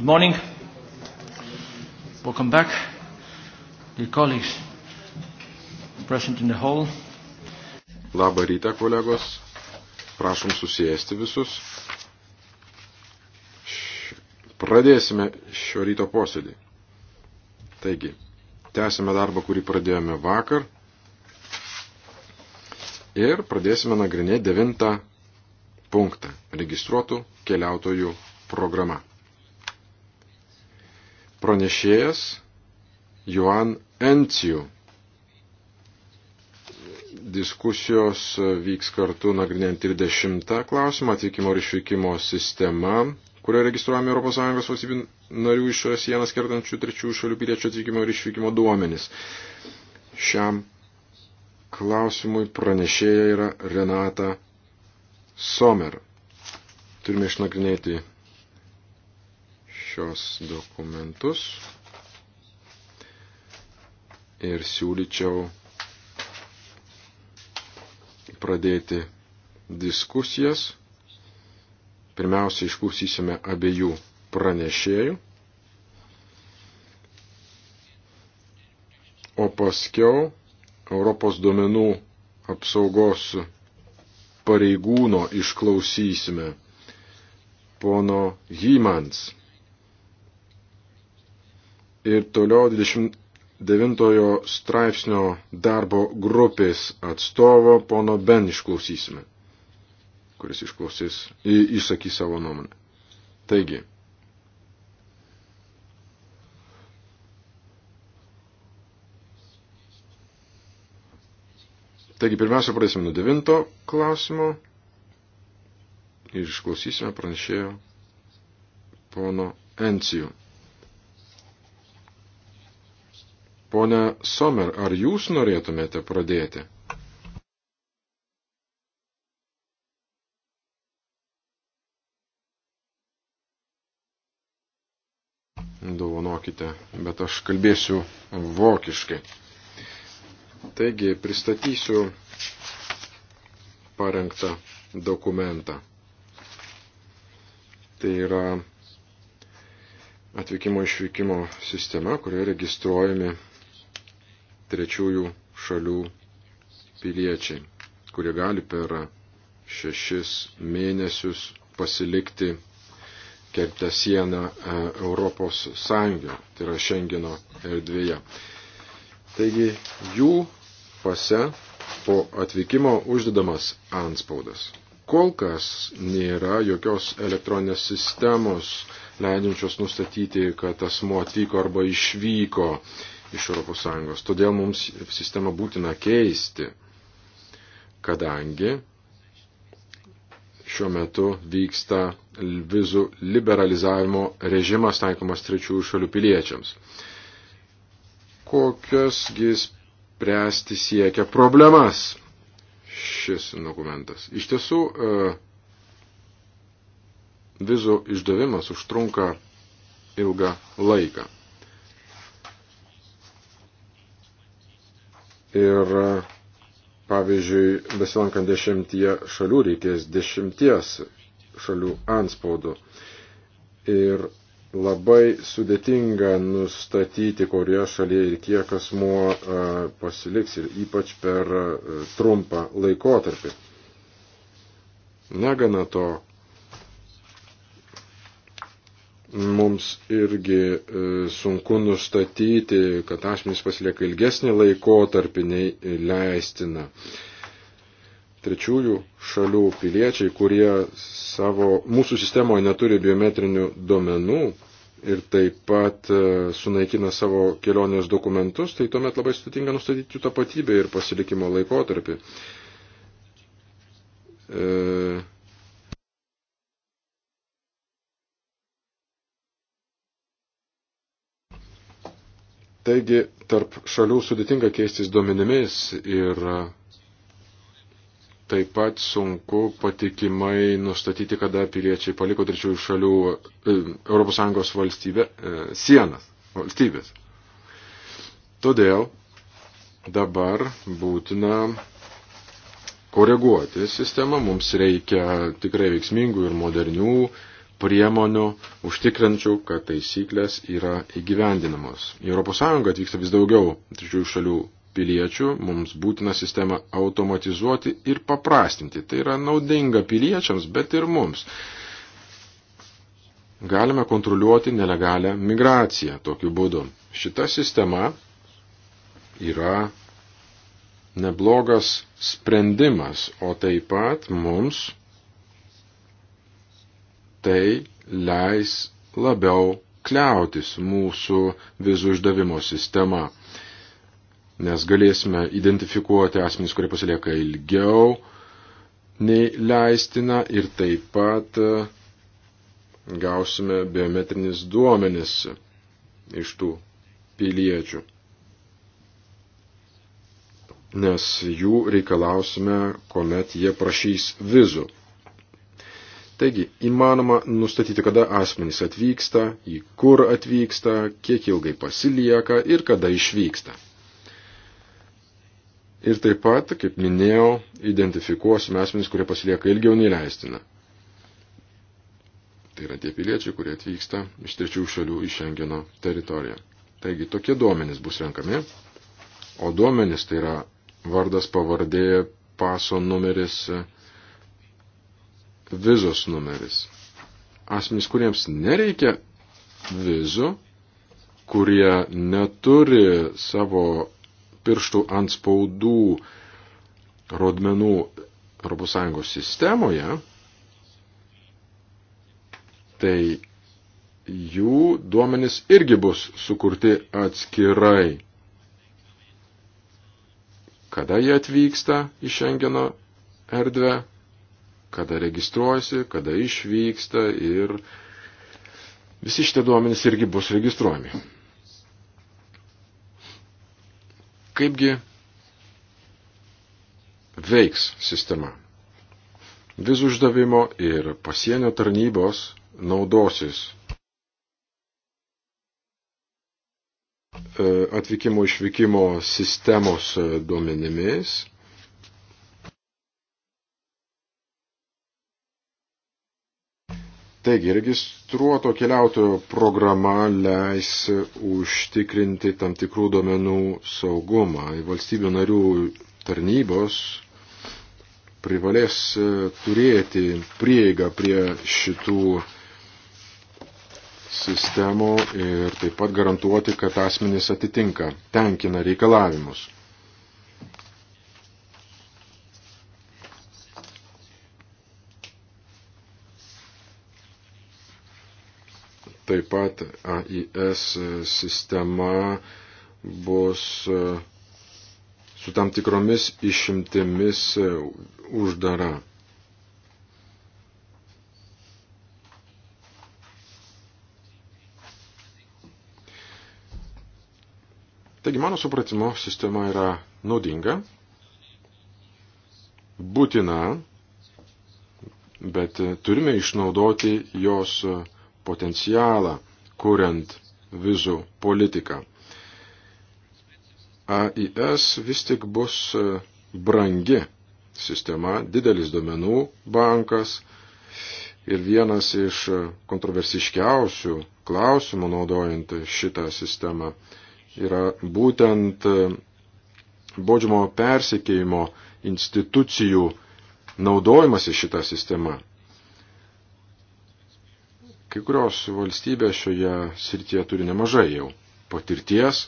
Good morning. Welcome back, dear colleagues present in the hall. Labą rytą, kolegos. Prašom susijęsti visus. Pradėsime šio ryto posėdį. Taigi, tęsime darbą, kurį pradėjome vakar. Ir pradėsime nagrinėti devintą punktą - registruotų keliautojų programa pranešėjas Juan Enciu. Diskusijos vyks kartu nagrinėjant ir dešimtą klausimą atvykimo ir išvykimo sistema, kurioje registruojami ES valstybių narių iš sienas kertančių trečių šalių piliečių atvykimo ir išvykimo duomenys. Šiam klausimui pranešėja yra Renata Somer. Turime išnagrinėti šios dokumentus ir siūlyčiau pradėti diskusijas. Pirmiausia, išklausysime abiejų pranešėjų, o paskiau Europos duomenų apsaugos pareigūno išklausysime pono Hymans ir toliau 29 straipsnio darbo grupės atstovo pono Ben išklausysime, kuris išklausys, išsakys savo nuomonę. Taigi, Taigi, pirmiausia, pradėsime nuo devinto klausimo ir išklausysime pranešėjo pono Encijų. Pone Somer, ar jūs norėtumėte pradėti? Dovanokite, bet aš kalbėsiu vokiškai. Taigi, pristatysiu parengtą dokumentą. Tai yra atvykimo išvykimo sistema, kurioje registruojami trečiųjų šalių piliečiai, kurie gali per šešis mėnesius pasilikti kertę sieną e, Europos Sąjungio, tai yra Šengino erdvėje. Taigi jų pase po atvykimo uždedamas anspaudas. Kol kas nėra jokios elektroninės sistemos leidžiančios nustatyti, kad asmo atvyko arba išvyko iš ES. Todėl mums sistemą būtina keisti, kadangi šiuo metu vyksta vizų liberalizavimo režimas taikomas trečiųjų šalių piliečiams. Kokiosgi spręsti siekia problemas šis dokumentas? Iš tiesų, e, vizų išdavimas užtrunka ilgą laiką. ir pavyzdžiui, besilankant dešimtyje šalių reikės dešimties šalių anspaudų. Ir labai sudėtinga nustatyti, kurioje šalyje ir kiek asmuo pasiliks ir ypač per trumpą laikotarpį. Negana to, mums irgi e, sunku nustatyti, kad asmenys pasilieka ilgesnį laikotarpį nei leistina. Trečiųjų šalių piliečiai, kurie savo, mūsų sistemoje neturi biometrinių duomenų ir taip pat e, sunaikina savo kelionės dokumentus, tai tuomet labai sudėtinga nustatyti jų tapatybę ir pasilikimo laikotarpį. E, Taigi tarp šalių sudėtinga keistis duomenimis ir taip pat sunku patikimai nustatyti, kada piliečiai paliko trečiųjų šalių e, ES valstybė, e, sienas, valstybės. Todėl dabar būtina koreguoti sistemą, mums reikia tikrai veiksmingų ir modernių priemonių užtikrinčių, kad taisyklės yra įgyvendinamos. Į ES atvyksta vis daugiau trečiųjų šalių piliečių, mums būtina sistemą automatizuoti ir paprastinti. Tai yra naudinga piliečiams, bet ir mums. Galime kontroliuoti nelegalią migraciją tokiu būdu. Šita sistema yra neblogas sprendimas, o taip pat mums tai leis labiau kliautis mūsų vizų išdavimo sistema, nes galėsime identifikuoti asmenys, kurie pasilieka ilgiau nei leistina ir taip pat e, gausime biometrinis duomenis iš tų piliečių, nes jų reikalausime, kuomet jie prašys vizų. Taigi, įmanoma nustatyti, kada asmenys atvyksta, į kur atvyksta, kiek ilgai pasilieka ir kada išvyksta. Ir taip pat, kaip minėjau, identifikuosime asmenys, kurie pasilieka ilgiau nei leistina. Tai yra tie piliečiai, kurie atvyksta iš trečių šalių į Šengeno teritoriją. Taigi tokie duomenys bus renkami, o duomenys tai yra vardas, pavardė, paso numeris, vizos numeris. Asmenys, kuriems nereikia vizų, kurie neturi savo pirštų ant spaudų rodmenų ES sistemoje, tai jų duomenys irgi bus sukurti atskirai. Kada jie atvyksta į Šengeno erdvę, kada registruojasi, kada išvyksta ir visi šitie duomenys irgi bus registruojami. Kaipgi veiks sistema? Vizų uždavimo ir pasienio tarnybos naudosis e, atvykimo išvykimo sistemos e, duomenimis Taigi, registruoto keliautojo programa leis užtikrinti tam tikrų duomenų saugumą. Valstybių narių tarnybos privalės e, turėti prieigą prie šitų sistemų ir taip pat garantuoti, kad asmenys atitinka, tenkina reikalavimus. Taip pat AIS sistema bus e, su tam tikromis išimtimis e, uždara. Taigi mano supratimo sistema yra naudinga, būtina, bet turime išnaudoti jos potencialą, kuriant vizų politiką. AIS vis tik bus e, brangi sistema, didelis duomenų bankas ir vienas iš e, kontroversiškiausių klausimų naudojant šitą sistemą yra būtent e, baudžiamo persikeimo institucijų naudojimas į šitą sistemą. Kai kurios valstybės šioje srityje turi nemažai jau patirties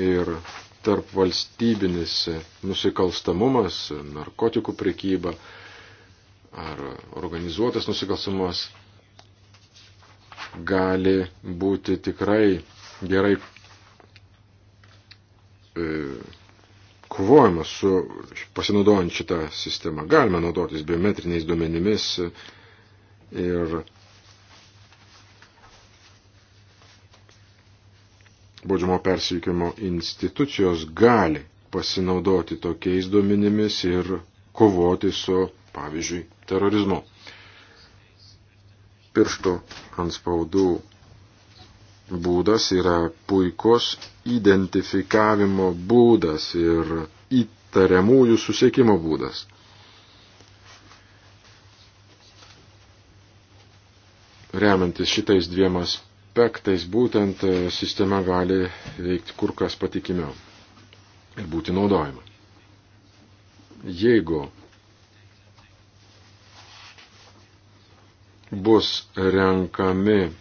ir tarp valstybinis nusikalstamumas, narkotikų prekyba ar organizuotas nusikalstamumas gali būti tikrai gerai e, kovojama su pasinaudojant šitą sistemą. Galime naudotis biometriniais duomenimis ir baudžiamo persikimo institucijos gali pasinaudoti tokiais duomenimis ir kovoti su, pavyzdžiui, terorizmu. Pirštų ant spaudų būdas yra puikos identifikavimo būdas ir įtariamųjų susiekimo būdas. Remiantis šitais dviem aspektais, aspektais būtent e, sistema gali veikti kur kas patikimiau ir būti naudojama. Jeigu bus renkami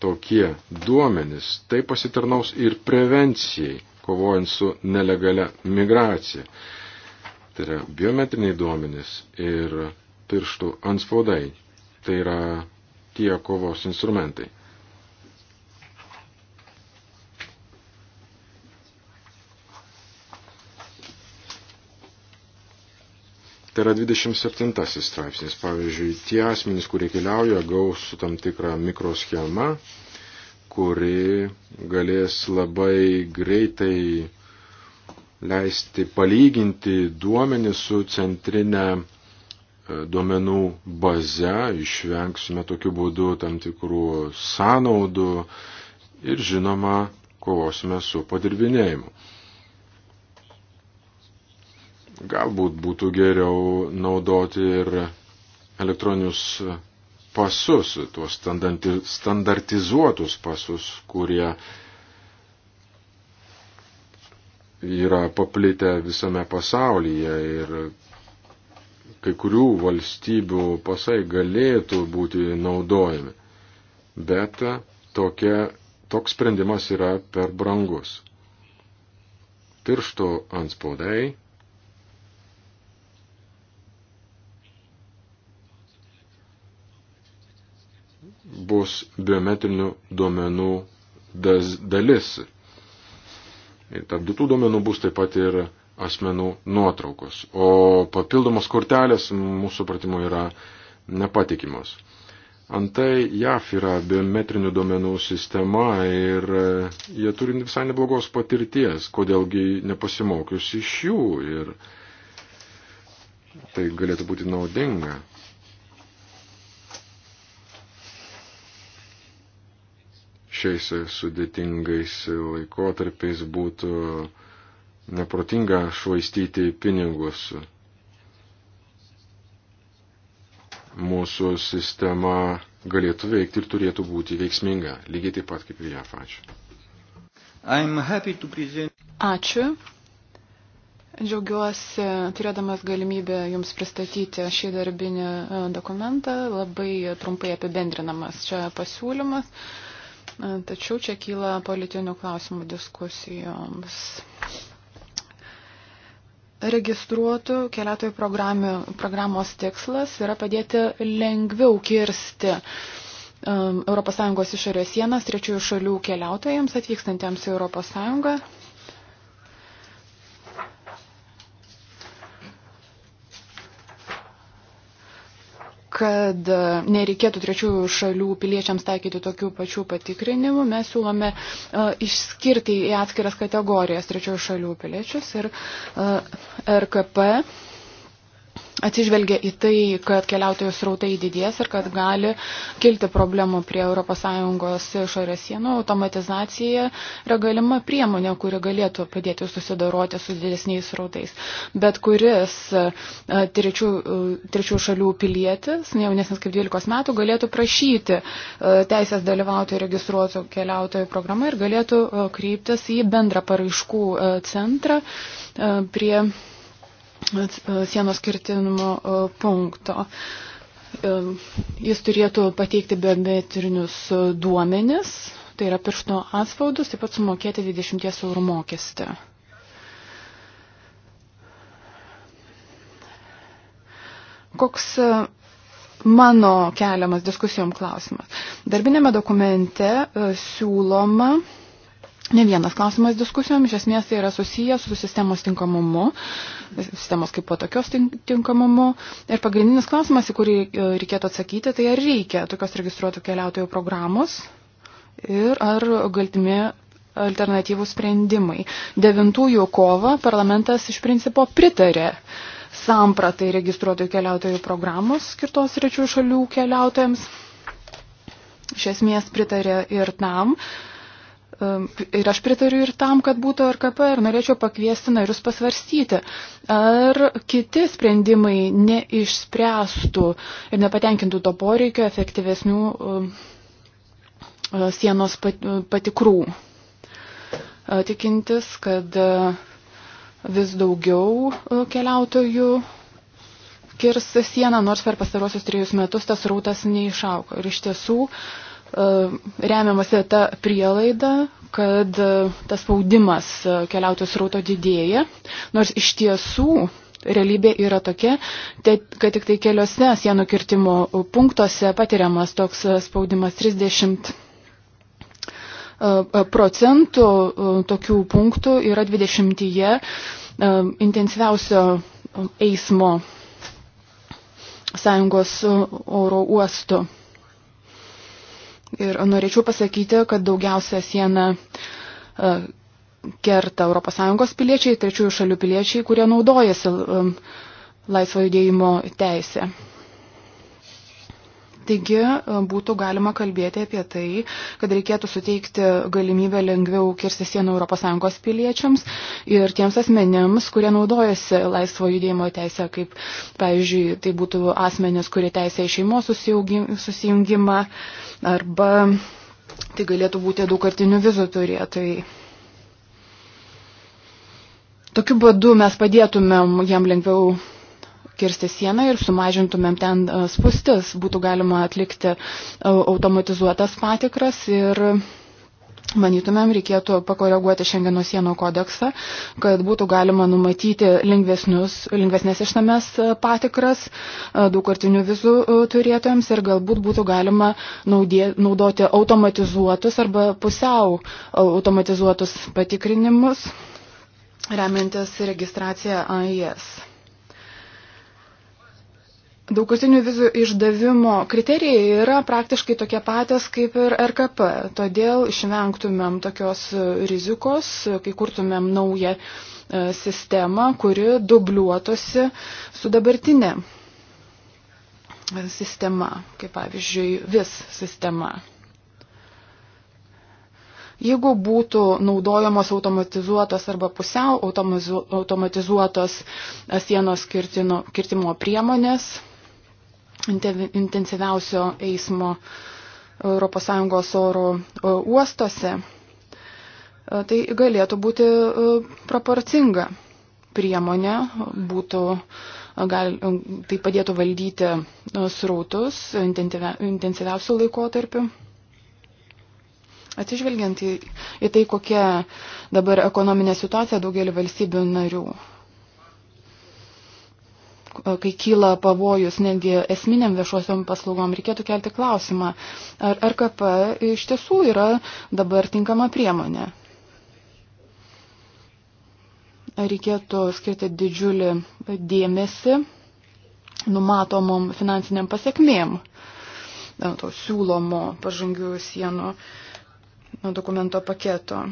tokie duomenys, tai pasitarnaus ir prevencijai, kovojant su nelegale migracija. Tai yra biometriniai duomenys ir pirštų anspaudai. Tai yra tie kovos instrumentai. Tai yra 27 straipsnis. Pavyzdžiui, tie asmenys, kurie keliauja, gaus su tam tikrą mikroschema, kuri galės labai greitai leisti palyginti duomenį su centrinė E, duomenų baze, išvengsime tokiu būdu tam tikrų sąnaudų ir žinoma, kovosime su padirbinėjimu. Galbūt būtų geriau naudoti ir elektroninius pasus, tuos standartizuotus pasus, kurie yra paplitę visame pasaulyje ir kai kurių valstybių pasai galėtų būti naudojami, bet tokia, toks sprendimas yra per brangus. Piršto anspaudai. bus biometrinių duomenų dalis. Ir tarp kitų duomenų bus taip pat ir asmenų nuotraukos, o papildomos kortelės mūsų supratimu yra nepatikimos. Antai JAF yra biometrinių duomenų sistema ir e, jie turi visai neblogos patirties, kodėlgi nepasimokius iš jų ir tai galėtų būti naudinga. Šiais sudėtingais laikotarpiais būtų uh, neprotinga švaistyti pinigus. Mūsų sistema galėtų veikti ir turėtų būti veiksminga, lygiai taip pat kaip ir JAF. Ačiū. Ačiū. Džiaugiuosi, turėdamas galimybę Jums pristatyti šį darbinį e, dokumentą, labai trumpai apibendrinamas čia pasiūlymas, e, tačiau čia kyla politinių klausimų diskusijoms registruotų keliautojų programos tikslas yra padėti lengviau kirsti um, ES išorės sienas trečiųjų šalių keliautojams atvykstantiems į ES kad e, nereikėtų trečiųjų šalių piliečiams taikyti tokių pačių patikrinimų, mes siūlome uh, išskirti į atskiras kategorijas trečiųjų šalių piliečius ir uh, e, RKP atsižvelgia į tai, kad keliautojų srautai didės ir kad gali kilti problemų prie ES išorės sienų, automatizacija yra galima priemonė, kuri galėtų padėti susidoroti su didesniais srautais. Bet kuris e, trečių, e, trečių šalių pilietis, ne jaunesnis kaip 12 metų, galėtų prašyti e, teisės dalyvauti registruotų keliautojų programą ir galėtų kreiptis į bendrą paraiškų centrą prie E, sienos kirtinimo e, punkto. E, jis turėtų pateikti biometrinius duomenis, tai yra piršto atspaudus, taip pat sumokėti 20 eurų mokestį. Koks mano keliamas diskusijom klausimas? Darbinėme dokumente siūloma Ne vienas klausimas diskusijom, iš esmės tai yra susijęs su sistemos tinkamumu, sistemos kaip po tokios tinkamumu. Ir pagrindinis klausimas, į kurį e, reikėtų atsakyti, tai ar reikia tokios registruotų keliautojų programos ir ar galtimi alternatyvų sprendimai. Devintųjų kovą parlamentas iš principo pritarė sampratai registruotojų keliautojų programos skirtos rečių šalių keliautojams. Iš esmės pritarė ir tam, Ehm, ir aš pritariu ir tam, kad būtų RKP ir norėčiau pakviesti narius pasvarstyti, ar kiti sprendimai neišspręstų ir nepatenkintų to poreikio efektyvesnių ehm, e, sienos e, patikrų. E, tikintis, kad vis daugiau keliautojų kirs sieną, nors per pastarosius trejus metus tas rautas neišauko. Ir iš tiesų, uh, E, remiamasi ta prielaida, kad e, tas spaudimas e, keliautojų srauto didėja, nors iš tiesų realybė yra tokia, kad tik tai keliose sienų kirtimo punktuose patiriamas toks spaudimas 30 procentų tokių punktų yra 20 intensyviausio eismo sąjungos oro uosto. Ir norėčiau pasakyti, kad daugiausia siena e, kerta ES piliečiai, trečiųjų šalių piliečiai, kurie naudojasi um, laisvo judėjimo teisę. Taigi e, būtų galima kalbėti apie tai, kad reikėtų suteikti galimybę lengviau kirsti sieną ES piliečiams ir tiems asmenėms, kurie naudojasi laisvo judėjimo teisę, kaip, pavyzdžiui, tai būtų asmenės, kurie teisė į šeimos susijungimą, arba tai galėtų būti daugkartinių vizų turėtojai. Tokiu būdu mes padėtumėm jam lengviau kirsti sieną ir sumažintumėm ten e, spustis, būtų galima atlikti e, automatizuotas patikras ir Manytumėm, reikėtų pakoreguoti Šengeno sienų kodeksą, kad būtų galima numatyti lengvesnės išnames e, patikras e, daugkartinių vizų e, turėtojams ir galbūt būtų galima naudė, naudoti automatizuotus arba pusiau automatizuotus patikrinimus, remiantis registraciją AIS. Daugkasinių vizų išdavimo kriterijai yra praktiškai tokie patys kaip ir RKP, todėl išvengtumėm tokios rizikos, kai kurtumėm naują e, sistemą, kuri dubliuotosi su dabartinė e, sistema, kaip pavyzdžiui vis sistema. Jeigu būtų naudojamos automatizuotos arba pusiau automatizuotos e, sienos kirtino, kirtimo priemonės, intensyviausio eismo ES oro e, uostose, e, tai galėtų būti e, proporcinga priemonė, būtų, gal, tai padėtų valdyti srautus intensyviausių laikotarpių. Atsižvelgiant į, į tai, kokia dabar ekonominė situacija daugelį valstybių narių, kai kyla pavojus netgi esminiam viešuosiom paslaugom, reikėtų kelti klausimą, ar RKP iš tiesų yra dabar tinkama priemonė. Reikėtų skirti didžiulį dėmesį numatomom finansiniam pasiekmėm to siūlomo pažangių sienų dokumento paketo.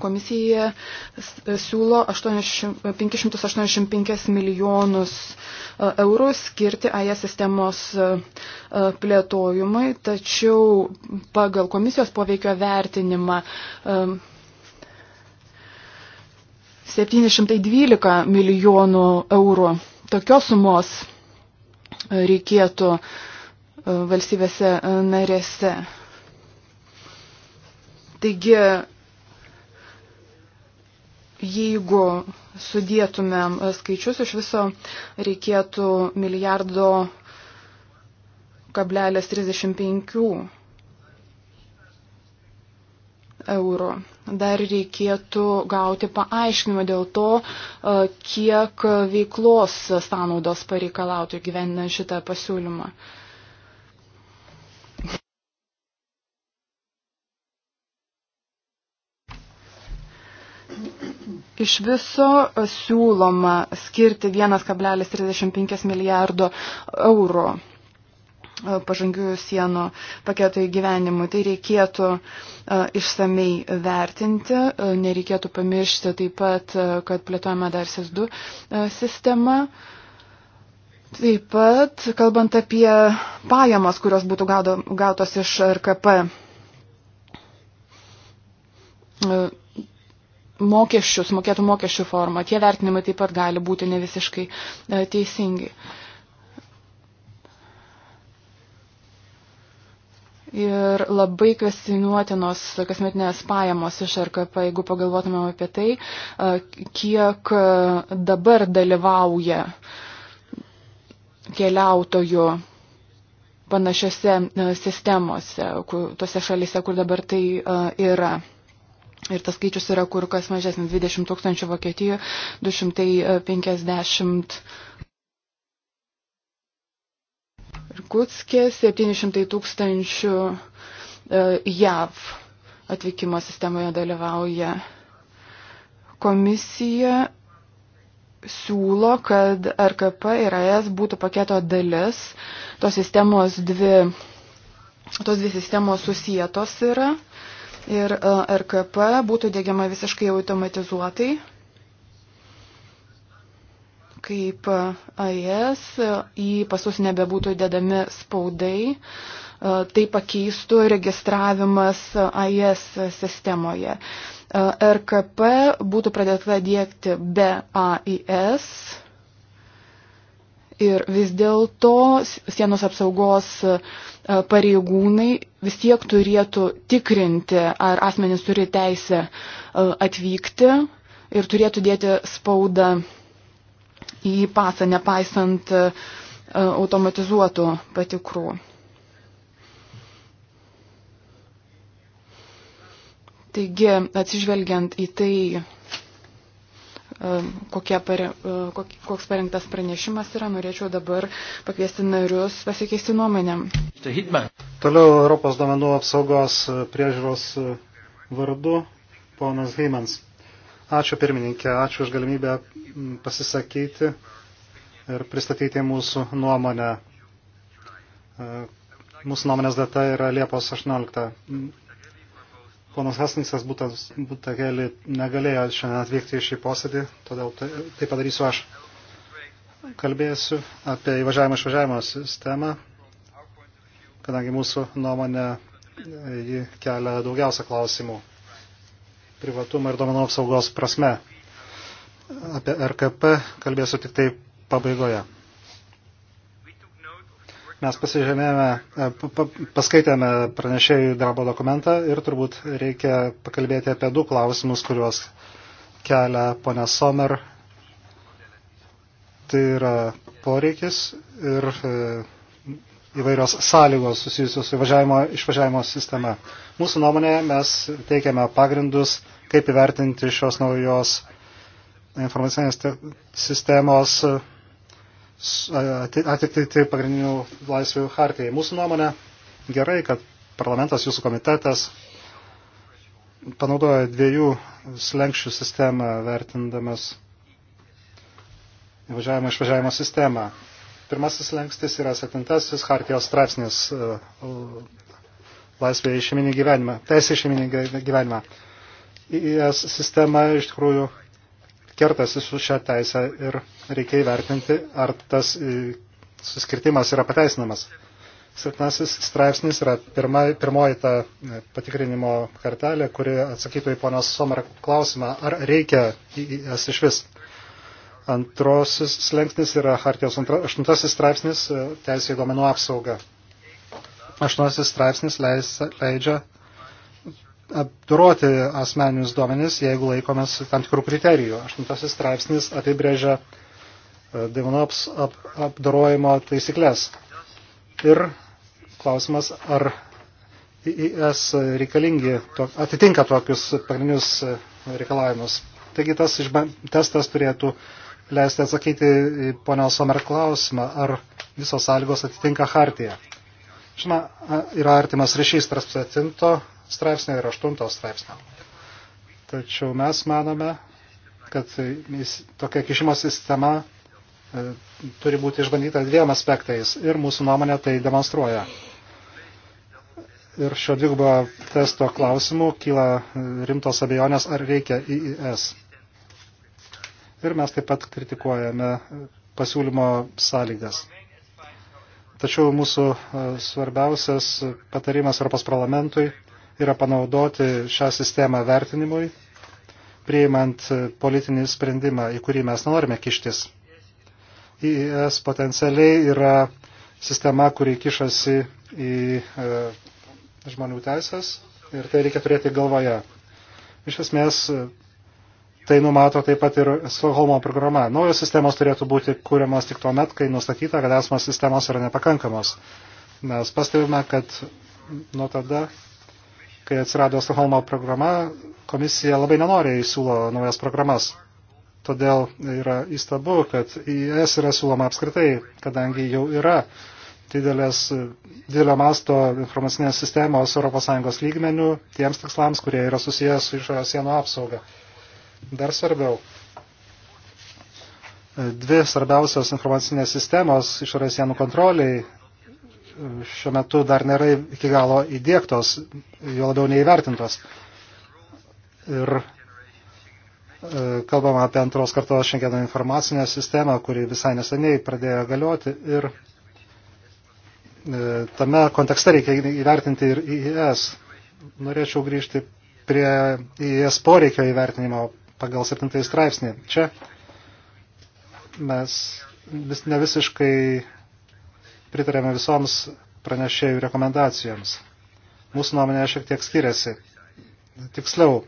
Komisija siūlo 585 milijonus e, eurų skirti AE sistemos e, e, plėtojimui, tačiau pagal komisijos poveikio vertinimą 712 milijonų eurų tokios sumos reikėtų valstybėse narėse. Taigi Jeigu sudėtumėm e, skaičius, iš viso reikėtų milijardo kablelės 35 eurų. Dar reikėtų gauti paaiškinimą dėl to, e, kiek veiklos sąnaudos pareikalautų gyvendinant šitą pasiūlymą. Iš viso e, siūloma skirti 1,35 milijardo eurų e, pažangiųjų sienų paketo įgyvenimui. Tai reikėtų e, išsamei vertinti, nereikėtų pamiršti taip pat, kad plėtojama dar SIS2 sistema. Taip pat, kalbant apie pajamas, kurios būtų gautos iš RKP, mokesčius, mokėtų mokesčių formą. Tie vertinimai taip pat gali būti ne visiškai e, teisingi. Ir labai kvestinuotinos kasmetinės pajamos iš RKP, jeigu pagalvotumėm apie tai, e, kiek e, dabar dalyvauja keliautojų panašiose sistemose, tose šalise, kur dabar tai yra. Ir tas skaičius yra kur kas mažesnis - 20 tūkstančių Vokietijoje, 250 Irkutskė, 700 tūkstančių e, JAV atvykimo sistemoje dalyvauja. Komisija siūlo, kad RKP ir AS e būtų paketo dalis. Tos sistemos dvi, tos dvi sistemos susijėtos yra ir e, RKP būtų dėgiama visiškai automatizuotai, kaip e, AES į pasus nebebūtų dedami spaudai, e, tai pakeistų registravimas AES sistemoje. RKP būtų pradėta dėkti be AIS Ir vis dėlto sienos apsaugos e, pareigūnai vis tiek turėtų tikrinti, ar asmenys turi teisę e, atvykti ir turėtų dėti spaudą į pasą, nepaisant e, automatizuotų patikrų. Taigi, atsižvelgiant į tai, pare, e, koks parengtas pranešimas yra. Norėčiau dabar pakviesti narius pasikeisti nuomonėm. Toliau Europos domenų apsaugos priežiūros vardu ponas Heimans. Ačiū pirmininkė, ačiū už galimybę pasisakyti ir pristatyti mūsų nuomonę. E, mūsų nuomonės data yra Liepos 18. Ponas Hasniksas Butakeli negalėjo šiandien atvykti į šį posėdį, todėl tai, tai padarysiu aš. Kalbėsiu apie įvažiavimo išvažiavimo sistemą, kadangi mūsų nuomonė e, ji kelia daugiausia klausimų privatumą ir domenų apsaugos prasme. Apie RKP kalbėsiu tik tai pabaigoje. Mes e, paskaitėme pranešėjų darbo dokumentą ir turbūt reikia pakalbėti apie du klausimus, kuriuos kelia ponia Somer. Tai yra poreikis ir e, įvairios sąlygos susijusios su išvažiavimo sistema. Mūsų nuomonė mes teikiame pagrindus, kaip įvertinti šios naujos informacinės sistemos atitikti tai pagrindinių laisvių hartijai. Mūsų nuomonė gerai, kad parlamentas, jūsų komitetas panaudoja dviejų slengščių sistemą, vertindamas įvažiavimo išvažiavimo sistemą. Pirmasis slengstis yra septintasis hartijos straipsnis e, laisvėje išeiminį gyvenimą, teisė išeiminį gyvenimą. IS sistema iš tikrųjų kertasi su šią teisę ir reikia įvertinti, ar tas e, suskirtimas yra pateisinamas. Silpnasis straipsnis yra pirma, pirmoji ta e, patikrinimo kartelė, kuri atsakytų į ponios Somar klausimą, ar reikia jas iš vis. Antrosis slengsnis yra Hartijos antra, aštuntasis straipsnis e, teisė į duomenų apsaugą. Aštuntasis straipsnis leis, leidžia apdoroti asmeninius duomenis, jeigu laikomės tam tikrų kriterijų. Aštuntasis straipsnis apibrėžia e, DevNops ap, apdorojimo taisyklės. Ir klausimas, ar IIS reikalingi, atitinka tokius pagrindinius e, reikalavimus. Taigi tas testas turėtų leisti atsakyti į ponios Somer klausimą, ar visos sąlygos atitinka hartiją. Žinoma, yra artimas ryšys tarp septinto straipsnio ir 8 straipsnio. Tačiau mes manome, kad tokia kišimo sistema e, turi būti išbandyta dviem aspektais ir mūsų nuomonė tai demonstruoja. Ir šio dvigubo testo klausimų kyla e, rimtos abejonės, ar reikia IIS. Ir mes taip pat kritikuojame e, pasiūlymo sąlygas. Tačiau mūsų svarbiausias patarimas Europos parlamentui yra panaudoti šią sistemą vertinimui, priimant politinį sprendimą, į kurį mes norime kištis. IES potencialiai yra sistema, kuri kišasi į e, žmonių teisės ir tai reikia turėti galvoje. Iš esmės, tai numato taip pat ir Stokholmo programa. Naujos sistemos turėtų būti kūriamos tik tuo met, kai nustatyta, kad esamos sistemos yra nepakankamos. Mes pastebime, kad nuo tada, kai atsirado Stokholmo programa, komisija labai nenoriai siūlo naujas programas. Todėl yra įstabu, kad IS e yra siūloma apskritai, kadangi jau yra didelės, didelio masto informacinės sistemos ES lygmenių tiems tikslams, kurie yra susijęs su išorės sienų apsauga. Dar svarbiau, dvi svarbiausios informacinės sistemos išorės sienų kontroliai šiuo metu dar nėra iki galo įdėktos, jo labiau neįvertintos. Ir e, kalbama apie antros kartos šiandieną informacinę sistemą, kuri visai neseniai pradėjo galioti ir e, tame kontekste reikia įvertinti ir IES. Norėčiau grįžti prie IES poreikio įvertinimo pagal 7 straipsnį. Čia mes vis, ne visiškai pritarėme visoms pranešėjų rekomendacijoms. Mūsų nuomonė šiek tiek skiriasi. Tiksliau,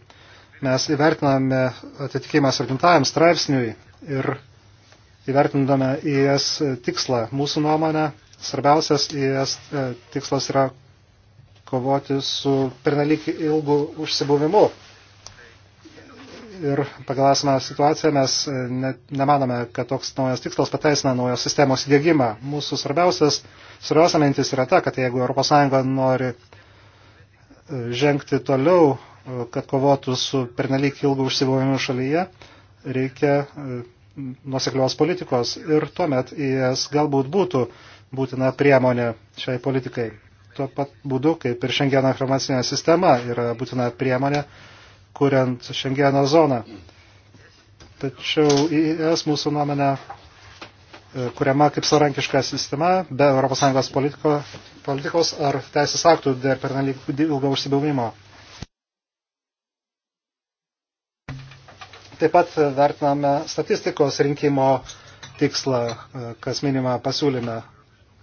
mes įvertiname atitikimą 7 straipsniui ir įvertindame IS e tikslą. Mūsų nuomonė, svarbiausias IS e e, tikslas yra kovoti su pernelyg ilgu užsibuvimu ir pagal esamą situaciją mes e, ne, nemanome, kad toks naujas tikslas pateisina naujos sistemos įdėgymą. Mūsų svarbiausias, svarbiausia mintis yra ta, kad jeigu ES nori e, žengti toliau, e, kad kovotų su pernelyg ilgu užsibuvimu šalyje, reikia nuseklios politikos ir tuomet ES galbūt būtų būtina priemonė šiai politikai. Tuo pat būdu, kaip ir šiandien informacinė sistema yra būtina priemonė, kuriant Šengeno zoną. Tačiau ES mūsų nuomenė kuriama kaip savarankiška sistema be ES politiko, politikos ar teisės aktų dėl pernelyg ilgo užsibuvimo. Taip pat vertiname statistikos rinkimo tikslą, e, kas minima pasiūlyme.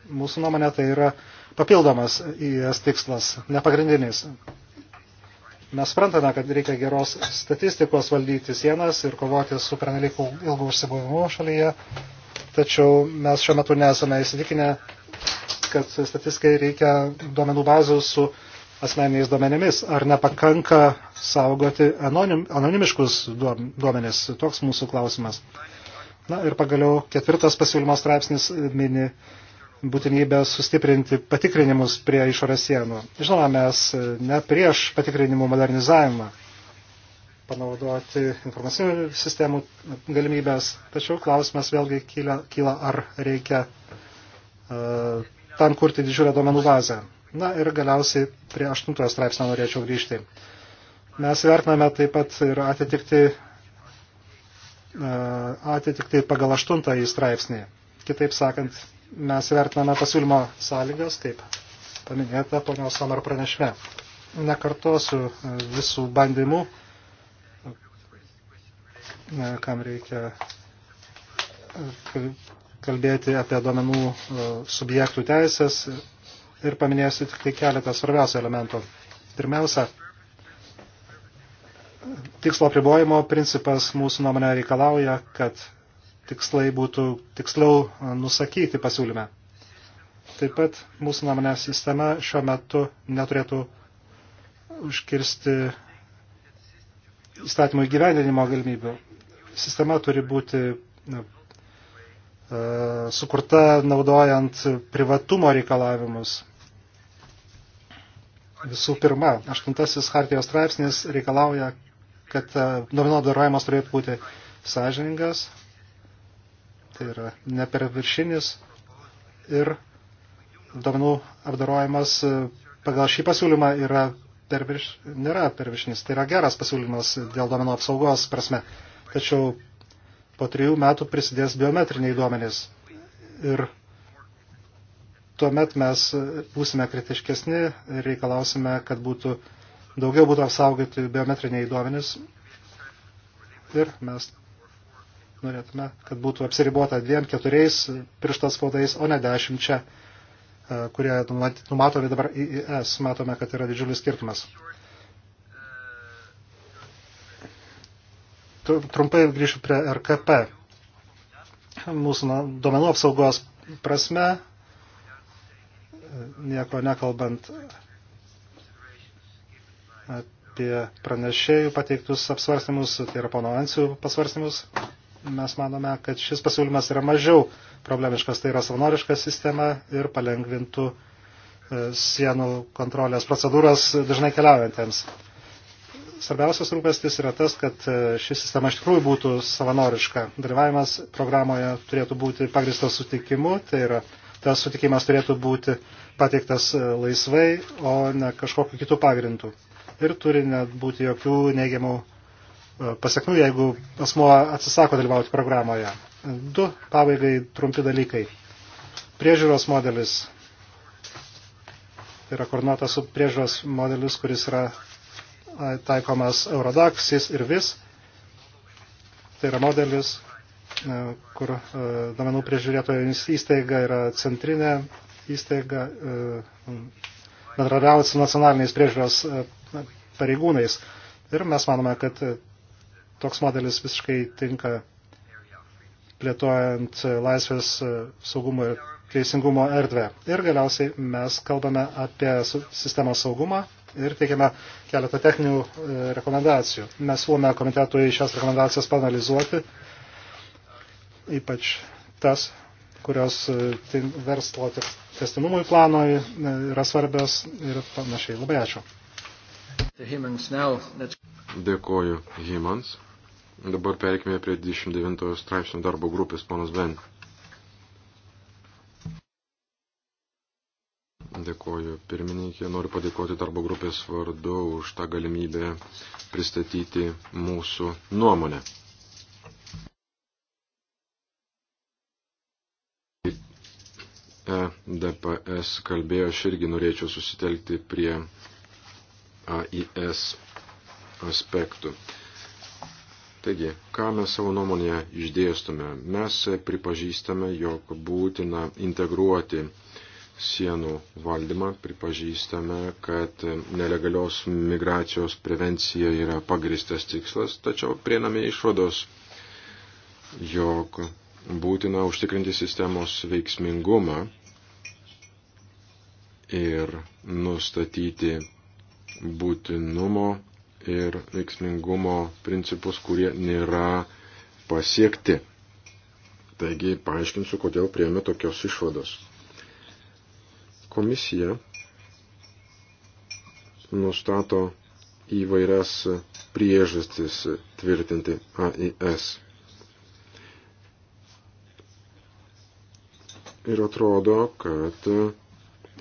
Mūsų nuomonė tai yra papildomas IS tikslas, nepagrindinis. Mes suprantame, kad reikia geros statistikos valdyti sienas ir kovoti su pernelik ilgu užsibuvimu šalyje, tačiau mes šiuo metu nesame įsitikinę, kad statistikai reikia duomenų bazių su asmeniniais duomenimis. Ar nepakanka saugoti anonim, anonimiškus duomenis? Toks mūsų klausimas. Na ir pagaliau ketvirtas pasiūlymo straipsnis mini būtinybę sustiprinti patikrinimus prie išorės sienų. Žinoma, mes e, ne prieš patikrinimų modernizavimą panaudoti informacinių sistemų galimybės, tačiau klausimas vėlgi kyla, kyla ar reikia uh, tam kurti didžiulę duomenų bazę. Na ir galiausiai prie aštuntojo straipsnio norėčiau grįžti. Mes vertiname taip pat ir atitikti, uh, atitikti pagal aštuntąjį straipsnį. Kitaip sakant, mes vertiname pasiūlymo sąlygas, kaip paminėta ponios Samar pranešme. Nekartosiu e, visų bandymų, e, kam reikia e, kalbėti apie duomenų subjektų teisės ir paminėsiu tik tai keletą svarbiausių elementų. Pirmiausia, tikslo pribojimo principas mūsų nuomonė reikalauja, kad tikslai būtų tiksliau nusakyti pasiūlyme. Taip pat mūsų nuomonė sistema šiuo metu neturėtų užkirsti įstatymų įgyvendinimo galimybių. Sistema turi būti na, sukurta naudojant privatumo reikalavimus. Visų pirma, aštuntasis hartijos straipsnis reikalauja, kad duomenų darojimas turėtų būti sąžiningas, tai yra neperviršinis ir duomenų apdarojimas e, pagal šį pasiūlymą yra pervirš, nėra perviršinis. Tai yra geras pasiūlymas dėl duomenų apsaugos prasme. Tačiau po trijų metų prisidės biometriniai duomenys. Ir tuomet mes būsime kritiškesni ir reikalausime, kad būtų daugiau būtų apsaugoti biometriniai duomenys. Ir mes norėtume, kad būtų apsiribuota dviem, keturiais pirštas spaudais, o ne dešimčia, e, kurie numatomi dabar IIS. Matome, kad yra didžiulis skirtumas. Trumpai grįšiu prie RKP. Mūsų duomenų apsaugos prasme, nieko nekalbant apie pranešėjų pateiktus apsvarstymus, tai yra pono Ansių pasvarstymus, mes manome, kad šis pasiūlymas yra mažiau problemiškas, tai yra savanoriška sistema ir palengvintų e, sienų kontrolės procedūras dažnai keliaujantiems. Svarbiausias rūpestis yra tas, kad e, ši sistema iš tikrųjų būtų savanoriška. Dalyvavimas programoje turėtų būti pagristas sutikimu, tai yra tas sutikimas turėtų būti pateiktas e, laisvai, o ne kažkokiu kitų pagrindų. Ir turi net būti jokių neigiamų pasiekmių, jeigu asmuo atsisako dalyvauti programoje. Du pabaigai trumpi dalykai. Priežiūros modelis. Tai yra koordinuotas su priežiūros modelis, kuris yra taikomas Eurodax, SIS ir VIS. Tai yra modelis, kur domenų priežiūrėtojo įstaiga yra centrinė įstaiga, bendradarbiavot su nacionaliniais priežiūros pareigūnais. Ir mes manome, kad toks modelis visiškai tinka plėtojant laisvės e, saugumo ir teisingumo erdvę. Ir galiausiai mes kalbame apie sistemos saugumą ir teikiame keletą techninių e, rekomendacijų. Mes siūlome komitetui šias rekomendacijas panalizuoti, ypač tas, kurios e, verslo testinumui planoj yra svarbios ir panašiai. Labai ačiū. Dėkoju, Himans. Dabar perkime prie 29 straipsnio darbo grupės, ponas Ben. Dėkoju pirmininkė, noriu padėkoti darbo grupės vardu už tą galimybę pristatyti mūsų nuomonę. E DPS kalbėjo, aš irgi norėčiau susitelkti prie AIS aspektų. Taigi, ką mes savo nuomonėje išdėstume? Mes pripažįstame, jog būtina integruoti sienų valdymą, pripažįstame, kad nelegalios migracijos prevencija yra pagristas tikslas, tačiau prieiname išvados, jog būtina užtikrinti sistemos veiksmingumą ir nustatyti būtinumo ir veiksmingumo principus, kurie nėra pasiekti. Taigi paaiškinsiu, kodėl prieėmė tokios išvados. Komisija nustato įvairias priežastis tvirtinti AIS. Ir atrodo, kad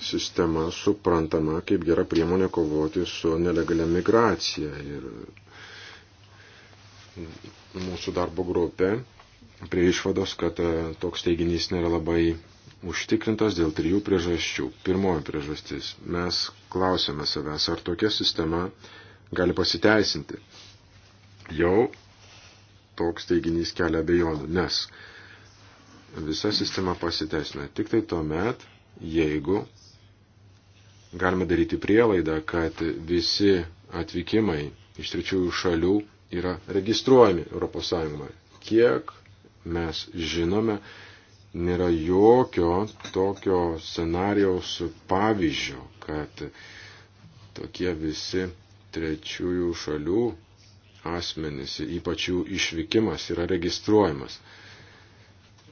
sistema suprantama kaip gera priemonė kovoti su nelegalia migracija. Ir mūsų darbo grupė prie išvados, kad e, toks teiginys nėra labai užtikrintas dėl trijų priežasčių. Pirmoji priežastis. Mes klausėme savęs, ar tokia sistema gali pasiteisinti. Jau toks teiginys kelia abejonių, nes visa sistema pasiteisina tik tai tuo met, jeigu galime daryti prielaidą, kad visi atvykimai iš trečiųjų šalių yra registruojami ES. Kiek mes žinome, nėra jokio tokio scenarijaus pavyzdžio, kad tokie visi trečiųjų šalių asmenys, ypač jų išvykimas, yra registruojamas.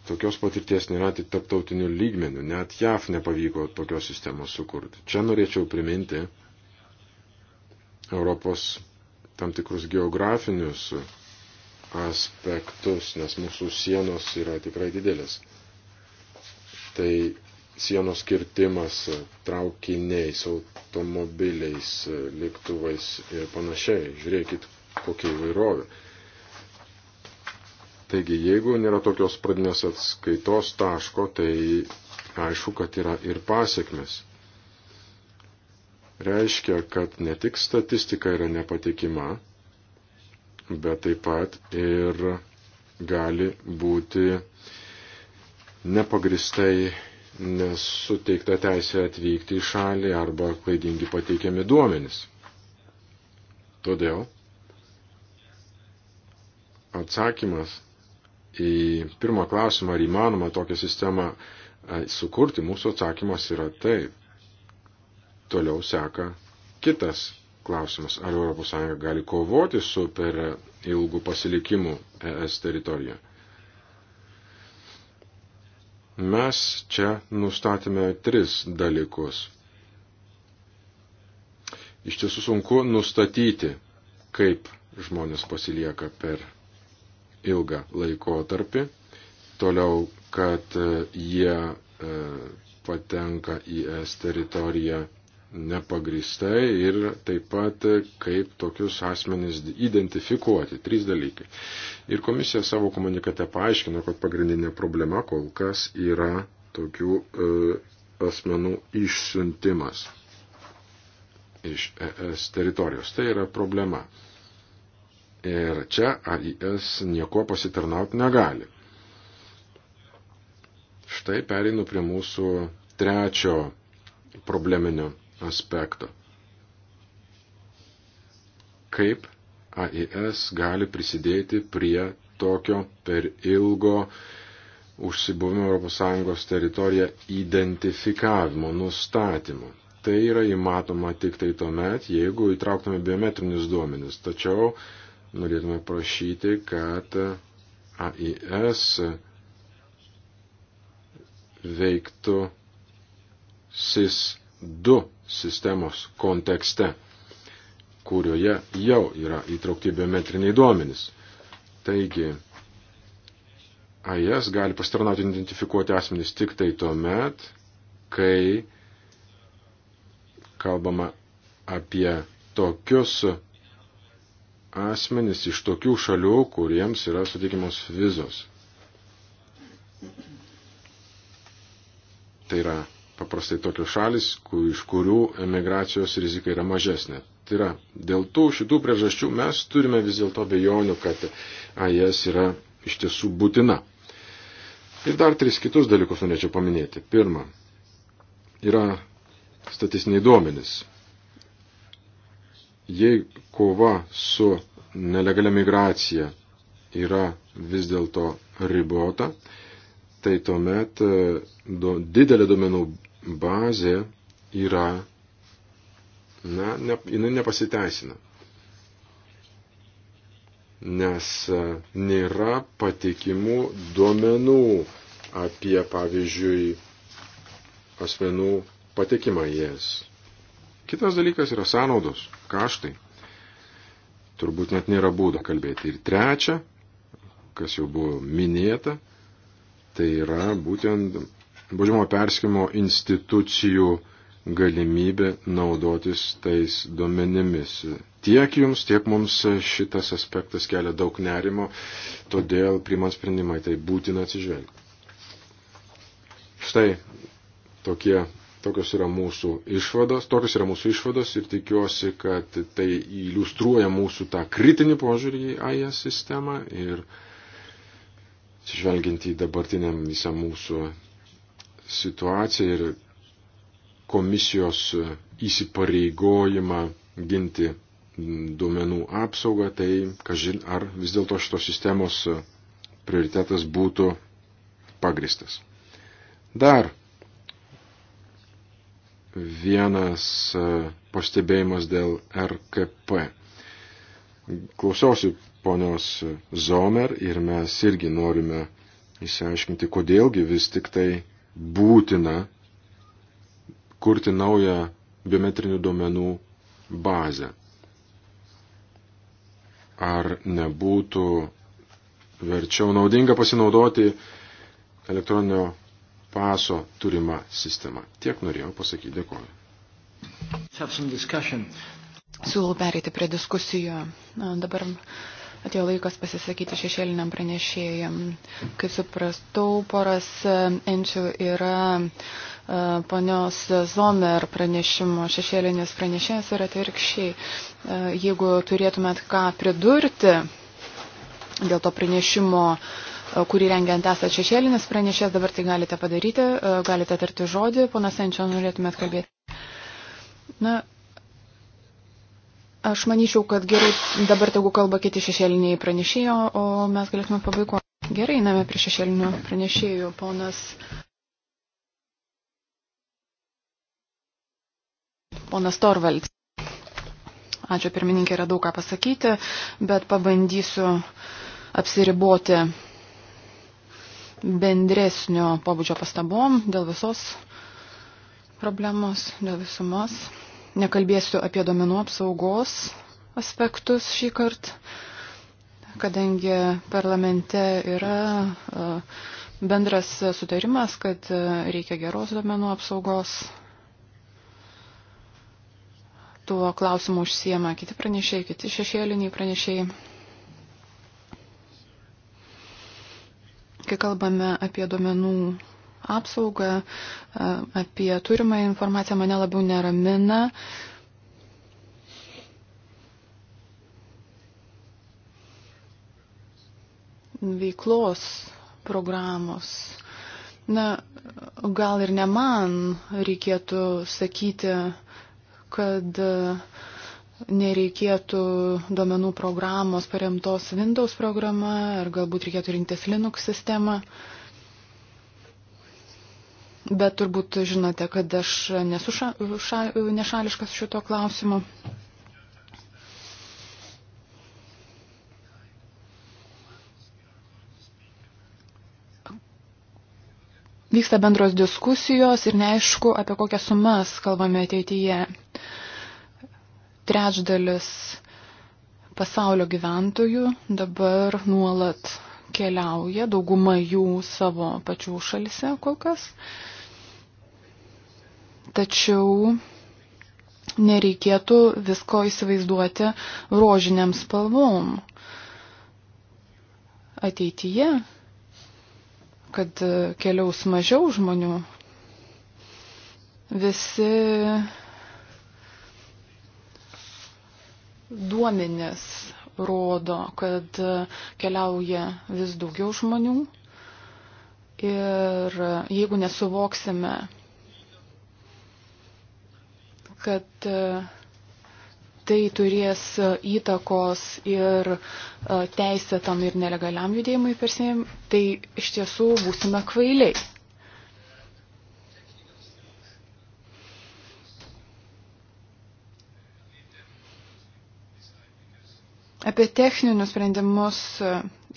Tokios patirties nėra tik tarptautinių lygmenių, net JAF nepavyko tokios sistemos sukurti. Čia norėčiau priminti Europos tam tikrus geografinius aspektus, nes mūsų sienos yra tikrai didelės. Tai sienos kirtimas traukiniais, automobiliais, lėktuvais ir panašiai. Žiūrėkit, kokia įvairovė. Taigi, jeigu nėra tokios pradinės atskaitos taško, tai aišku, kad yra ir pasiekmes. Reiškia, kad ne tik statistika yra nepatikima, bet taip pat ir gali būti nepagristai nesuteikta teisė atvykti į šalį arba klaidingi pateikiami duomenys. Todėl atsakymas į pirmą klausimą, ar įmanoma tokią sistemą sukurti, mūsų atsakymas yra taip. Toliau seka kitas klausimas, ar ES gali kovoti su per ilgų pasilikimų ES teritorijoje. Mes čia nustatėme tris dalykus. Iš tiesų sunku nustatyti, kaip žmonės pasilieka per ilgą laikotarpį, toliau, kad e, jie e, patenka į es teritoriją nepagristai ir taip pat e, kaip tokius asmenys identifikuoti. Trys dalykai. Ir komisija savo komunikate paaiškino, kad pagrindinė problema kol kas yra tokių e, asmenų išsiuntimas iš ES teritorijos. Tai yra problema. Ir čia AIS nieko pasitarnauti negali. Štai pereinu prie mūsų trečio probleminio aspekto. Kaip AIS gali prisidėti prie tokio per ilgo užsibuvimo ES teritoriją identifikavimo, nustatymo. Tai yra įmatoma tik tai tuomet, jeigu įtrauktume biometrinius duomenis. Tačiau norėtume prašyti, kad AIS veiktų SIS-2 sistemos kontekste, kurioje jau yra įtraukti biometriniai duomenys. Taigi, AIS gali pasitarnauti identifikuoti asmenys tik tai tuo met, kai kalbama apie tokius asmenis iš tokių šalių, kuriems yra sutikimos vizos. Tai yra paprastai tokios šalis, kur, iš kurių emigracijos rizika yra mažesnė. Tai yra, dėl tų šitų priežasčių mes turime vis dėlto bejonių, kad AES yra iš tiesų būtina. Ir dar tris kitus dalykus norėčiau paminėti. Pirma, yra statistiniai duomenys jei kova su nelegalia migracija yra vis dėlto ribota, tai tuomet e, do, didelė domenų bazė yra, na, ne, jinai nepasiteisina. Nes e, nėra patikimų duomenų apie, pavyzdžiui, asmenų patekimą į jas. E Kitas dalykas yra sąnaudos, kaštai. Turbūt net nėra būdo kalbėti. Ir trečia, kas jau buvo minėta, tai yra būtent baudžiamo perskimo institucijų galimybė naudotis tais duomenimis. Tiek jums, tiek mums šitas aspektas kelia daug nerimo, todėl primant sprendimai tai būtina atsižvelgti. Štai tokie Tokios yra mūsų išvados, tokios yra mūsų išvados ir tikiuosi, kad tai iliustruoja mūsų tą kritinį požiūrį į AIA sistemą ir žvelgiant į dabartinę visą mūsų situaciją ir komisijos įsipareigojimą ginti duomenų apsaugą, tai kažin ar vis dėlto šitos sistemos prioritetas būtų pagristas. Dar vienas e, pastebėjimas dėl RKP. Klausiausi ponios Zomer ir mes irgi norime įsiaiškinti, kodėlgi vis tik tai būtina kurti naują biometrinių duomenų bazę. Ar nebūtų verčiau naudinga pasinaudoti elektroninio paso turimą sistemą. Tiek norėjau pasakyti. Dėkoju. Siūlau perėti prie diskusijų. Na, dabar atėjo laikas pasisakyti šešėliniam pranešėjam. Kaip suprastau, poras enčių yra e, ponios Zomer pranešimo, šešėlinis pranešėjas ir atvirkščiai. E, jeigu turėtumėt ką pridurti dėl to pranešimo, uh, E, kurį rengiant esate šešėlinis pranešės, dabar tai galite padaryti, e, galite tarti žodį, ponas Senčio, norėtumėt kalbėti. Na, aš manyčiau, kad gerai dabar tegu kalba kiti šešėliniai pranešėjo, o mes galėtume pabaigoti. Gerai, einame prie šešėlinių pranešėjų, ponas. Ponas Torvalds. Ačiū pirmininkė, yra daug ką pasakyti, bet pabandysiu apsiriboti bendresnio pobūdžio pastabom dėl visos problemos, dėl visumos. Nekalbėsiu apie domenų apsaugos aspektus šį kartą, kadangi parlamente yra e, bendras sutarimas, kad e, reikia geros domenų apsaugos. Tuo klausimu užsiema kiti pranešėjai, kiti šešėliniai pranešėjai. Kai kalbame apie duomenų apsaugą, apie turimą informaciją, mane labiau neramina. veiklos programos. Na, gal ir ne man reikėtų sakyti, kad uh, nereikėtų duomenų programos paremtos Windows programa, ar galbūt reikėtų rinktis Linux sistemą. Bet turbūt žinote, kad aš nesu ša, ša, nešališkas šito klausimu. Vyksta bendros diskusijos ir neaišku, apie kokias sumas kalbame ateityje. Uh, trečdalis pasaulio gyventojų dabar nuolat keliauja, dauguma jų savo pačių šalise kol kas. Tačiau nereikėtų visko įsivaizduoti rožiniam spalvom. Ateityje, kad keliaus mažiau žmonių, visi Duomenės rodo, kad keliauja vis daugiau žmonių ir jeigu nesuvoksime, kad tai turės įtakos ir e, teisėtam ir nelegaliam judėjimui per sėjim, tai iš tiesų būsime kvailiai. Apie techninius sprendimus e,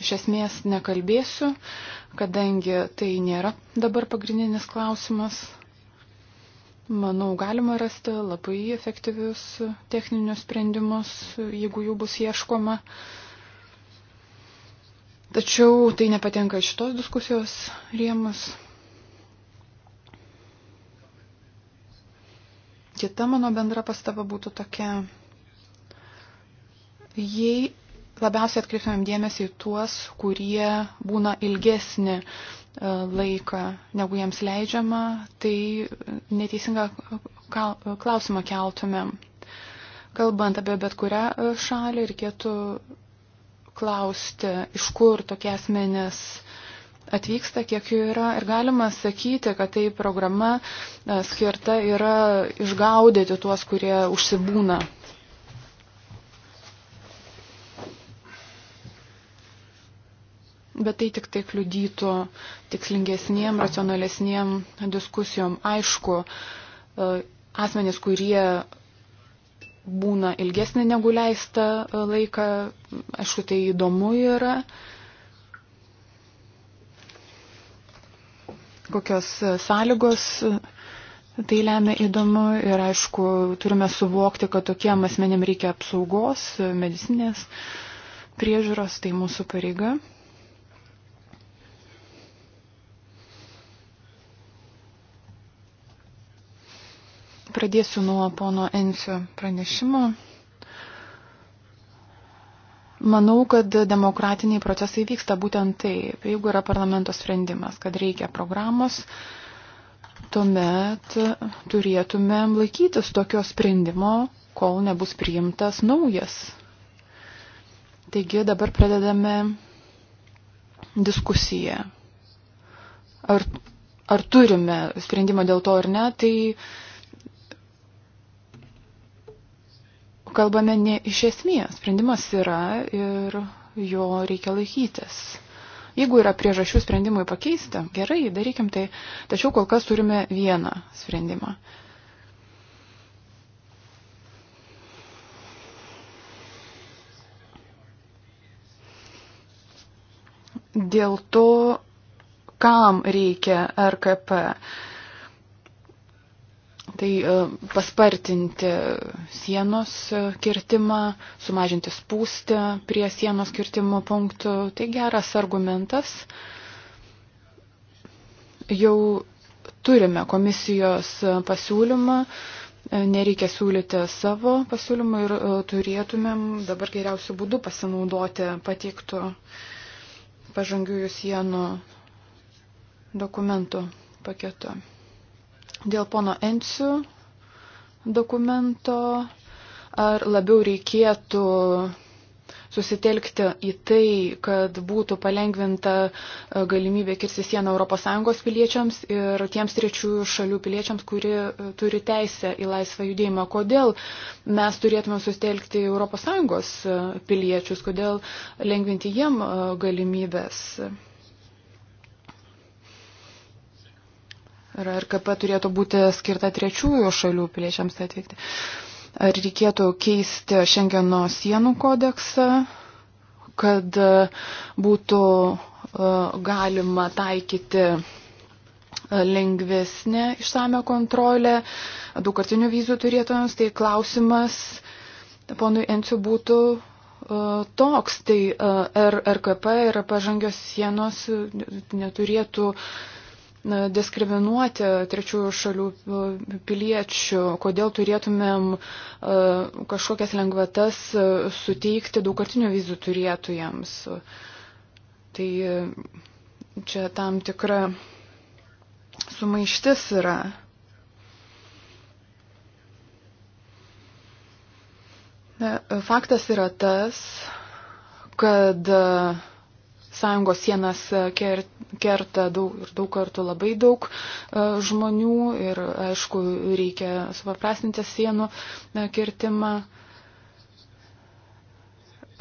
iš esmės nekalbėsiu, kadangi tai nėra dabar pagrindinis klausimas. Manau, galima rasti labai efektyvius techninius sprendimus, jeigu jų bus ieškoma. Tačiau tai nepatenka šitos diskusijos rėmus. Kita mano bendra pastaba būtų tokia jei labiausiai atkreiptumėm dėmesį į tuos, kurie būna ilgesnį e, laiką, negu jiems leidžiama, tai neteisingą klausimą keltumėm. Kalbant apie bet kurią e, šalį, reikėtų klausti, iš kur tokie asmenės atvyksta, kiek jų yra. Ir galima sakyti, kad tai programa e, skirta yra išgaudyti tuos, kurie užsibūna bet tai tik tai kliudytų tikslingesniem, racionalesniem diskusijom. Aišku, e, asmenys, kurie būna ilgesnė negu leista e, laika, aišku, tai įdomu yra. Kokios e, sąlygos tai lemia įdomu ir aišku, turime suvokti, kad tokiem asmenėm reikia apsaugos, medicinės priežiūros, tai mūsų pareiga. Pradėsiu nuo pono Ensio pranešimo. Manau, kad demokratiniai procesai vyksta būtent taip. Jeigu yra parlamento sprendimas, kad reikia programos, tuomet turėtumėm laikytis tokio sprendimo, kol nebus priimtas naujas. Taigi dabar pradedame diskusiją. Ar, ar turime sprendimą dėl to ar ne, tai kalbame ne iš esmės. Sprendimas yra ir jo reikia laikytis. Jeigu yra priežasčių sprendimui pakeisti, gerai, darykim tai. Tačiau kol kas turime vieną sprendimą. Dėl to, kam reikia RKP. Tai e, paspartinti sienos e, kirtimą, sumažinti spūstį prie sienos kirtimo punktų, tai geras argumentas. Jau turime komisijos pasiūlymą, e, nereikia siūlyti savo pasiūlymą ir turėtumėm dabar geriausių būdų pasinaudoti pateiktų pažangiųjų sienų dokumentų paketu. Dėl pono Encių dokumento, ar labiau reikėtų susitelkti į tai, kad būtų palengvinta e, galimybė kirsti sieną ES piliečiams ir tiems trečiųjų šalių piliečiams, kurie e, turi teisę į laisvą judėjimą. Kodėl mes turėtume susitelkti ES e, piliečius, kodėl lengvinti jiem galimybės? RKP turėtų būti skirta trečiųjų šalių piliečiams atvykti. Ar reikėtų keisti Šengeno sienų kodeksą, kad e, būtų e, galima taikyti e, lengvesnė išsame kontrolė daugkartinių vizų turėtojams, tai klausimas ponui Enciu būtų toks, tai RKP ir pažangios sienos neturėtų diskriminuoti trečiųjų šalių e, piliečių, kodėl turėtumėm e, kažkokias lengvatas e, suteikti daugkartinių vizų turėtujams. Tai čia tam tikra sumaištis yra. Faktas yra tas, kad sąjungos sienas kert kerta daug ir daug kartų labai daug e, žmonių ir aišku reikia supaprastinti sienų e, kirtimą.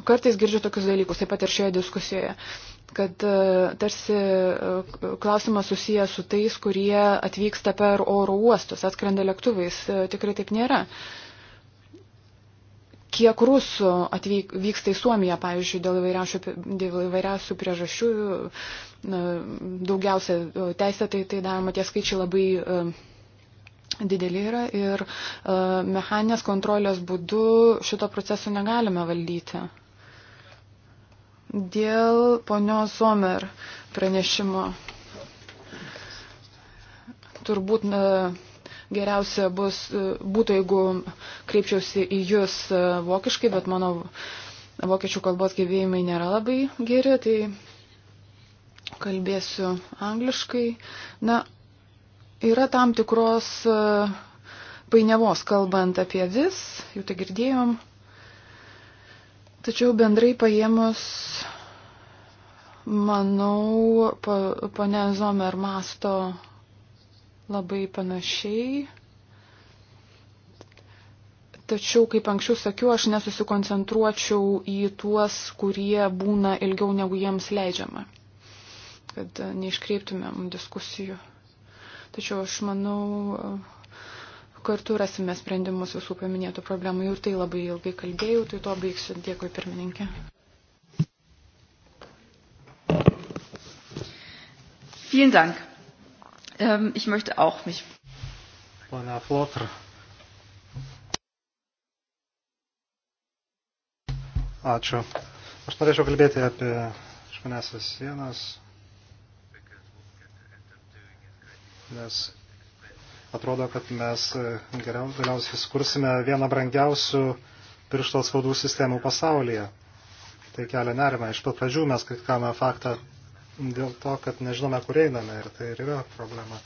Kartais girdžiu tokius dalykus, taip pat ir šioje diskusijoje kad e, tarsi klausimas susijęs su tais, kurie atvyksta per oro uostus, atskrenda lėktuvais. Tikrai taip nėra. Kiek rusų atvyk, vyksta į Suomiją, pavyzdžiui, dėl įvairiausių, dėl įvairiausių priežasčių, daugiausia teisė, tai, tai daroma tie skaičiai labai e, dideli yra ir e, mechaninės kontrolės būdu šito proceso negalime valdyti. Dėl ponios Somer pranešimo turbūt na, geriausia bus, e, būtų, jeigu kreipčiausi į jūs vokiškai, bet mano vokiečių kalbos gyvėjimai nėra labai geri, tai kalbėsiu angliškai. Na, yra tam tikros e, painiavos, kalbant apie vis, jau tai girdėjom. Tačiau bendrai paėmus, manau, ponė Zomer masto labai panašiai. Tačiau, kaip anksčiau sakiau, aš nesusikoncentruočiau į tuos, kurie būna ilgiau negu jiems leidžiama kad neiškreiptumėm diskusijų. Tačiau aš manau, kartu rasime sprendimus visų paminėtų problemų. Jau tai labai ilgai kalbėjau, tai to baigsiu. Dėkui, pirmininkė. Vielen Dank. Ähm, ich möchte auch mich. Pana Flotr. Ačiū. Aš norėčiau kalbėti apie išmanesės sienas, nes atrodo, kad mes e, geriau, galiausiai sukursime vieną brangiausių piršto atspaudų sistemų pasaulyje. Tai kelia nerima. Iš pat pradžių mes kritikavome faktą dėl to, kad nežinome, kur einame ir tai ir yra problema.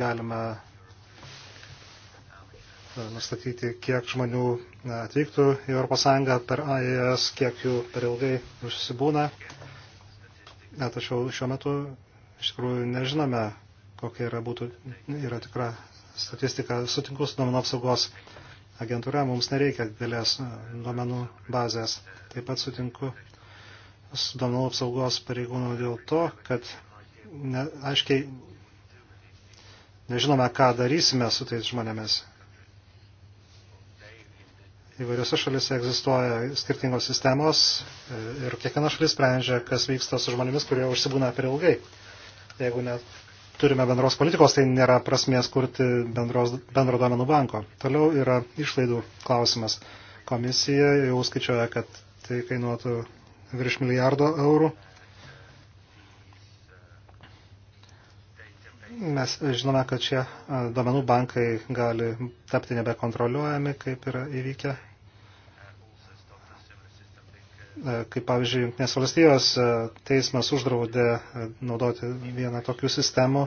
Galime nustatyti, kiek žmonių e, atvyktų į ES per AES, kiek jų per ilgai užsibūna. Na, tačiau šiuo metu iš tikrųjų nežinome, kokia yra, būtų, yra tikra statistika. Sutinku su duomenų apsaugos agentūra, mums nereikia didelės e, duomenų bazės. Taip pat sutinku su duomenų apsaugos pareigūnų dėl to, kad ne, aiškiai nežinome, ką darysime su tais žmonėmis. Įvairiose šalise egzistuoja skirtingos sistemos e, ir kiekviena šalis sprendžia, kas vyksta su žmonėmis, kurie užsibūna per ilgai. Jeigu net turime bendros politikos, tai nėra prasmės kurti bendros, bendro duomenų banko. Toliau yra išlaidų klausimas. Komisija jau skaičiuoja, kad tai kainuotų virš milijardo eurų Mes žinome, kad šie domenų bankai gali tapti nebekontroliuojami, kaip yra įvykę. Kaip pavyzdžiui, Junktinės valstijos teismas uždraudė naudoti vieną tokių sistemų,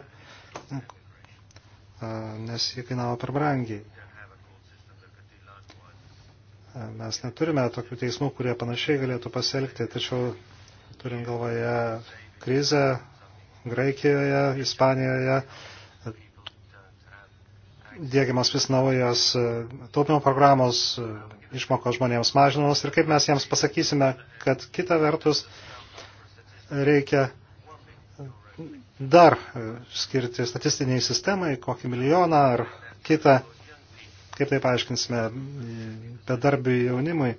nes jį kainavo per brangiai. Mes neturime tokių teismų, kurie panašiai galėtų pasielgti, tačiau turint galvoje krizę, Graikijoje, Ispanijoje dėgiamas vis naujos e, taupimo programos, e, išmokos žmonėms mažinamos ir kaip mes jiems pasakysime, kad kita vertus reikia dar e, skirti statistiniai sistemai, kokį milijoną ar kitą, kaip tai paaiškinsime, bedarbių jaunimui,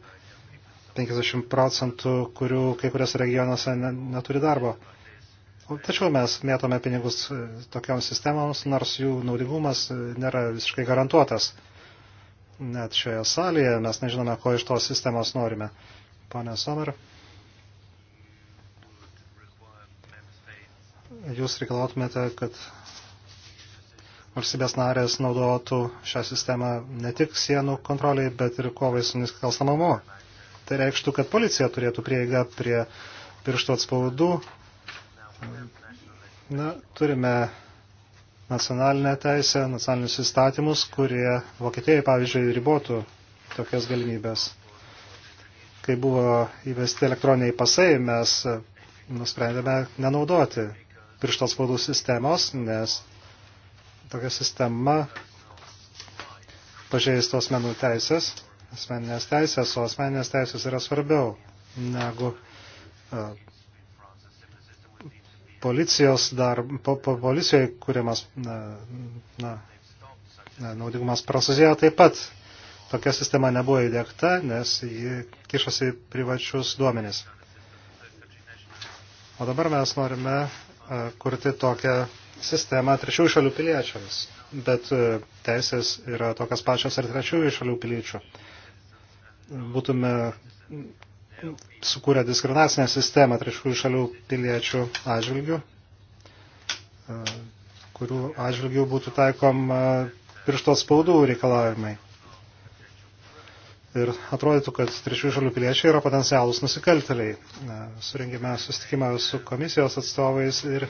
50 procentų, kurių kai kurios regionuose neturi darbo. Tačiau mes mėtome pinigus e, tokioms sistemoms, nors jų naudingumas e, nėra visiškai garantuotas. Net šioje salėje mes nežinome, ko iš tos sistemos norime. Pane Somer, jūs reikalautumėte, kad valstybės narės naudotų šią sistemą ne tik sienų kontroliai, bet ir kovai su nusikalstamamu. Tai reikštų, kad policija turėtų prieigą prie pirštų atspaudų Na, turime nacionalinę teisę, nacionalinius įstatymus, kurie Vokietijai, pavyzdžiui, ribotų tokias galimybės. Kai buvo įvesti elektroniniai pasai, mes nusprendėme nenaudoti pirštos spaudų sistemos, nes tokia sistema pažeistų asmenų teisės, asmeninės teisės, o asmeninės teisės yra svarbiau negu policijos dar, po, po policijoje kūriamas na, na, naudingumas Prancūzijoje taip pat tokia sistema nebuvo įdėkta, nes ji kišosi privačius duomenis. O dabar mes norime e, kurti tokią sistemą trečiųjų šalių piliečiams, bet e, teisės yra tokias pačios ir trečiųjų šalių piliečių. Būtume sukūrė diskriminacinę sistemą trečiųjų šalių piliečių atžvilgių, e, kurių atžvilgių būtų taikom e, piršto spaudų reikalavimai. Ir atrodytų, kad trečiųjų šalių piliečiai yra potencialūs nusikalteliai. E, surengėme susitikimą su komisijos atstovais ir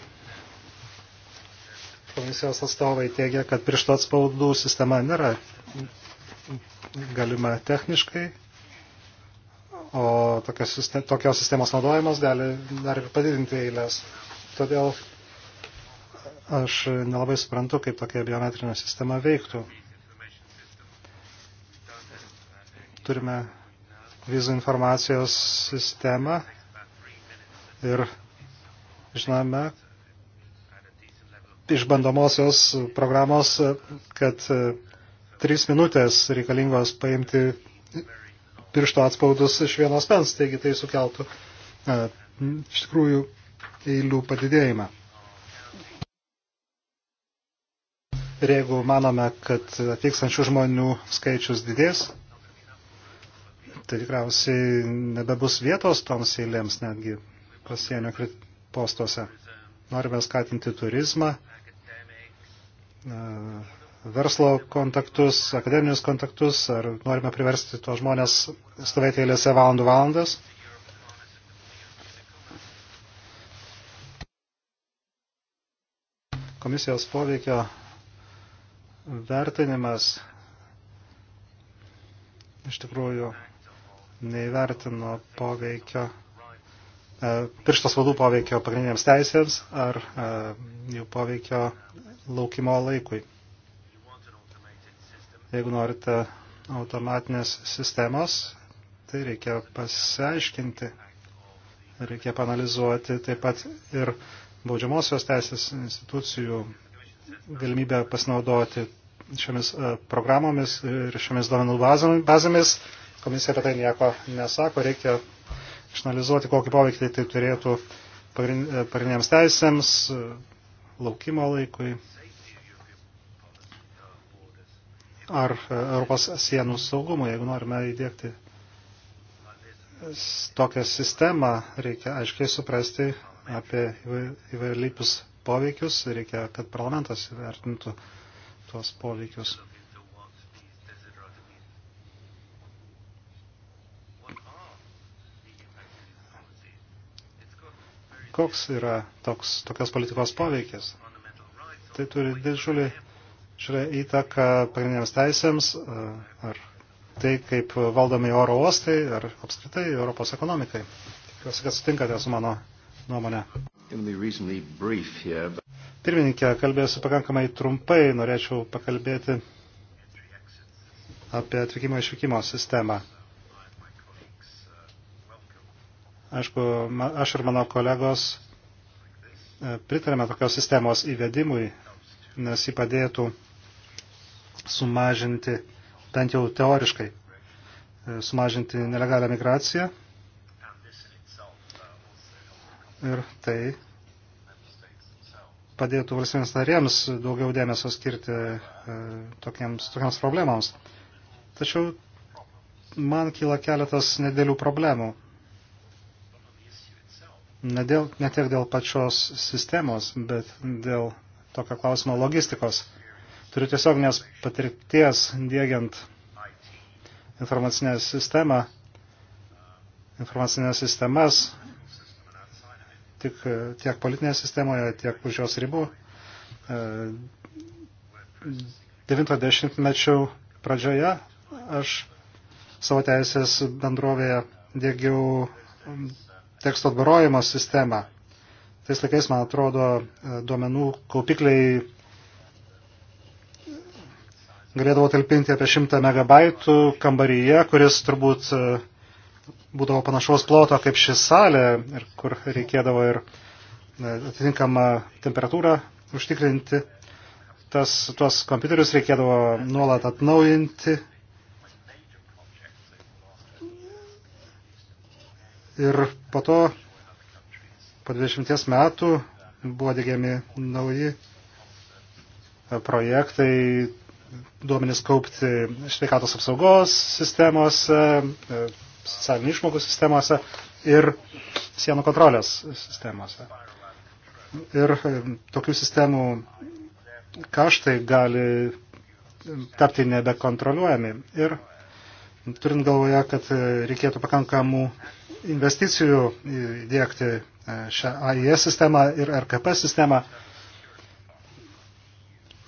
komisijos atstovai teigia, kad piršto atspaudų sistema nėra galima techniškai o tokios, tokios sistemos naudojimas gali dar ir padidinti eilės. Todėl aš nelabai suprantu, kaip tokia biometrinė sistema veiktų. Turime vizų informacijos sistemą ir žinome iš bandomosios programos, kad trys minutės reikalingos paimti piršto atspaudus iš vienos pens, taigi tai sukeltų e, iš tikrųjų eilių padidėjimą. Ir jeigu manome, kad atvykstančių žmonių skaičius didės, tai tikriausiai nebebus vietos toms eilėms netgi pasienio postuose. Norime skatinti turizmą, e, verslo kontaktus, akademinius kontaktus, ar norime priversti tuos žmonės stovėti eilėse valandų valandas. Komisijos poveikio vertinimas iš tikrųjų neįvertino poveikio, e, pirštos vadų poveikio pagrindiniams teisėms ar e, jų poveikio laukimo laikui. Jeigu norite automatinės sistemos, tai reikia pasiaiškinti, reikia panalizuoti taip pat ir baudžiamosios teisės institucijų galimybę pasinaudoti šiomis e, programomis ir šiomis duomenų bazėmis. Komisija apie tai nieko nesako, reikia išanalizuoti, kokį poveikį tai turėtų e, pagrindiniams teisėms, e, laukimo laikui ar e, Europos sienų saugumui, jeigu norime įdėkti tokią sistemą, reikia aiškiai suprasti apie įvairlypius poveikius, reikia, kad parlamentas įvertintų tuos poveikius. Koks yra toks, tokios politikos poveikis? Tai turi didžiulį Šalia įtaka pagrindiniams teisėms e, ar tai, kaip valdomi oro uostai ar apskritai Europos ekonomikai. Tikiuosi, kad sutinkate su mano nuomonė. Pirmininkė, kalbėsiu pakankamai trumpai, norėčiau pakalbėti apie atvykimo išvykimo sistemą. Aišku, aš ir mano kolegos e, pritarėme tokios sistemos įvedimui, nes jį padėtų sumažinti, bent jau teoriškai, e, sumažinti nelegalią migraciją. Ir tai padėtų valstybėms narėms daugiau dėmesio skirti e, tokiems, tokiams problemams. Tačiau man kyla keletas nedėlių problemų. Ne, dėl, ne tiek dėl pačios sistemos, bet dėl tokio klausimo logistikos. Turiu tiesiog nes patirties dėgiant informacinę sistemą, informacinės sistemas, tik, tiek politinėje sistemoje, tiek už jos ribų. 90-mečių pradžioje aš savo teisės bendrovėje dėgiau teksto atbarojimo sistemą. Tais laikais, man atrodo, duomenų kaupikliai galėdavo talpinti apie 100 megabaitų kambaryje, kuris turbūt e, būdavo panašaus ploto kaip ši salė ir kur reikėdavo ir e, atitinkamą temperatūrą užtikrinti. Tas, tuos kompiuterius reikėdavo nuolat atnaujinti. Ir po to, po 20 metų, buvo dėgiami nauji e, projektai duomenis kaupti sveikatos apsaugos sistemos, e, e, socialinių išmokų sistemose ir sienų kontrolės sistemose. Ir e, tokių sistemų kaštai gali tapti nebekontroliuojami. Ir turint galvoje, kad reikėtų pakankamų investicijų įdėkti šią AIS sistemą ir RKP sistemą,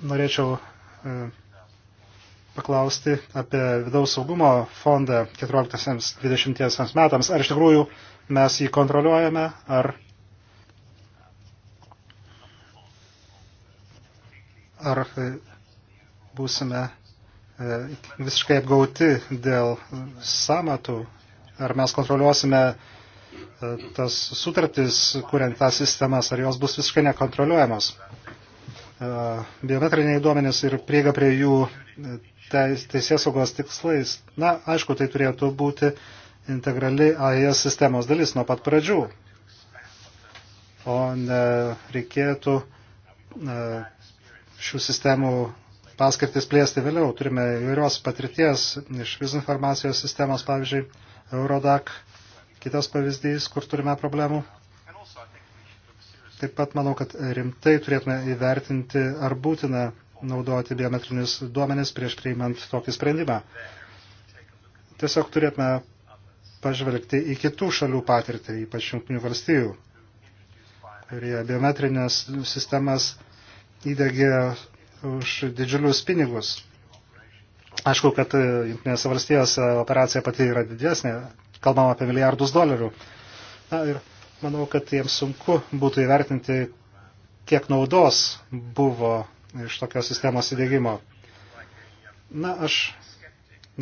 norėčiau paklausti apie vidaus saugumo fondą 14-20 metams. Ar iš tikrųjų mes jį kontroliuojame, ar, ar e, būsime e, visiškai apgauti dėl samatų, ar mes kontroliuosime e, tas sutartis, kuriant tas sistemas, ar jos bus visiškai nekontroliuojamos biometriniai duomenys ir prieiga prie jų e, teisės saugos tikslais. Na, aišku, tai turėtų būti integrali AES sistemos dalis nuo pat pradžių, o ne reikėtų e, šių sistemų paskirtis plėsti vėliau. Turime įvairios patirties iš vizų informacijos sistemos, pavyzdžiui, Eurodac, kitas pavyzdys, kur turime problemų. Taip pat manau, kad rimtai turėtume įvertinti, ar būtina naudoti biometrinius duomenis prieš priimant tokį sprendimą. Tiesiog turėtume pažvelgti į kitų šalių patirtį, ypač jungtinių valstijų, kurie biometrinės sistemas įdegė už didžiulius pinigus. Aišku, kad jungtinėse valstijose operacija pati yra didesnė, kalbam apie milijardus dolerių. Na ir Manau, kad jiems sunku būtų įvertinti, kiek naudos buvo iš tokios sistemos įdėgymo. Na, aš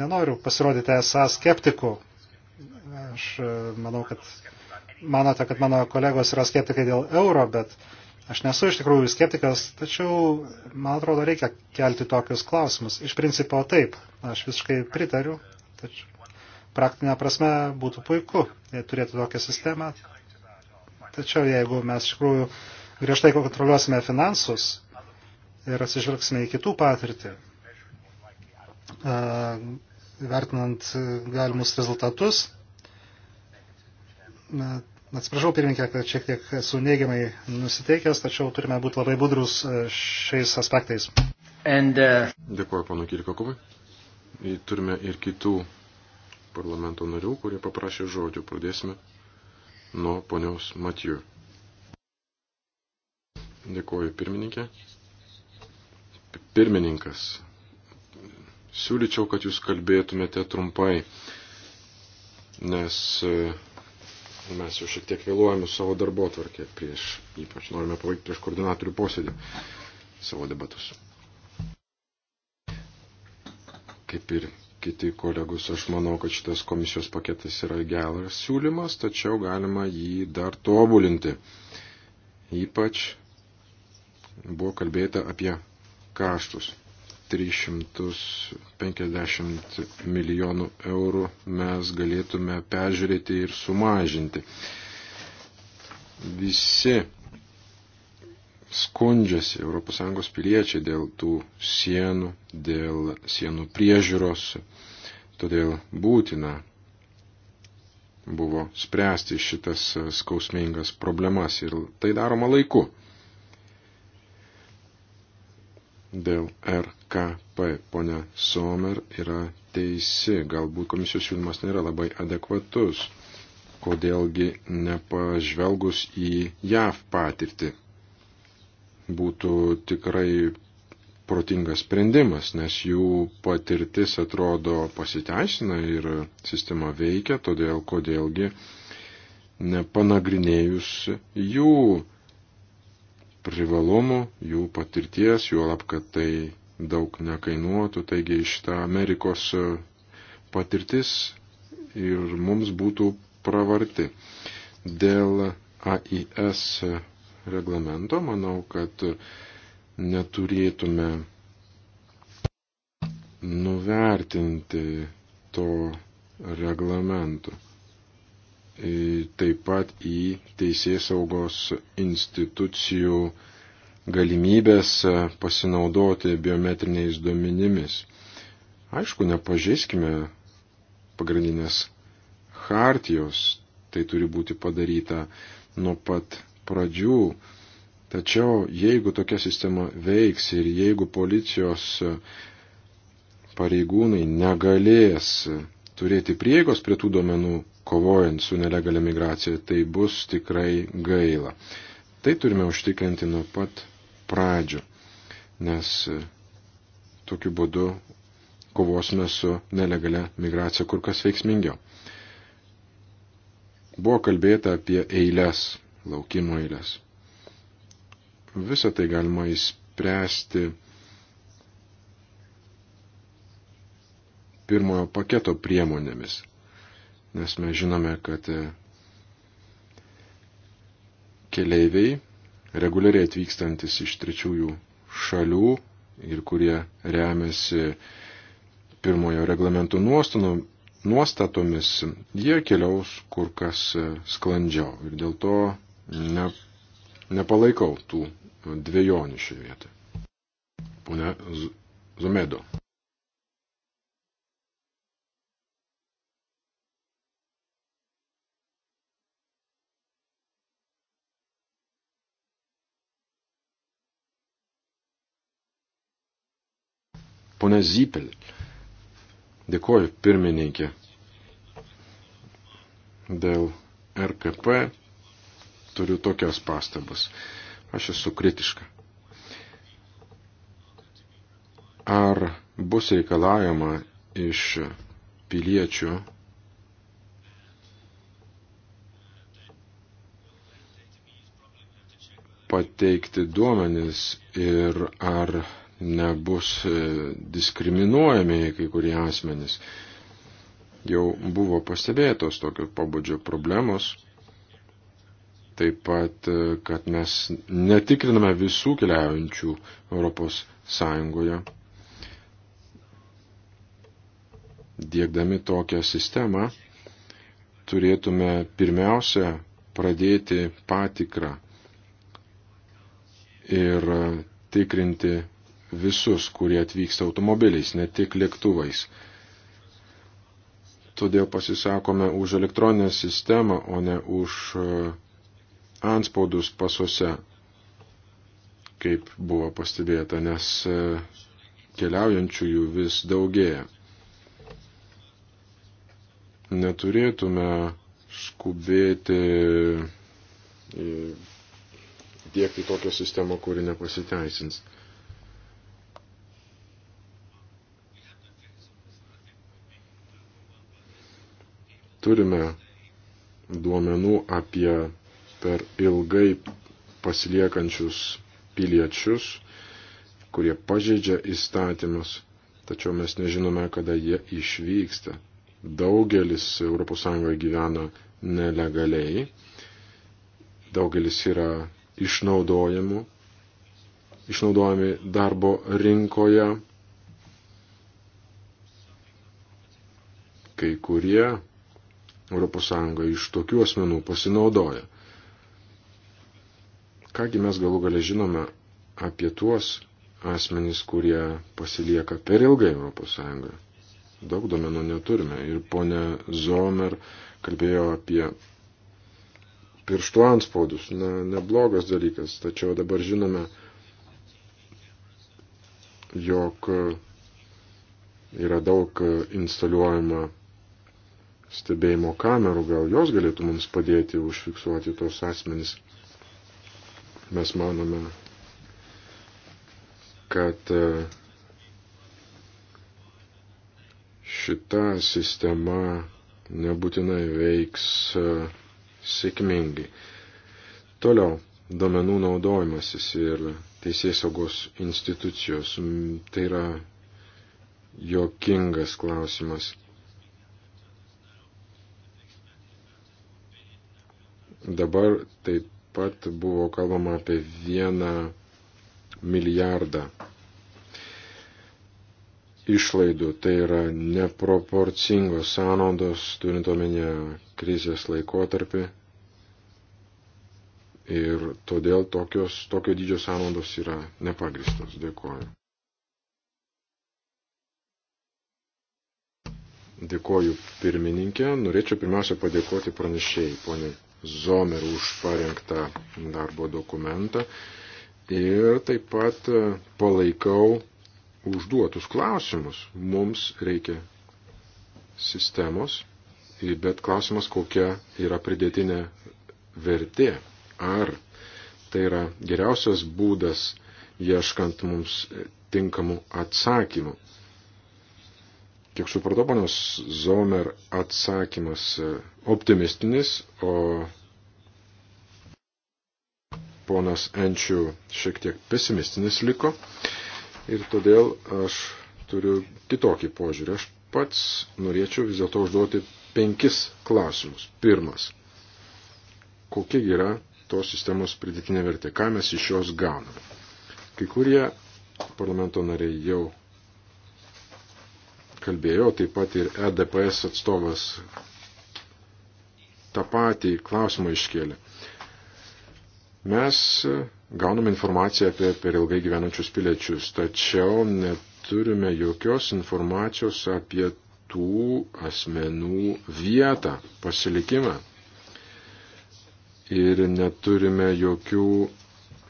nenoriu pasirodyti esą skeptikų. Aš e, manau, kad manote, kad mano kolegos yra skeptikai dėl euro, bet aš nesu iš tikrųjų skeptikas, tačiau, man atrodo, reikia kelti tokius klausimus. Iš principo taip, aš visiškai pritariu, tačiau praktinė prasme būtų puiku turėti tokią sistemą, Tačiau jeigu mes iš tikrųjų griežtai kontroliuosime finansus ir atsižvelgsime į kitų patirtį, vertinant galimus rezultatus, Atsiprašau, pirmininkė, kad šiek tiek esu neigiamai nusiteikęs, tačiau turime būti labai budrus šiais aspektais. And, uh... Dėkuoju, panu Kirikokovai. Turime ir kitų parlamento narių, kurie paprašė žodžių. Pradėsime nuo ponios Matijų. Dėkuoju pirmininkė. Pirmininkas, siūlyčiau, kad jūs kalbėtumėte trumpai, nes e, mes jau šiek tiek vėluojame savo darbo tvarkę prieš, ypač norime pabaigti prieš koordinatorių posėdį savo debatus. Kaip ir kiti kolegus, aš manau, kad šitas komisijos paketas yra geras siūlymas, tačiau galima jį dar tobulinti. Ypač buvo kalbėta apie kaštus. 350 milijonų eurų mes galėtume peržiūrėti ir sumažinti. Visi skundžiasi ES piliečiai dėl tų sienų, dėl sienų priežiūros. Todėl būtina buvo spręsti šitas skausmingas problemas ir tai daroma laiku. Dėl RKP ponia Somer yra teisi, galbūt komisijos siūlymas nėra labai adekvatus, kodėlgi nepažvelgus į JAV patirtį būtų tikrai protingas sprendimas, nes jų patirtis atrodo pasiteisina ir sistema veikia, todėl kodėlgi nepanagrinėjus jų privalumų, jų patirties, juolab, kad tai daug nekainuotų, taigi iš ta Amerikos patirtis ir mums būtų pravarti. Dėl AIS reglamento. Manau, kad neturėtume nuvertinti to reglamento. Taip pat į teisės saugos institucijų galimybės pasinaudoti biometriniais duomenimis. Aišku, nepažeiskime pagrindinės hartijos, tai turi būti padaryta nuo pat pradžių. Tačiau jeigu tokia sistema veiks ir jeigu policijos pareigūnai negalės turėti prieigos prie tų duomenų, kovojant su nelegalia migracija, tai bus tikrai gaila. Tai turime užtikrinti nuo pat pradžių, nes tokiu būdu kovosime su nelegalia migracija kur kas veiksmingiau. Buvo kalbėta apie eilės laukimo eilės. Visą tai galima įspręsti pirmojo paketo priemonėmis, nes mes žinome, kad e, keleiviai, reguliariai atvykstantis iš trečiųjų šalių ir kurie remiasi pirmojo reglamento nuostatomis, jie keliaus kur kas e, sklandžiau. Ir dėl to ne, nepalaikau tų dviejonių šioje vietoje. Pone Zumedo. Pone Zypel. Dėkoju pirmininkė dėl RKP turiu tokias pastabas. Aš esu kritiška. Ar bus reikalavima iš piliečių pateikti duomenis ir ar nebus e, diskriminuojami kai kurie asmenys. Jau buvo pastebėtos tokio pabudžio problemos taip pat, e, kad mes netikriname visų keliaujančių Europos Sąjungoje. Dėkdami tokią sistemą turėtume pirmiausia pradėti patikrą ir e, tikrinti visus, kurie atvyksta automobiliais, ne tik lėktuvais. Todėl pasisakome už elektroninę sistemą, o ne už uh, anspaudus pasuose, kaip buvo pastebėta, nes e, keliaujančiųjų vis daugėja. Neturėtume skubėti tiekti e, tokią sistemą, kuri nepasiteisins. Turime duomenų apie per ilgai pasiliekančius piliečius, kurie pažeidžia įstatymus, tačiau mes nežinome, kada jie išvyksta. Daugelis ES gyvena nelegaliai, daugelis yra išnaudojimų, išnaudojami darbo rinkoje, kai kurie ES iš tokių asmenų pasinaudoja. Kągi mes galų galę žinome apie tuos asmenys, kurie pasilieka per ilgai ES. Daug domenų neturime. Ir ponė Zomer kalbėjo apie pirštų anspaudus. Na, neblogas dalykas, tačiau dabar žinome, jog yra daug instaliuojama stebėjimo kamerų, gal jos galėtų mums padėti užfiksuoti tos asmenys. Mes manome, kad e, šita sistema nebūtinai veiks e, sėkmingai. Toliau, domenų naudojimasis ir teisės saugos institucijos. Tai yra jokingas klausimas. Dabar taip pat buvo kalbama apie vieną milijardą išlaidų. Tai yra neproporcingos sąnaudos, turint omenyje krizės laikotarpį. Ir todėl tokios, tokio dydžio sąnaudos yra nepagristos. Dėkuoju. Dėkuoju pirmininkė. Norėčiau pirmiausia padėkoti pranešėjai, poniai Zomer už parengtą darbo dokumentą ir taip pat e, palaikau užduotus klausimus. Mums reikia sistemos, bet klausimas, kokia yra pridėtinė vertė. Ar tai yra geriausias būdas ieškant mums e, tinkamų atsakymų. Kiek supratau, panos Zomer atsakymas e, optimistinis, o ponas Enčių šiek tiek pesimistinis liko. Ir todėl aš turiu kitokį požiūrį. Aš pats norėčiau vis dėlto užduoti penkis klausimus. Pirmas. Kokia yra tos sistemos pridėtinė vertė? Ką mes iš jos gauname? Kai kurie parlamento nariai jau kalbėjo, taip pat ir EDPS atstovas tą patį klausimą iškėlė. Mes gauname informaciją apie per ilgai gyvenančius piliečius, tačiau neturime jokios informacijos apie tų asmenų vietą, pasilikimą. Ir neturime jokių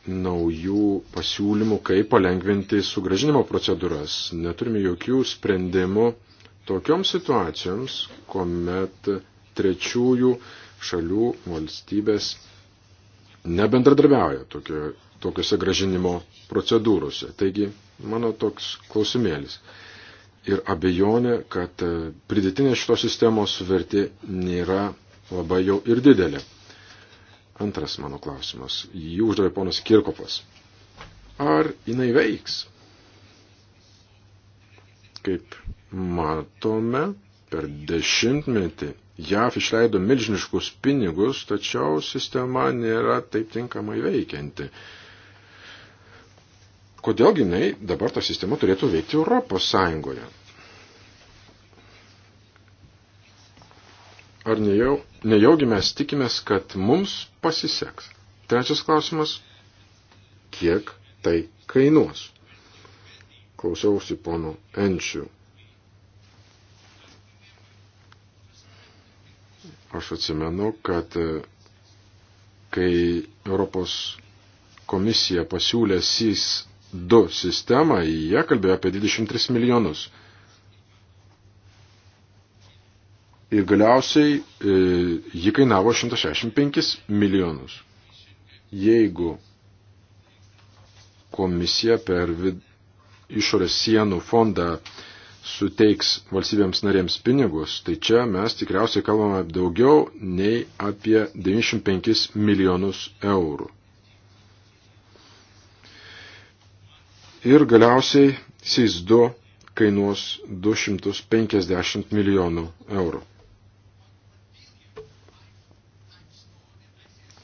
naujų pasiūlymų, kaip palengventi sugražinimo procedūras. Neturime jokių sprendimų tokioms situacijoms, kuomet trečiųjų šalių valstybės nebendradarbiauja tokio, tokiuose gražinimo procedūrose. Taigi, mano toks klausimėlis. Ir abejonė, kad pridėtinė šitos sistemos vertė nėra labai jau ir didelė. Antras mano klausimas. Jį uždavė ponas Kirkopas. Ar jinai veiks? Kaip matome, per dešimtmetį JAF išleido milžiniškus pinigus, tačiau sistema nėra taip tinkamai veikianti. Kodėl jinai dabar ta sistema turėtų veikti Europos Sąjungoje? Ar nejau Nejaugi mes tikimės, kad mums pasiseks. Trečias klausimas - kiek tai kainuos? Klausiausi pono Enčių. Aš atsimenu, kad e, kai Europos komisija pasiūlė SIS 2 sistemą, jie kalbėjo apie 23 milijonus. ir galiausiai e, ji kainavo 165 milijonus. Jeigu komisija per vid... išorės sienų fondą suteiks valstybėms narėms pinigus, tai čia mes tikriausiai kalbame daugiau nei apie 95 milijonus eurų. Ir galiausiai SIS 2 kainuos 250 milijonų eurų.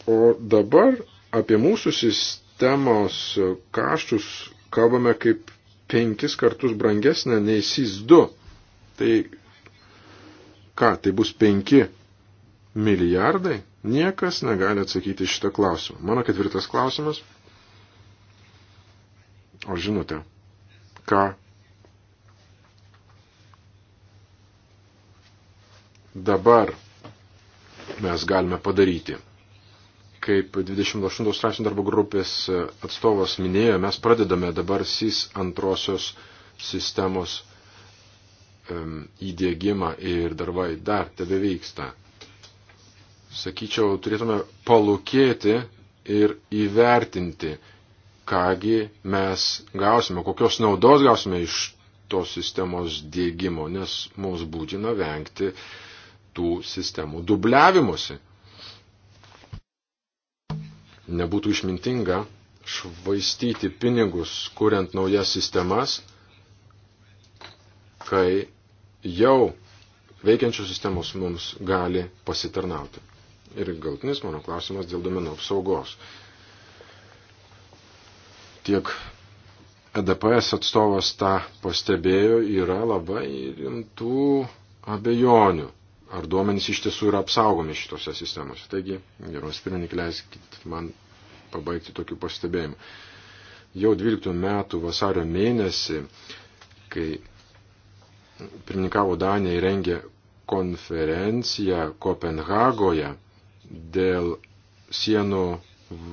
O dabar apie mūsų sistemos kaštus kalbame kaip penkis kartus brangesnę nei SIS 2. Tai ką, tai bus penki milijardai? Niekas negali atsakyti šitą klausimą. Mano ketvirtas klausimas. O žinote, ką dabar mes galime padaryti? kaip 28 straipsnių darbo grupės atstovas minėjo, mes pradedame dabar SIS antrosios sistemos um, įdėgymą ir darbai dar tebe vyksta. Sakyčiau, turėtume palūkėti ir įvertinti, kągi mes gausime, kokios naudos gausime iš tos sistemos dėgymo, nes mums būtina vengti tų sistemų dubliavimuose nebūtų išmintinga švaistyti pinigus, kuriant naujas sistemas, kai jau veikiančios sistemos mums gali pasitarnauti. Ir galtinis mano klausimas dėl domenų apsaugos. Tiek EDPS atstovas tą pastebėjo, yra labai rimtų abejonių ar duomenys iš tiesų yra apsaugomi šitose sistemose. Taigi, geros pirmininkai, leiskit man pabaigti tokių pastebėjimų. Jau 12 metų vasario mėnesį, kai pirmininkavo Danija įrengė konferenciją Kopenhagoje dėl sienų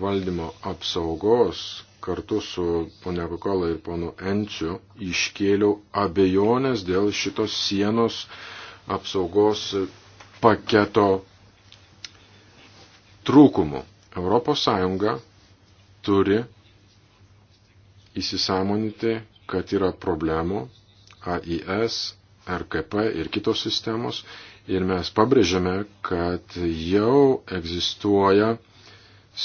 valdymo apsaugos kartu su ponia Kokola ir ponu Enčiu iškėliau abejonės dėl šitos sienos uh, apsaugos paketo trūkumų. ES turi įsisamoninti, kad yra problemų AIS, RKP ir kitos sistemos ir mes pabrėžiame, kad jau egzistuoja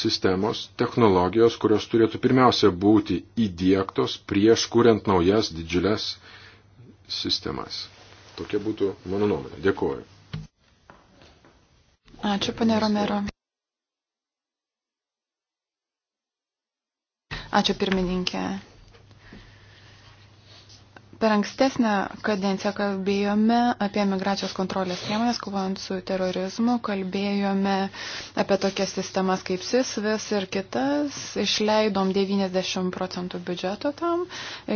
sistemos, technologijos, kurios turėtų pirmiausia būti įdėktos prieš kuriant naujas didžiulės sistemas. Tokia būtų mano nuomonė. Dėkuoju. Ačiū, pane Romero. Ačiū, pirmininkė. Per ankstesnę kadenciją kalbėjome apie migracijos kontrolės priemonės, kovojant su terorizmu, kalbėjome apie tokias sistemas kaip SIS, VIS ir kitas, išleidom 90 procentų biudžeto tam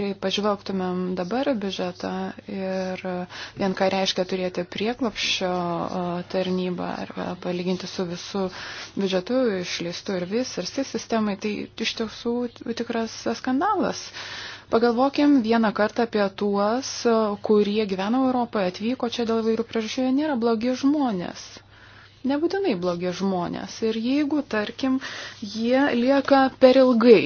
ir pažvelgtumėm dabar biudžetą ir vien ką reiškia turėti prieklapščio tarnybą ar e, palyginti su visu biudžetu išleistu ir VIS ir SIS sistemai, tai iš tiesų tikras skandalas. Pagalvokim vieną kartą apie tuos, kurie gyveno Europoje, atvyko čia dėl vairių priežasčių, jie nėra blogi žmonės nebūtinai blogi žmonės. Ir jeigu, tarkim, jie lieka per ilgai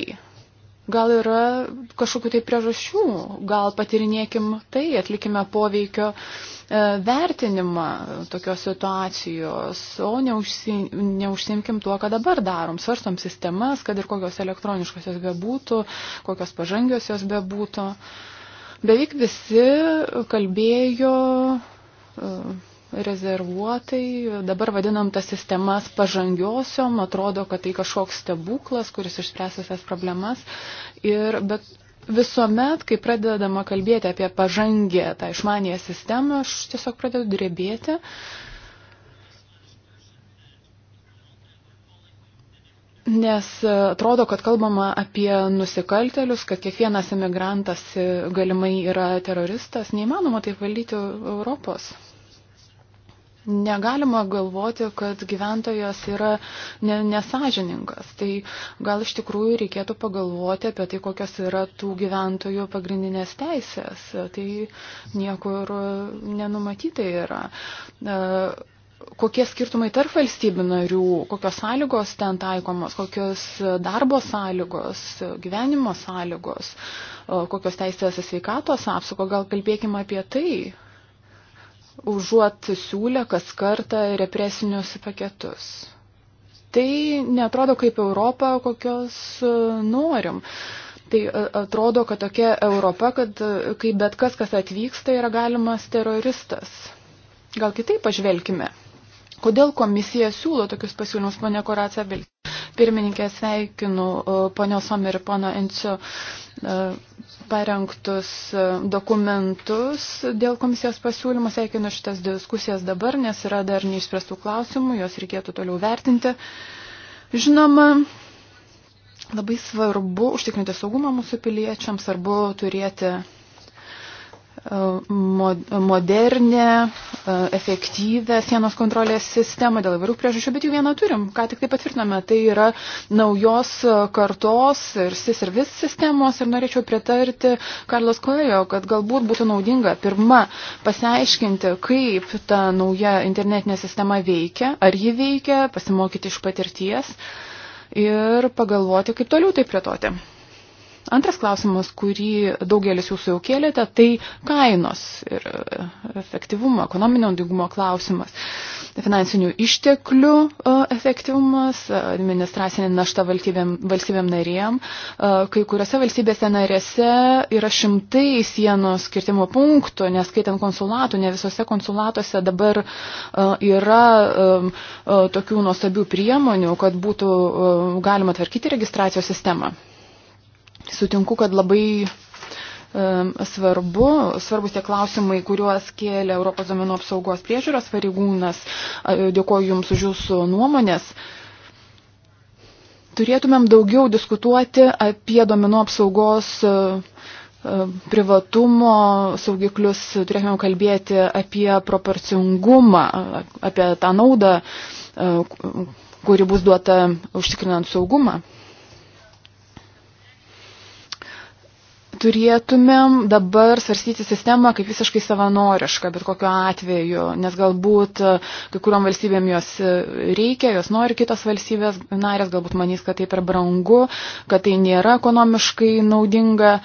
Gal yra kažkokiu tai priežasčių, gal patirinėkim tai, atlikime poveikio e, vertinimą tokios situacijos, o neužsi, neužsimkim tuo, ką dabar darom. Svarstom sistemas, kad ir kokios elektroniškos jos bebūtų, kokios pažangios jos bebūtų. Beveik visi kalbėjo e, rezervuotai. Dabar vadinam tas sistemas pažangiosiom, atrodo, kad tai kažkoks stebuklas, kuris išspręs visas problemas. Ir, bet visuomet, kai pradedama kalbėti apie pažangę tą išmanėją sistemą, aš tiesiog pradedu drebėti. Nes atrodo, kad kalbama apie nusikaltelius, kad kiekvienas emigrantas galimai yra teroristas, neįmanoma taip valdyti Europos. Negalima galvoti, kad gyventojas yra ne, nesažininkas. Tai gal iš tikrųjų reikėtų pagalvoti apie tai, kokios yra tų gyventojų pagrindinės teisės. Tai niekur nenumatyta yra. E, kokie skirtumai tarp valstybių narių, kokios sąlygos ten taikomos, kokios darbo sąlygos, gyvenimo sąlygos, kokios teisės į sveikatos apsaugą, gal kalbėkime apie tai užuot siūlę kas kartą represinius paketus. Tai netrodo kaip Europa, kokios e, norim. Tai e, atrodo, kad tokia Europa, kad e, kaip bet kas, kas atvyksta, yra galimas teroristas. Gal kitaip pažvelkime. Kodėl komisija siūlo tokius pasiūlymus, mane Koracija Vilkė? Pirmininkė sveikinu e, ponios Omer ir pono Encio e, parengtus e, dokumentus dėl komisijos pasiūlymų. Sveikinu šitas diskusijas dabar, nes yra dar neišspręstų klausimų, juos reikėtų toliau vertinti. Žinoma, labai svarbu užtikrinti saugumą mūsų piliečiams, svarbu turėti modernę, efektyvę sienos kontrolės sistemą dėl įvairių priežasčių, bet jau vieną turim, ką tik tai patvirtiname, tai yra naujos kartos ir SIS ir vis sistemos ir norėčiau pritarti Karlos Kojo, kad galbūt būtų naudinga pirma pasiaiškinti, kaip ta nauja internetinė sistema veikia, ar ji veikia, pasimokyti iš patirties ir pagalvoti, kaip toliau tai plėtoti. Antras klausimas, kurį daugelis jūsų jau kėlėte, tai kainos ir e, efektyvumo, ekonominio naudingumo klausimas, finansinių išteklių e, efektyvumas, e, administracinė našta valstybėm, valstybėm narėm. Kai kuriuose valstybėse narėse yra šimtai sienos skirtimo punktų, neskaitant konsulatų, ne visose konsulatuose dabar yra tokių nuostabių priemonių, kad būtų galima tvarkyti registracijos sistemą sutinku, kad labai svarbu, svarbus tie klausimai, kuriuos kėlė Europos domenų apsaugos priežiūros pareigūnas. Dėkoju Jums už Jūsų nuomonės. Turėtumėm daugiau diskutuoti apie domenų apsaugos e, e, privatumo saugiklius, turėtumėm kalbėti apie proporcingumą, apie tą naudą, e, kuri bus duota užtikrinant saugumą. turėtumėm dabar svarstyti sistemą kaip visiškai savanorišką, bet kokiu atveju, nes galbūt e, kai kuriuom valstybėm jos e, reikia, jos nori kitos valstybės narės, galbūt manys, kad tai per brangu, kad tai nėra ekonomiškai naudinga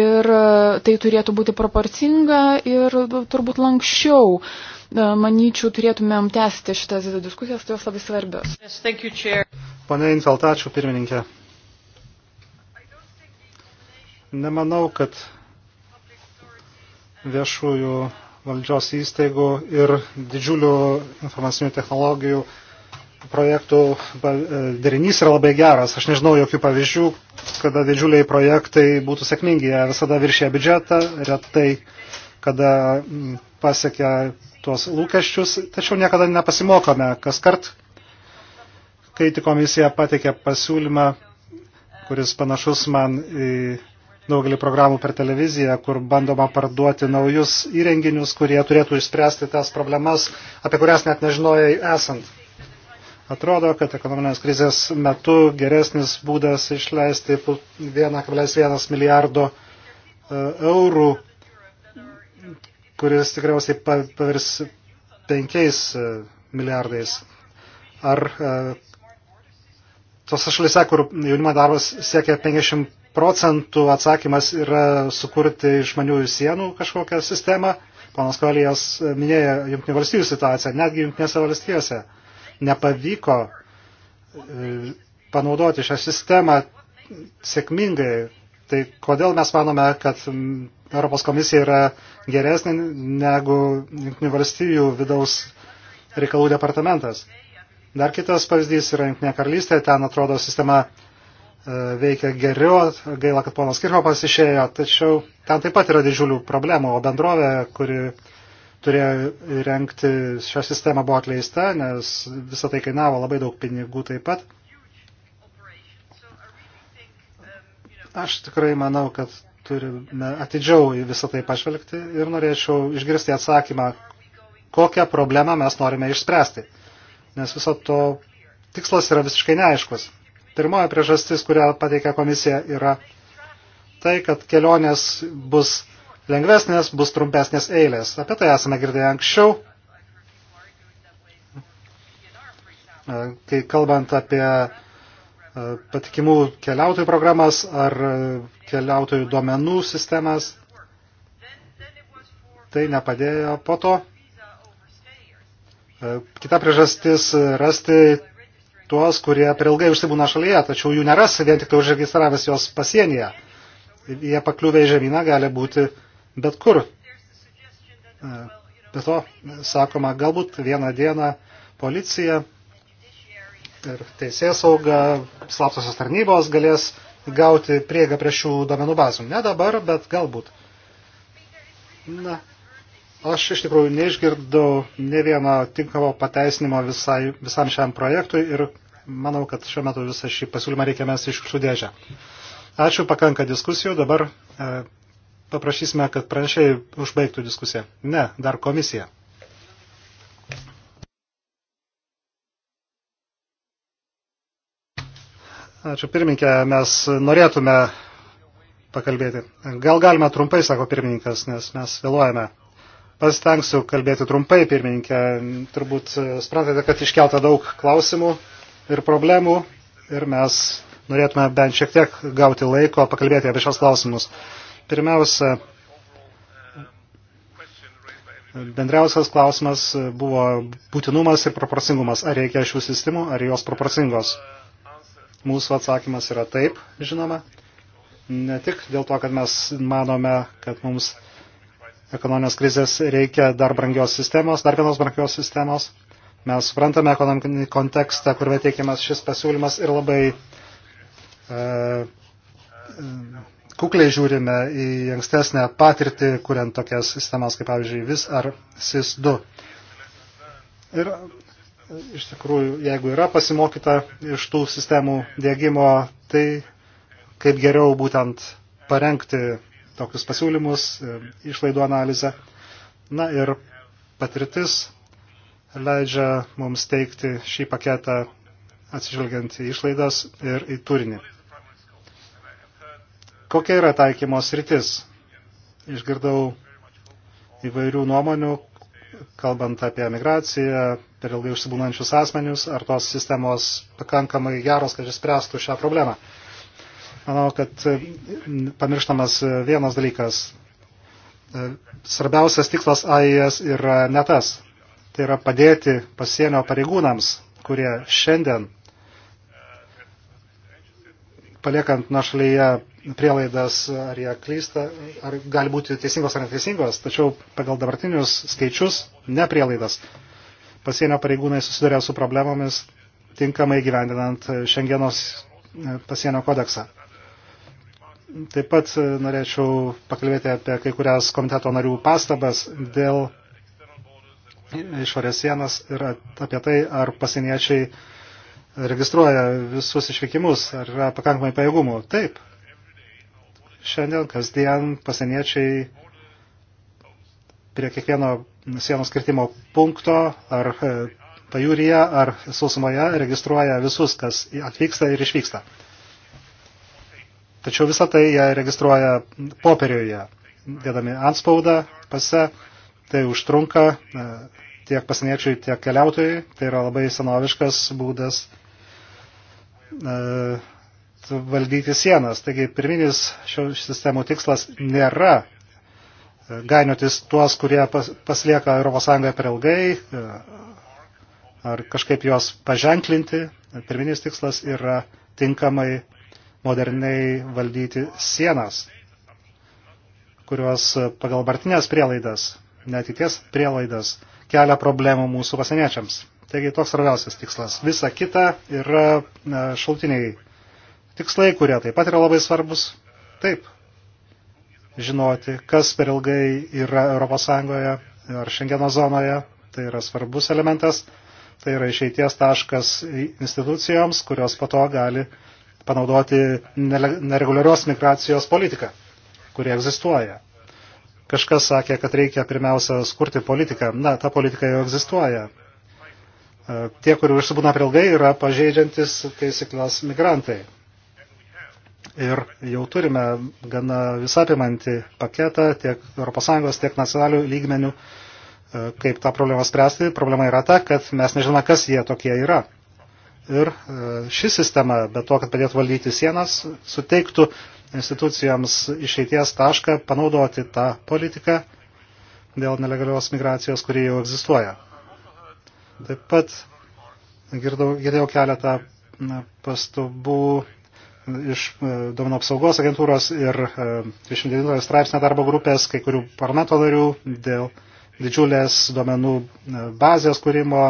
ir e, tai turėtų būti proporcinga ir turbūt lankščiau. Manyčiau, turėtumėm tęsti šitas diskusijas, tai jos labai svarbios. Yes, Pane Infelt, ačiū pirmininkė. Nemanau, kad viešųjų valdžios įstaigų ir didžiulių informacinių technologijų projektų e, derinys yra labai geras. Aš nežinau jokių pavyzdžių, kada didžiuliai projektai būtų sėkmingi. Jie visada viršė biudžetą, retai, kada mm, pasiekia tuos lūkesčius, tačiau niekada nepasimokome. Kas kart, kai tik komisija pateikė pasiūlymą, kuris panašus man į daugelį programų per televiziją, kur bandoma parduoti naujus įrenginius, kurie turėtų išspręsti tas problemas, apie kurias net nežinojai esant. Atrodo, kad ekonominės krizės metu geresnis būdas išleisti 1,1 milijardo e, eurų, kuris tikriausiai pavirs 5 e, milijardais. Ar e, tose šalise, kur jaunimo darbas siekia 50 procentų atsakymas yra sukurti išmaniųjų sienų kažkokią sistemą. Panas Kovalijas minėjo Junktinių valstybių situaciją, netgi Junktinėse valstijose nepavyko e, panaudoti šią sistemą sėkmingai. Tai kodėl mes manome, kad Europos komisija yra geresnė negu Junktinių valstybių vidaus reikalų departamentas. Dar kitas pavyzdys yra Junktinė karalystė, ten atrodo sistema E, veikia geriau, gaila, kad ponas Kirchopas išėjo, tačiau ten taip pat yra didžiulių problemų, o bendrovė, kuri turėjo renkti šią sistemą, buvo atleista, nes visą tai kainavo labai daug pinigų taip pat. Aš tikrai manau, kad turime atidžiau į visą tai pažvelgti ir norėčiau išgirsti atsakymą, kokią problemą mes norime išspręsti. Nes viso to tikslas yra visiškai neaiškus. Pirmoji priežastis, kurią pateikia komisija, yra tai, kad kelionės bus lengvesnės, bus trumpesnės eilės. Apie tai esame girdėję anksčiau. Kai kalbant apie e, patikimų keliautojų programas ar e, keliautojų duomenų sistemas, tai nepadėjo po to. E, kita priežastis rasti tuos, kurie per ilgai užsibūna šalyje, tačiau jų neras vien tik tai užregistravęs jos pasienyje. Jie pakliuvę į žemyną gali būti bet kur. E, be to, sakoma, galbūt vieną dieną policija ir teisės sauga, slaptosios tarnybos galės gauti prieigą prie šių domenų bazų. Ne dabar, bet galbūt. Na, Aš iš tikrųjų neišgirdau ne vieno tinkamo pateisinimo visai, visam šiam projektui ir manau, kad šiuo metu visą šį pasiūlymą reikia mes iš šių dėžę. Ačiū, pakanka diskusijų. Dabar e, paprašysime, kad pranešėjai užbaigtų diskusiją. Ne, dar komisija. Ačiū pirmininkė, mes norėtume pakalbėti. Gal galime trumpai, sako pirmininkas, nes mes vėluojame. Pasitengsiu kalbėti trumpai, pirmininkė. Turbūt e, suprantate, kad iškelta daug klausimų ir problemų ir mes norėtume bent šiek tiek gauti laiko pakalbėti apie šios klausimus. Pirmiausia, bendriausias klausimas buvo būtinumas ir proporcingumas. Ar reikia šių sistemų, ar jos proporcingos? Mūsų atsakymas yra taip, žinoma. Ne tik dėl to, kad mes manome, kad mums ekonominės krizės reikia dar brangios sistemos, dar vienos brangios sistemos. Mes suprantame ekonominį kontekstą, kur teikiamas šis pasiūlymas ir labai e, kukliai žiūrime į ankstesnę patirtį, kuriant tokias sistemas kaip, pavyzdžiui, VIS ar SIS-2. Ir iš tikrųjų, jeigu yra pasimokyta iš tų sistemų dėgymo, tai kaip geriau būtent parengti tokius pasiūlymus, e, išlaidų analizę. Na ir patirtis leidžia mums teikti šį paketą atsižvelgiant į išlaidas ir į turinį. Kokia yra taikymos rytis? Išgirdau įvairių nuomonių, kalbant apie migraciją, per ilgai užsibūnančius asmenius, ar tos sistemos pakankamai geros, kad išspręstų šią problemą. Manau, kad e, pamirštamas e, vienas dalykas. E, svarbiausias tikslas AIS yra ne tas. Tai yra padėti pasienio pareigūnams, kurie šiandien, paliekant našalyje prielaidas, ar jie klysta, ar gali būti teisingos ar neteisingos, tačiau pagal dabartinius skaičius, ne prielaidas, pasienio pareigūnai susiduria su problemomis tinkamai gyvendinant Šengenos pasienio kodeksą. Taip pat e, norėčiau pakalbėti apie kai kurias komiteto narių pastabas dėl išorės sienas ir apie tai, ar pasieniečiai registruoja visus išvykimus, ar yra pakankamai pajėgumų. Taip. Šiandien kasdien pasieniečiai prie kiekvieno sienos kirtimo punkto ar e, pajūryje ar sausumoje registruoja visus, kas atvyksta ir išvyksta. Tačiau visą tai jie registruoja popieriuje, dėdami antspaudą, pase, tai užtrunka e, tiek pasieniečiui, tiek keliautojui. Tai yra labai senoviškas būdas e, valdyti sienas. Taigi pirminis šio sistemų tikslas nėra e, gainiotis tuos, kurie paslieka ES per ilgai ar kažkaip juos paženklinti. Pirminis tikslas yra tinkamai moderniai valdyti sienas, kurios pagal bartinės prielaidas, netikės prielaidas, kelia problemų mūsų pasieniečiams. Taigi toks svarbiausias tikslas. Visa kita yra šaltiniai tikslai, kurie taip pat yra labai svarbus. Taip, žinoti, kas per ilgai yra ES ar Šengeno zonoje, tai yra svarbus elementas, tai yra išeities taškas institucijoms, kurios po to gali uh, panaudoti nereguliarios migracijos politiką, kuri egzistuoja. Kažkas sakė, kad reikia pirmiausia skurti politiką. Na, ta politika jau egzistuoja. E, tie, kurių išsibūna per ilgai, yra pažeidžiantis taisyklės migrantai. Ir jau turime gana visapimantį paketą tiek ES, tiek nacionalių lygmenių, e, kaip tą problemą spręsti. Problema yra ta, kad mes nežinome, kas jie tokie yra. Ir e, ši sistema, bet to, kad padėtų valdyti sienas, suteiktų institucijoms išeities tašką panaudoti tą politiką dėl nelegalios migracijos, kurie jau egzistuoja. Taip pat girdau, girdėjau keletą pastabų iš e, domino apsaugos agentūros ir 29 e, straipsnio darbo grupės kai kurių parlamento narių dėl didžiulės duomenų bazės kūrimo,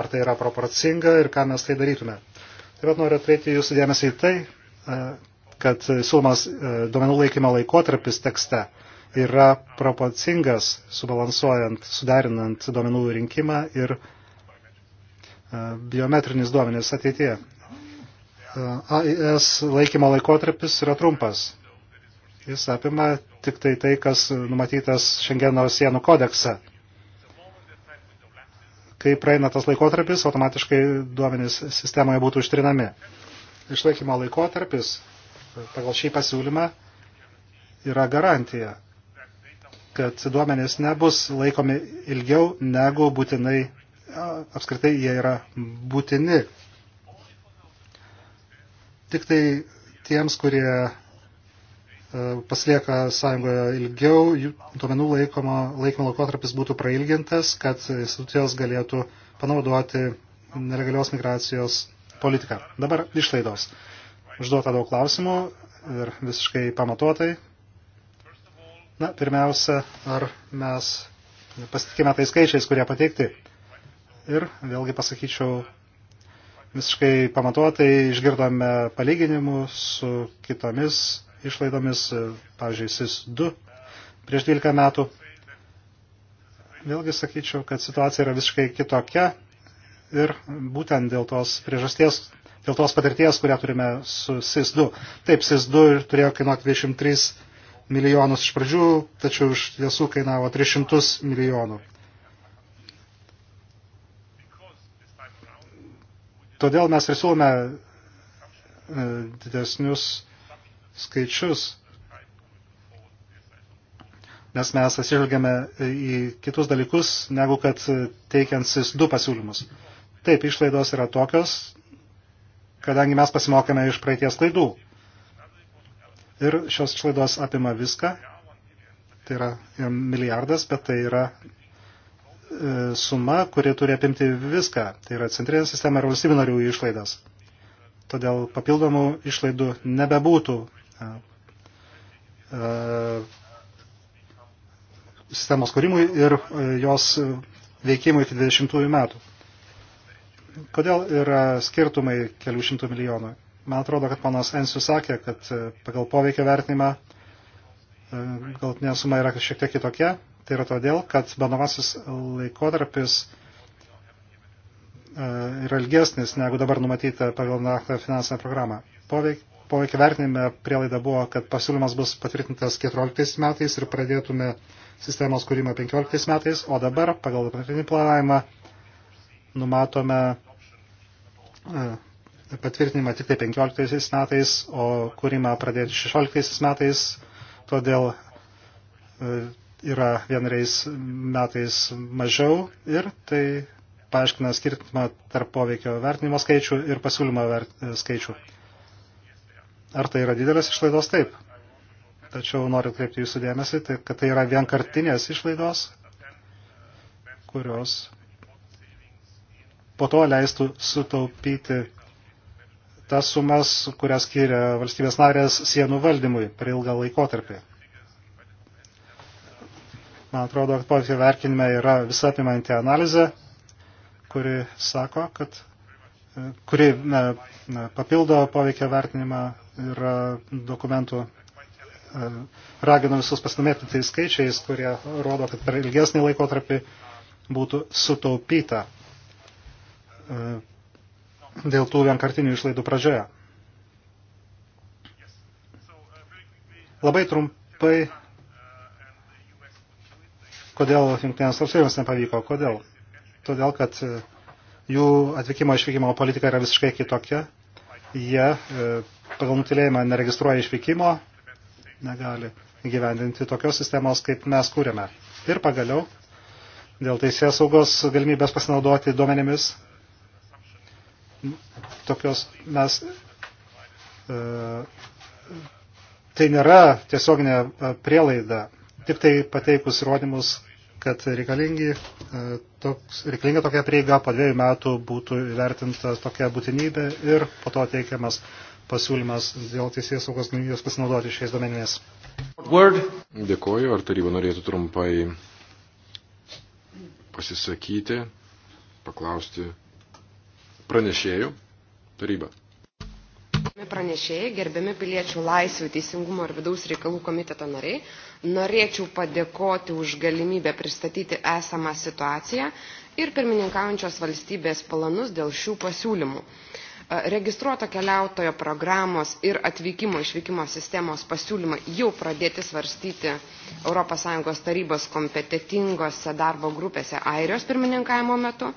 ar tai yra proporcinga ir ką mes tai darytume. Taip pat noriu atkreipti jūsų dėmesį į tai, e, kad siūlomas e, duomenų laikymo laikotarpis tekste yra proporcingas, subalansuojant, suderinant duomenų rinkimą ir e, biometrinis duomenis ateityje. AIS laikymo laikotarpis yra trumpas. Jis apima tik tai tai, kas numatytas Šengeno sienų kodekse kai praeina tas laikotarpis, automatiškai duomenys sistemoje būtų ištrinami. Išlaikymo laikotarpis pagal šį pasiūlymą yra garantija, kad duomenys nebus laikomi ilgiau negu būtinai, apskritai jie yra būtini. Tik tai tiems, kurie E, pasilieka sąjungoje ilgiau, duomenų laikomo, laikymo laikotarpis būtų prailgintas, kad institucijos galėtų panaudoti nelegalios migracijos politiką. Dabar išlaidos. Užduota daug klausimų ir visiškai pamatuotai. Na, pirmiausia, ar mes pasitikime tai skaičiais, kurie pateikti. Ir vėlgi pasakyčiau, visiškai pamatuotai išgirdome palyginimų su kitomis išlaidomis, e, pavyzdžiui, SIS 2 prieš 12 metų. Vėlgi sakyčiau, kad situacija yra visiškai kitokia ir būtent dėl tos priežasties, dėl tos patirties, kurią turime su SIS 2. Taip, SIS 2 ir turėjo kainuoti 23 milijonus iš pradžių, tačiau iš tiesų kainavo 300 milijonų. Todėl mes ir siūlome e, didesnius skaičius, nes mes atsižvelgiame į kitus dalykus, negu kad teikiant SIS 2 pasiūlymus. Taip, išlaidos yra tokios, kadangi mes pasimokėme iš praeities klaidų. Ir šios išlaidos apima viską, tai yra milijardas, bet tai yra e, suma, kuri turi apimti viską, tai yra centrinė sistema ir valstybių narių išlaidas. Todėl papildomų išlaidų nebebūtų E, sistemos kūrimui ir e, jos veikimui iki 20 metų. Kodėl yra skirtumai kelių šimtų milijonų? Man atrodo, kad panas Ensiu sakė, kad e, pagal poveikio vertinimą galtinė suma yra šiek tiek kitokia. Tai yra todėl, kad bandomasis laikotarpis yra ilgesnis negu dabar numatyta pagal naktą finansinę programą. Poveik, poveikį vertinime prielaida buvo, kad pasiūlymas bus patvirtintas 14 metais ir pradėtume sistemos kūrimą 15 metais, o dabar pagal dabartinį planavimą numatome e, patvirtinimą tik tai 15 metais, o kūrimą pradėti 16 metais, todėl e, yra vienreis metais mažiau ir tai paaiškina skirtumą tarp poveikio vertinimo skaičių ir pasiūlymo e, skaičių. Ar tai yra didelės išlaidos? Taip. Tačiau noriu kreipti jūsų dėmesį, tai, kad tai yra vienkartinės išlaidos, kurios po to leistų sutaupyti tas sumas, kurias skiria valstybės narės sienų valdymui per ilgą laikotarpį. Man atrodo, kad poveikio vertinime yra visa apimanti analizė, kuri sako, kad kuri ne, ne, papildo poveikio vertinimą yra dokumentų e, ragino visus pasidomėti tais skaičiais, kurie rodo, kad per ilgesnį laikotarpį būtų sutaupyta e, dėl tų vienkartinių išlaidų pradžioje. Labai trumpai, kodėl Junktinės valstybės nepavyko, kodėl? Todėl, kad e, jų atvykimo išvykimo politika yra visiškai kitokia jie e, pagal nutilėjimą neregistruoja išvykimo, negali įgyvendinti tokios sistemos, kaip mes kūrėme. Ir pagaliau, dėl teisės saugos galimybės pasinaudoti duomenimis, tokios mes, e, tai nėra tiesioginė e, prielaida, tik tai pateikus įrodymus, kad reikalingi, e, toks, reikalinga tokia prieiga po dviejų metų būtų įvertinta tokia būtinybė ir po to teikiamas pasiūlymas dėl teisės saugos galimybės pasinaudoti šiais duomenimis. Dėkoju, ar taryba norėtų trumpai pasisakyti, paklausti pranešėjų tarybą. Pranešėjai, gerbiami piliečių laisvių, teisingumo ir vidaus reikalų komiteto nariai, norėčiau padėkoti už galimybę pristatyti esamą situaciją ir pirmininkaujančios valstybės planus dėl šių pasiūlymų registruoto keliautojo programos ir atvykimo išvykimo sistemos pasiūlymą jau pradėti svarstyti ES tarybos kompetitingose darbo grupėse Airijos pirmininkavimo metu.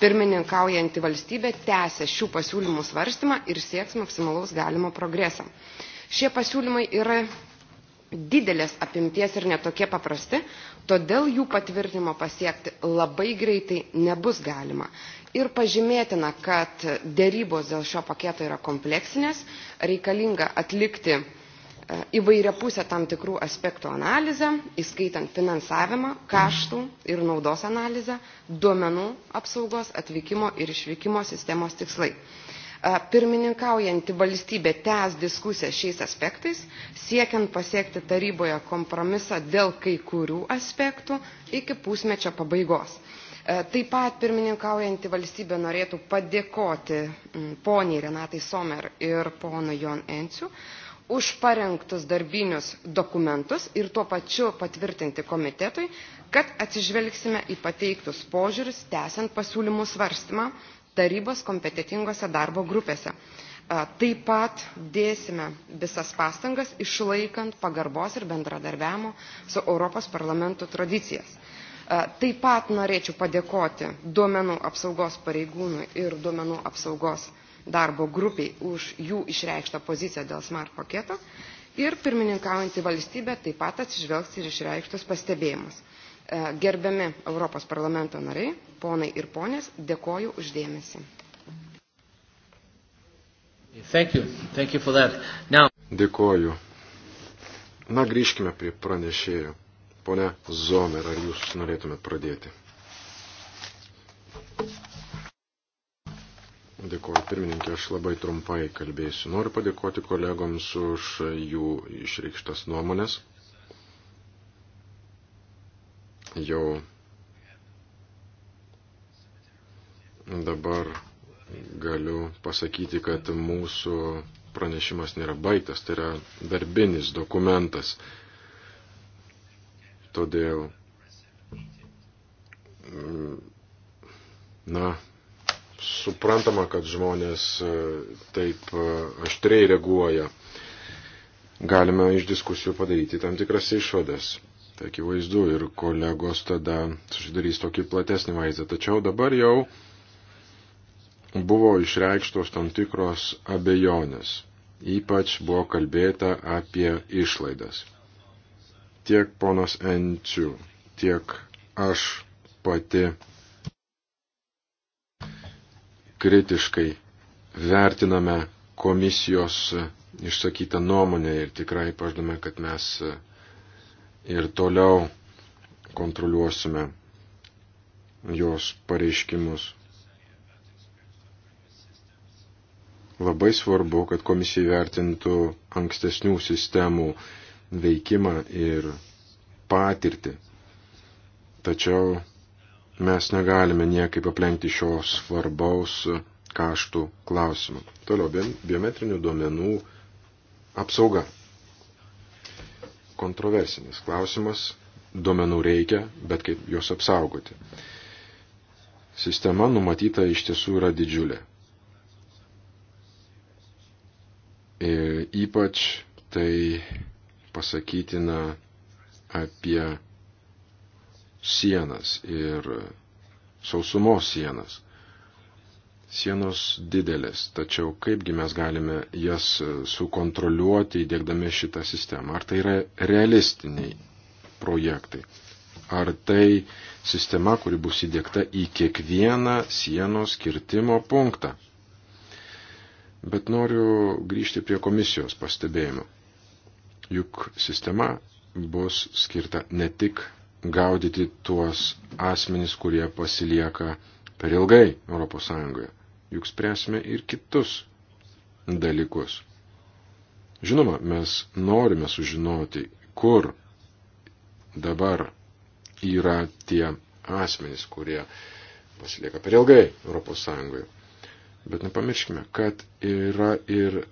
Pirmininkaujanti valstybė tęsia šių pasiūlymų svarstymą ir sieks maksimalaus galimo progresą. Šie pasiūlymai yra didelės apimties ir netokie paprasti, todėl jų patvirtinimo pasiekti labai greitai nebus galima. Ir pažymėtina, kad dėrybos dėl šio paketo yra kompleksinės, reikalinga atlikti e, įvairia pusė tam tikrų aspektų analizę, įskaitant finansavimą, kaštų ir naudos analizę, duomenų apsaugos, atvykimo ir išvykimo sistemos tikslai. E, pirmininkaujanti valstybė tęs diskusiją šiais aspektais, siekiant pasiekti taryboje kompromisą dėl kai kurių aspektų iki pusmečio pabaigos. E, taip pat pirmininkaujanti valstybė norėtų padėkoti poniai Renatai Somer ir ponui Jon Enciu už parengtus darbinius dokumentus ir tuo pačiu patvirtinti komitetui, kad atsižvelgsime į pateiktus požiūris, tęsiant pasiūlymų svarstymą tarybos kompetitingose darbo grupėse. E, taip pat dėsime visas pastangas išlaikant pagarbos ir bendradarbiavimo su Europos parlamentu tradicijas. E, taip pat norėčiau padėkoti duomenų apsaugos pareigūnų ir duomenų apsaugos darbo grupiai už jų išreikštą poziciją dėl smart paketo ir pirmininkaujantį valstybę taip pat atsižvelgs ir išreikštus pastebėjimus. E, gerbiami Europos parlamento nariai, ponai ir ponės, dėkoju uždėmesi. Thank you. Thank you for that. Now... Dėkoju. Na, grįžkime prie pranešėjų. Pone Zomer, ar jūs norėtumėt pradėti? Dėkuoju pirmininkė, aš labai trumpai kalbėsiu. Noriu padėkoti kolegoms už jų išreikštas nuomonės. Jau dabar galiu pasakyti, kad mūsų pranešimas nėra baigtas, tai yra darbinis dokumentas. Todėl, na, suprantama, kad žmonės e, taip e, aštriai reaguoja. Galime iš diskusijų padaryti tam tikras išvadas. Tai akivaizdu ir kolegos tada susidarys tokį platesnį vaizdą. Tačiau dabar jau buvo išreikštos tam tikros abejonės. Ypač buvo kalbėta apie išlaidas. Tiek ponas Enčių, tiek aš pati kritiškai vertiname komisijos išsakytą nuomonę ir tikrai pažadame, kad mes ir toliau kontroliuosime jos pareiškimus. Labai svarbu, kad komisija vertintų ankstesnių sistemų veikimą ir patirtį. Tačiau mes negalime niekaip aplenkti šios svarbaus kaštų klausimų. Toliau biometrinių duomenų apsauga. Kontroversinis klausimas. Duomenų reikia, bet kaip juos apsaugoti. Sistema numatyta iš tiesų yra didžiulė. Ir e, ypač tai pasakytina apie sienas ir sausumos sienas. Sienos didelės, tačiau kaipgi mes galime jas sukontroliuoti įdėkdami šitą sistemą? Ar tai yra realistiniai projektai? Ar tai sistema, kuri bus įdėkta į kiekvieną sienos kirtimo punktą? Bet noriu grįžti prie komisijos pastebėjimų. Juk sistema bus skirta ne tik gaudyti tuos asmenys, kurie pasilieka per ilgai ES. Juk spręsime ir kitus dalykus. Žinoma, mes norime sužinoti, kur dabar yra tie asmenys, kurie pasilieka per ilgai ES. Bet nepamirškime, kad yra ir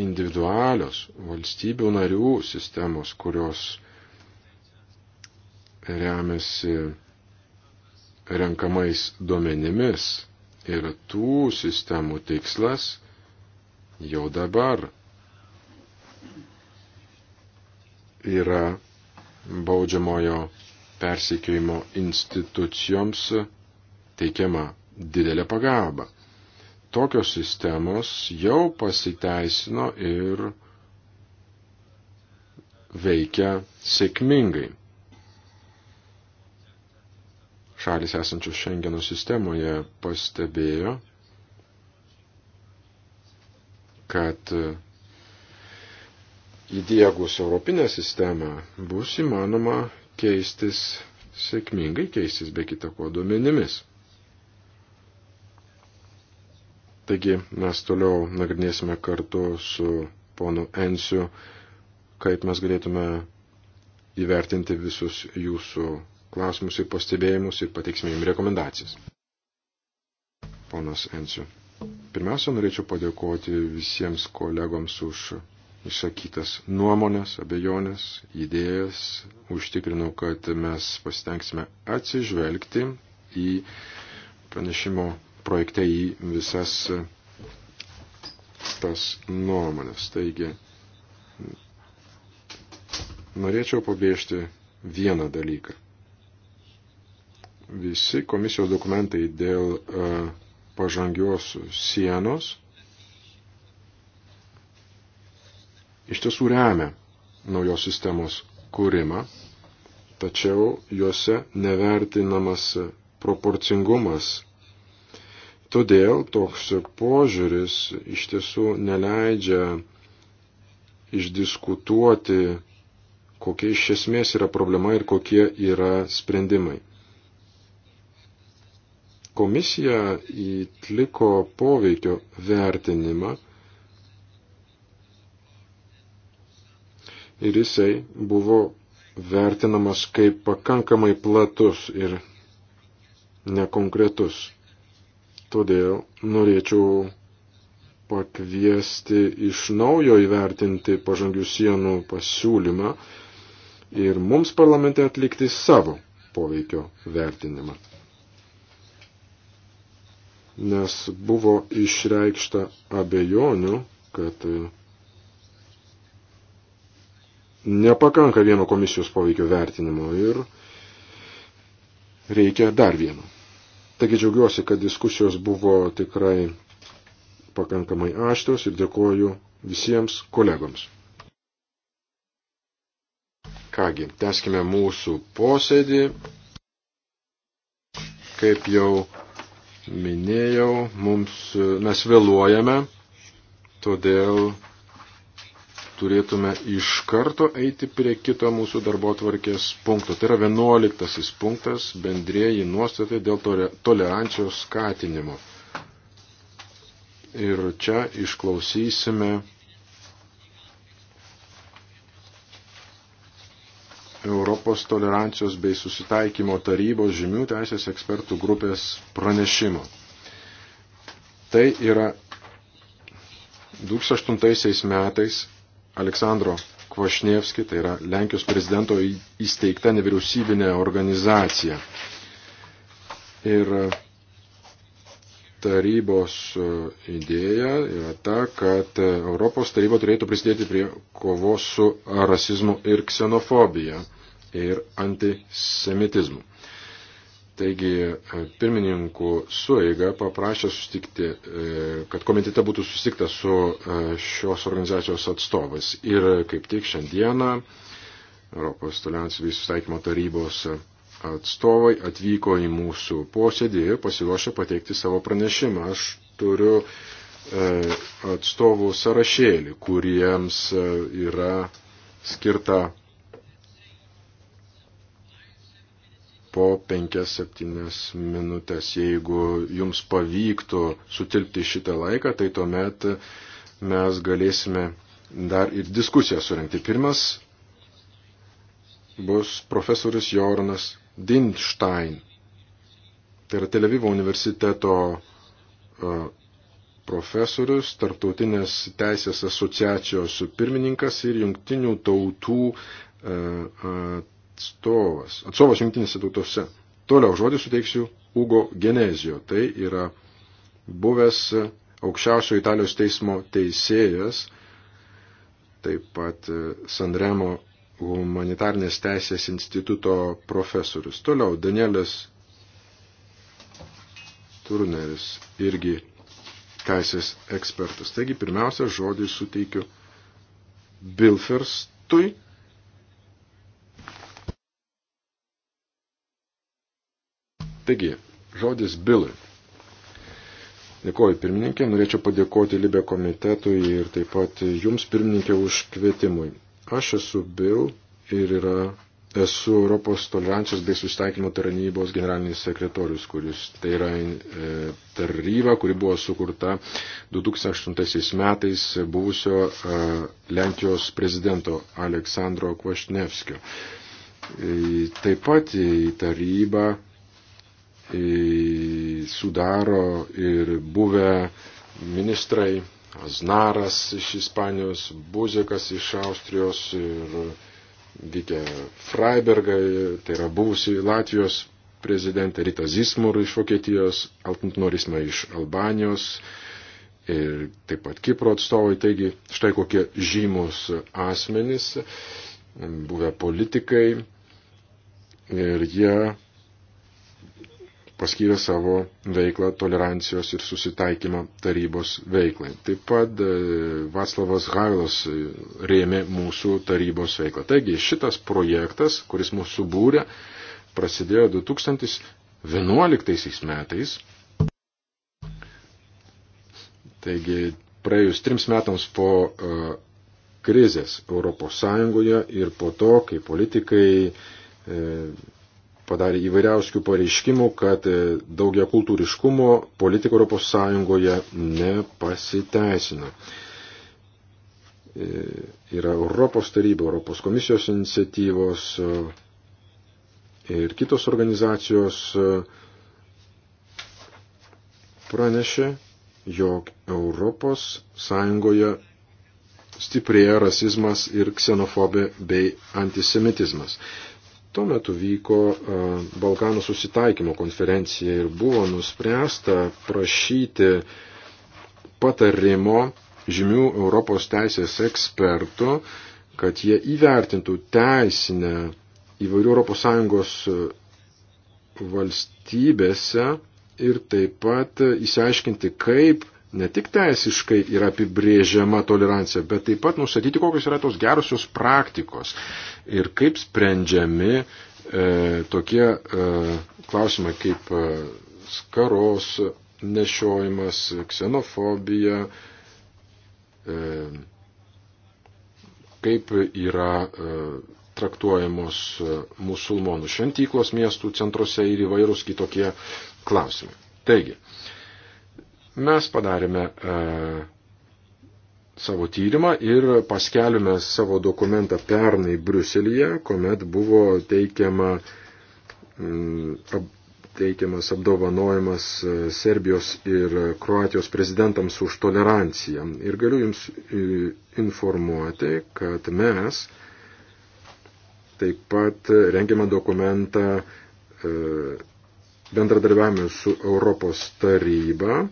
individualios valstybių narių sistemos, kurios remiasi renkamais duomenimis ir tų sistemų tikslas jau dabar yra baudžiamojo persikėjimo institucijoms teikiama didelė pagalba tokios sistemos jau pasiteisino ir veikia sėkmingai. Šalis esančios Šengeno sistemoje pastebėjo, kad įdiegus Europinę sistemą bus įmanoma keistis sėkmingai, keistis be kitako duomenimis. Taigi mes toliau nagrinėsime kartu su ponu Ensiu, kaip mes galėtume įvertinti visus jūsų klausimus ir pastebėjimus ir pateiksime jums rekomendacijas. Ponas Ensiu. Pirmiausia, norėčiau padėkoti visiems kolegoms už išsakytas nuomonės, abejonės, idėjas. Užtikrinau, kad mes pasitengsime atsižvelgti į pranešimo projekte į visas tas nuomonės. Taigi, norėčiau pabrėžti vieną dalyką. Visi komisijos dokumentai dėl e, pažangios sienos iš tiesų remia naujos sistemos kūrimą, tačiau juose nevertinamas proporcingumas Todėl toks požiūris iš tiesų neleidžia išdiskutuoti, kokia iš esmės yra problema ir kokie yra sprendimai. Komisija įtliko poveikio vertinimą ir jisai buvo vertinamas kaip pakankamai platus ir nekonkretus. Todėl norėčiau pakviesti iš naujo įvertinti pažangių sienų pasiūlymą ir mums parlamente atlikti savo poveikio vertinimą. Nes buvo išreikšta abejonių, kad nepakanka vieno komisijos poveikio vertinimo ir reikia dar vieno. Taigi džiaugiuosi, kad diskusijos buvo tikrai pakankamai aštrios ir dėkoju visiems kolegoms. Kągi, teskime mūsų posėdį. Kaip jau minėjau, mums, mes vėluojame, todėl turėtume iš karto eiti prie kito mūsų darbo tvarkės punkto. Tai yra vienuoliktasis punktas bendrėjai nuostatai dėl tolerancijos skatinimo. Ir čia išklausysime Europos tolerancijos bei susitaikymo tarybos žymių teisės ekspertų grupės pranešimo. Tai yra 2008 metais Aleksandro Kvašnievski, tai yra Lenkijos prezidento įsteigta nevyriausybinė organizacija. Ir e, tarybos e, idėja yra ta, kad e, Europos taryba turėtų prisidėti prie kovos su rasizmu ir ksenofobija ir antisemitizmu. Taigi e, pirmininkų sueiga paprašė sustikti, e, kad komitete būtų sustikta su e, šios organizacijos atstovais. Ir kaip tik šiandieną Europos tolerancijų susitaikymo tarybos atstovai atvyko į mūsų posėdį ir pasiruošė pateikti savo pranešimą. Aš turiu atstovų sąrašėlį, kuriems yra skirta po 5-7 minutės. Jeigu jums pavyktų sutilpti šitą laiką, tai tuomet mes galėsime dar ir diskusiją surinkti. Pirmas bus profesorius Jornas Dindstein. Tai yra Televivo universiteto e, profesorius, Tartautinės teisės asociacijos pirmininkas ir jungtinių tautų e, atstovas, atstovas jungtinėse tautose. Toliau žodį suteiksiu Ugo Genezio. Tai yra buvęs aukščiausio Italijos teismo teisėjas, taip pat e, Sanremo humanitarnės teisės instituto profesorius. Toliau Danielis Turneris irgi teisės ekspertas. Taigi pirmiausia žodį suteikiu Bilferstui Taigi, žodis Bilui. Dėkoju pirmininkė, norėčiau padėkoti Libė komitetui ir taip pat jums pirmininkė už kvietimui. Aš esu Bill ir yra, esu Europos tolerancijos bei susitaikymo tarnybos generalinis sekretorius, kuris tai yra e, taryba, kuri buvo sukurta 2008 metais buvusio e, Lenkijos prezidento Aleksandro Kvašnevskio. E, taip pat į tarybą E, sudaro ir buvę ministrai Aznaras iš Ispanijos, Buzekas iš Austrijos ir Vikė Freibergai, tai yra buvusi Latvijos prezidentė Rita Zismur iš Vokietijos, Altnorisma iš Albanijos ir taip pat Kipro atstovai. Taigi štai kokie žymus asmenys, buvę politikai ir jie paskyrė savo veiklą tolerancijos ir susitaikymo tarybos veiklai. Taip pat e, Vaclavas Gailas e, rėmė mūsų tarybos veiklą. Taigi šitas projektas, kuris mūsų būrė, prasidėjo 2011 metais. Taigi praėjus trims metams po uh, krizės Europos Sąjungoje ir po to, kai politikai uh, padarė įvairiausių pareiškimų, kad e, daugia kultūriškumo politika ES nepasiteisina. E, yra Europos taryba, Europos komisijos iniciatyvos e, ir kitos organizacijos pranešė, jog Europos Sąjungoje stiprėja rasizmas ir ksenofobė bei antisemitizmas. Tuo metu vyko e, Balkanų susitaikymo konferencija ir buvo nuspręsta prašyti patarimo žymių Europos teisės ekspertų, kad jie įvertintų teisinę įvairių ES e, valstybėse ir taip pat įsiaiškinti, e, kaip ne tik teisiškai yra apibrėžiama tolerancija, bet taip pat nustatyti, kokios yra tos gerusios praktikos ir kaip sprendžiami e, tokie e, klausimai kaip e, skaros nešiojimas, ksenofobija, e, kaip yra e, traktuojamos e, musulmonų šventyklos miestų centruose ir įvairūs kitokie klausimai. Taigi, e, Mes padarėme e, savo tyrimą ir paskelbėme savo dokumentą pernai Bruselėje, kuomet buvo teikiama, m, mm, teikiamas apdovanojimas e, Serbijos ir Kroatijos prezidentams už toleranciją. Ir galiu Jums e, informuoti, kad mes taip pat rengiame dokumentą e, bendradarbiavimui su Europos taryba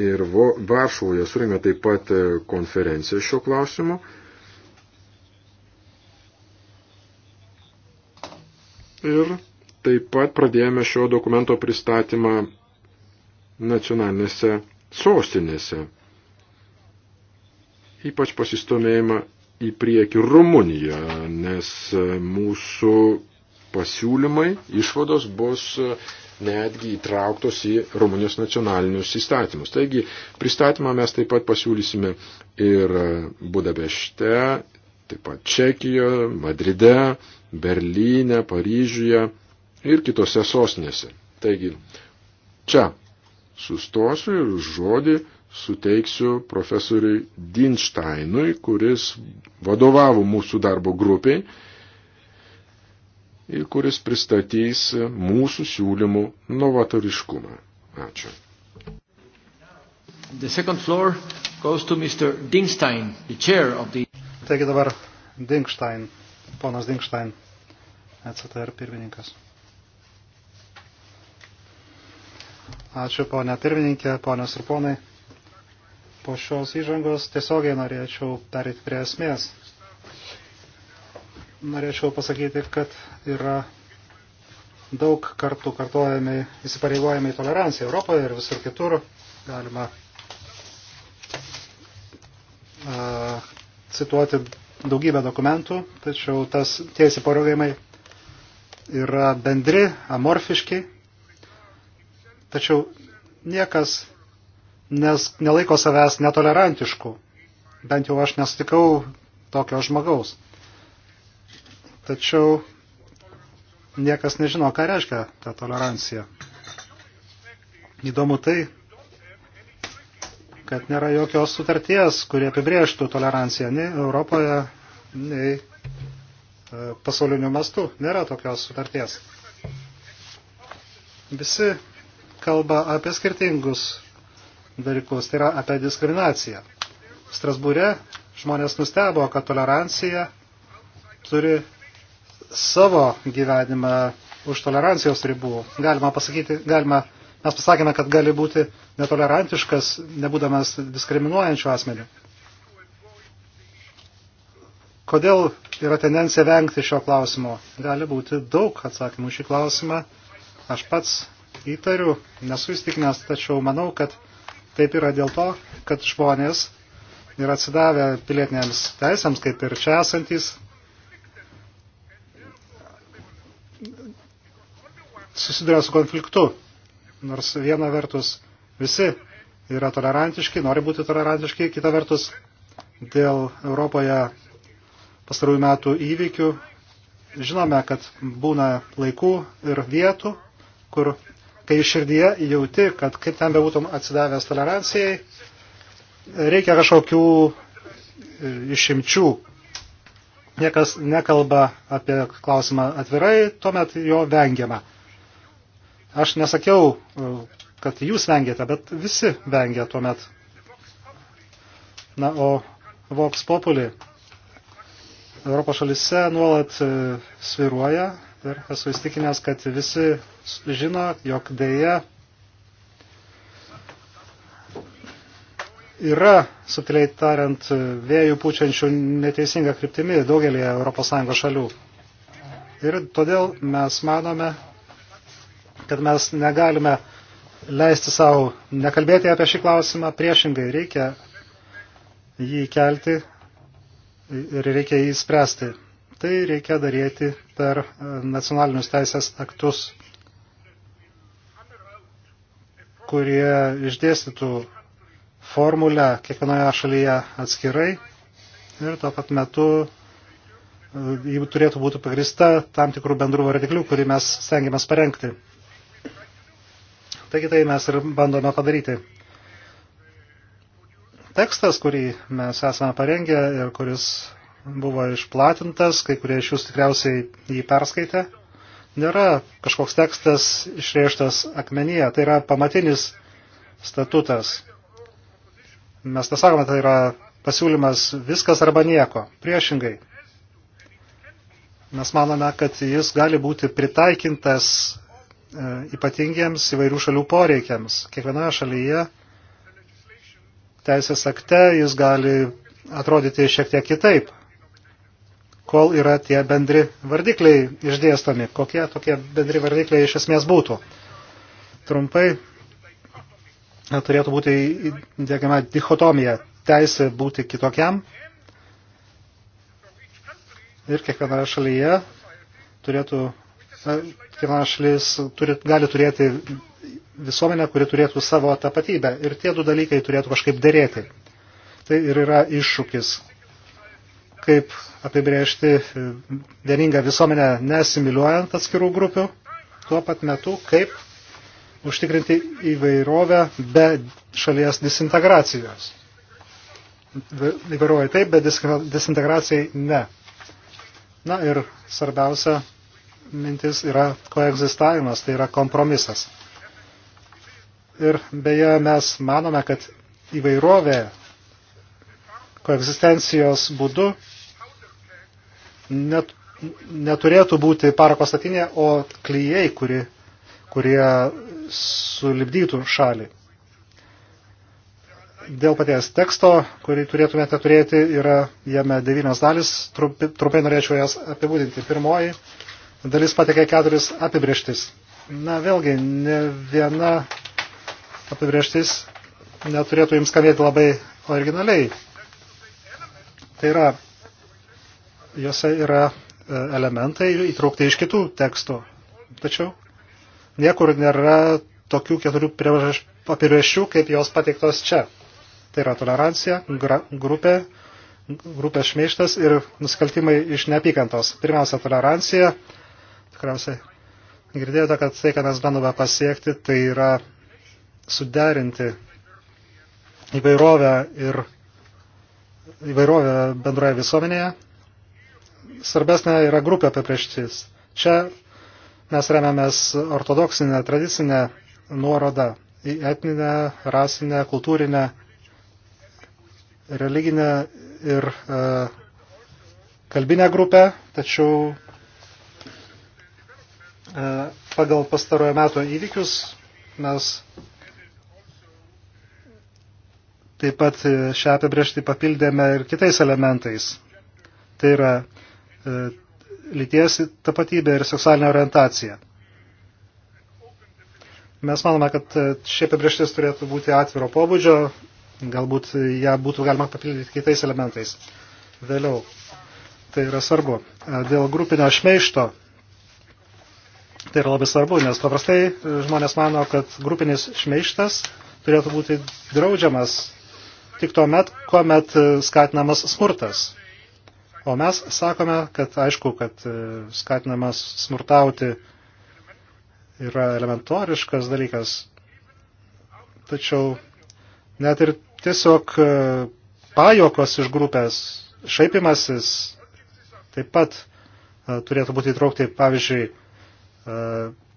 Ir Varšuvoje surėmė taip pat e, konferenciją šio klausimu. Ir taip pat pradėjome šio dokumento pristatymą nacionalinėse sostinėse. Ypač pasistomėjimą į priekį Rumuniją, nes e, mūsų pasiūlymai, išvados bus e, netgi įtrauktos į Rumunijos nacionalinius įstatymus. Taigi pristatymą mes taip pat pasiūlysime ir Budapešte, taip pat Čekijoje, Madride, Berlyne, Paryžiuje ir kitose sostinėse. Taigi čia sustosiu ir žodį suteiksiu profesoriui Dinšteinui, kuris vadovavo mūsų darbo grupiai kuris pristatys mūsų siūlymų novatoriškumą. Ačiū. The second floor goes to Mr. Dingstein, the chair of the... Taigi dabar Dingstein, ponas Dingstein, ECTR pirmininkas. Ačiū ponia pirmininkė, ponios ir ponai. Po šios įžangos tiesiogiai norėčiau perėti prie esmės norėčiau pasakyti, kad yra daug kartų kartuojami įsipareigojami tolerancija Europoje ir visur kitur. Galima a, cituoti daugybę dokumentų, tačiau tas, tie įsipareigojimai yra bendri, amorfiški, tačiau niekas nes, nelaiko savęs netolerantišku. Bent jau aš nesutikau tokio žmogaus. Tačiau niekas nežino, ką reiškia ta tolerancija. Įdomu tai, kad nėra jokios sutarties, kurie apibrėžtų toleranciją nei Europoje, nei e, pasauliniu mastu. Nėra tokios sutarties. Visi kalba apie skirtingus dalykus, tai yra apie diskriminaciją. Strasbūre žmonės nustebo, kad tolerancija turi savo gyvenimą už tolerancijos ribų. Galima pasakyti, galima, mes pasakėme, kad gali būti netolerantiškas, nebūdamas diskriminuojančių asmenių. Kodėl yra tendencija vengti šio klausimo? Gali būti daug atsakymų šį klausimą. Aš pats įtariu, nesu įstikinęs, tačiau manau, kad taip yra dėl to, kad žmonės yra atsidavę pilietinėms teisėms, kaip ir čia esantis, susiduria su konfliktu. Nors viena vertus visi yra tolerantiški, nori būti tolerantiški, kita vertus dėl Europoje pastarųjų metų įvykių žinome, kad būna laikų ir vietų, kur kai širdyje jauti, kad kaip ten bebūtum atsidavęs tolerancijai, reikia kažkokių e, išimčių, niekas nekalba apie klausimą atvirai, tuomet jo vengiama. Aš nesakiau, e, kad jūs vengiate, bet visi vengia tuomet. Na, o Vox Populi Europos šalise nuolat e, sviruoja ir esu įstikinęs, kad visi žino, jog dėja yra, subtiliai tariant, vėjų pučiančių neteisinga kryptimi daugelį ES šalių. Ir todėl mes manome, kad mes negalime leisti savo nekalbėti apie šį klausimą, priešingai reikia jį kelti ir reikia jį spręsti. Tai reikia daryti per e, nacionalinius teisės aktus, kurie išdėstytų formulę kiekvienoje šalyje atskirai ir tuo pat metu e, jų turėtų būti pagrista tam tikrų bendrų vardiklių, kurį mes stengiamės parengti. Taigi tai mes ir bandome padaryti. Tekstas, kurį mes esame parengę ir kuris buvo išplatintas, kai kurie iš jūs tikriausiai jį perskaitė, nėra kažkoks tekstas išrėžtas akmenyje, tai yra pamatinis statutas. Mes pasakome, tai yra pasiūlymas viskas arba nieko. Priešingai. Mes manome, kad jis gali būti pritaikintas e, ypatingiems įvairių šalių poreikiams. Kiekvienoje šalyje teisės akte jis gali atrodyti šiek tiek kitaip, kol yra tie bendri vardikliai išdėstomi. Kokie tokie bendri vardikliai iš esmės būtų? Trumpai turėtų būti įdėgiama dichotomija – teisė būti kitokiam ir kiekvienoje šalyje turėtų, kiekviena šalis turi, gali turėti visuomenę, kuri turėtų savo tapatybę ir tie du dalykai turėtų kažkaip dėrėti. Tai ir yra iššūkis, kaip apibrėžti vieningą visuomenę nesimiliuojant atskirų grupių, tuo pat metu kaip užtikrinti įvairovę be šalies disintegracijos. Įvairovė taip, bet disintegracijai ne. Na ir svarbiausia mintis yra koegzistavimas, tai yra kompromisas. Ir beje, mes manome, kad įvairovė koegzistencijos būdu net, neturėtų būti parko statinė, o klyjei, kuri kurie sulibdytų šalį. Dėl paties teksto, kurį turėtumėte turėti, yra jame devynios dalis, trumpai, trumpai norėčiau jas apibūdinti. Pirmoji dalis patekė keturis apibrieštis. Na vėlgi, ne viena apibrieštis neturėtų jums skambėti labai originaliai. Tai yra, jose yra e, elementai įtraukti iš kitų tekstų. Tačiau Niekur nėra tokių keturių apibrėžčių, kaip jos pateiktos čia. Tai yra tolerancija, gra, grupė, grupės šmeištas ir nusikaltimai iš neapykantos. Pirmiausia, tolerancija. Tikriausiai girdėjote, kad tai, ką mes bandome pasiekti, tai yra suderinti įvairovę ir įvairovę bendroje visuomenėje. Svarbesnė yra grupė apibrieštis. Čia mes remiamės ortodoksinę, tradicinę nuorodą į etninę, rasinę, kultūrinę, religinę ir e, kalbinę grupę, tačiau e, pagal pastarojo meto įvykius mes taip pat šią apibriežtį papildėme ir kitais elementais. Tai yra e, lyties tapatybė ir seksualinė orientacija. Mes manome, kad e, šie apibrieštis turėtų būti atviro pobūdžio, galbūt ją būtų galima papildyti kitais elementais. Vėliau. Tai yra svarbu. E, dėl grupinio šmeišto. Tai yra labai svarbu, nes paprastai e, žmonės mano, kad grupinis šmeištas turėtų būti draudžiamas tik tuo met, kuomet skatinamas smurtas. O mes sakome, kad aišku, kad e, skatinamas smurtauti yra elementoriškas dalykas, tačiau net ir tiesiog e, pajokos iš grupės, šaipimasis taip pat e, turėtų būti įtraukti, pavyzdžiui,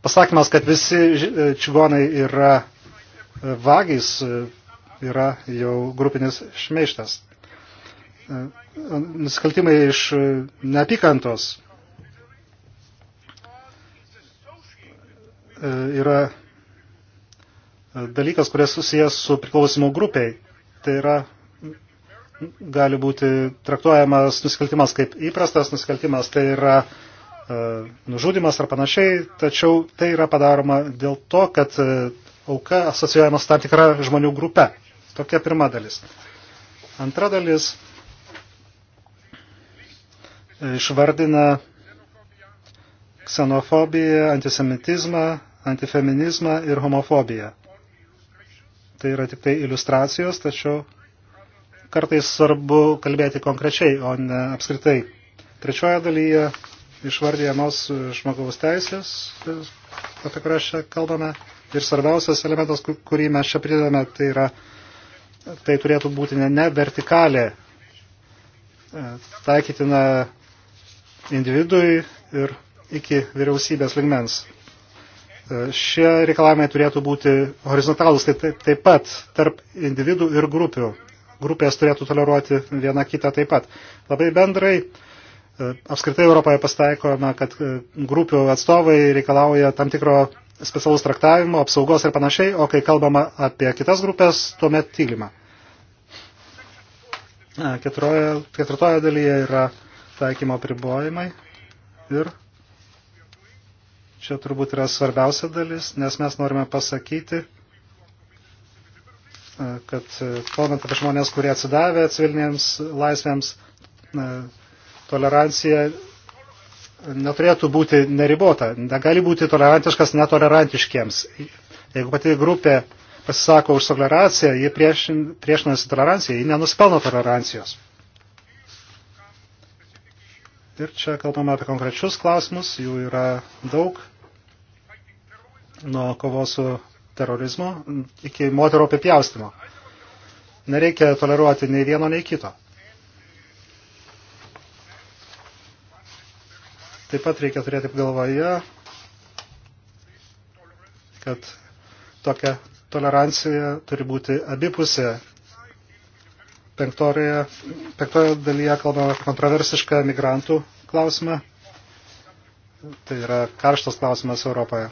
pasakymas, kad visi čigonai yra vagys, yra jau grupinis šmeištas nusikaltimai iš e, neapykantos e, yra e, dalykas, kuris susijęs su priklausimu grupiai. Tai yra, gali būti traktuojamas nusikaltimas kaip įprastas nusikaltimas, tai yra nužudimas ar panašiai, tačiau tai yra padaroma dėl to, kad auka asocijuojamas tam tikra žmonių grupe. Tokia pirma dalis. Antra dalis išvardina ksenofobiją, antisemitizmą, antifeminizmą ir homofobiją. Tai yra tik tai iliustracijos, tačiau kartais svarbu kalbėti konkrečiai, o ne apskritai. Trečioje dalyje išvardėjamos žmogaus teisės, apie kurią čia kalbame. Ir svarbiausias elementas, kurį mes čia pridedame, tai yra, tai turėtų būti ne, ne vertikalė, e, taikytina individui ir iki vyriausybės ligmens. E, šie reikalavimai turėtų būti horizontalūs taip, taip, taip pat tarp individų ir grupių. Grupės turėtų toleruoti vieną kitą taip pat. Labai bendrai, e, apskritai Europoje pastaikojama, kad e, grupių atstovai reikalauja tam tikro specialus traktavimo, apsaugos ir panašiai, o kai kalbama apie kitas grupės, tuomet tylima. Ketvirtoje dalyje yra taikymo pribojimai ir čia turbūt yra svarbiausia dalis, nes mes norime pasakyti, e, kad e, kalbant apie žmonės, kurie atsidavė civilinėms laisvėms, e, tolerancija neturėtų būti neribota. Negali būti tolerantiškas netolerantiškiems. Jeigu pati grupė pasisako už toleranciją, jie priešinasi tolerancijai, jie nenusipelno tolerancijos. Ir čia kalbame apie konkrečius klausimus, jų yra daug, nuo kovos su terorizmu iki moterų apipjaustimo. Nereikia toleruoti nei vieno, nei kito. Taip pat reikia turėti galvoje, kad tokia tolerancija turi būti abipusė Penktoje, penktoje dalyje kalbame apie kontroversišką migrantų klausimą. Tai yra karštas klausimas Europoje.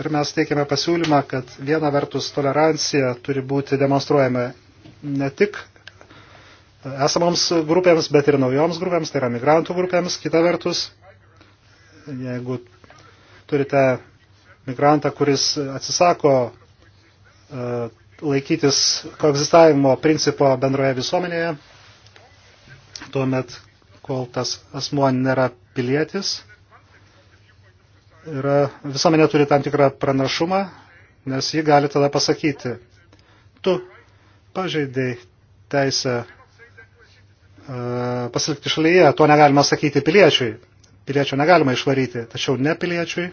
Ir mes teikiame pasiūlymą, kad viena vertus tolerancija turi būti demonstruojama ne tik esamoms grupėms, bet ir naujoms grupėms, tai yra migrantų grupėms. Kita vertus, jeigu turite migrantą, kuris atsisako e, laikytis koegzistavimo principo bendroje visuomenėje, tuomet, kol tas asmuo nėra pilietis, yra, visuomenė turi tam tikrą pranašumą, nes ji gali tada pasakyti, tu pažeidai teisę e, pasilikti šalyje, to negalima sakyti piliečiui. Piliečio negalima išvaryti, tačiau ne piliečiui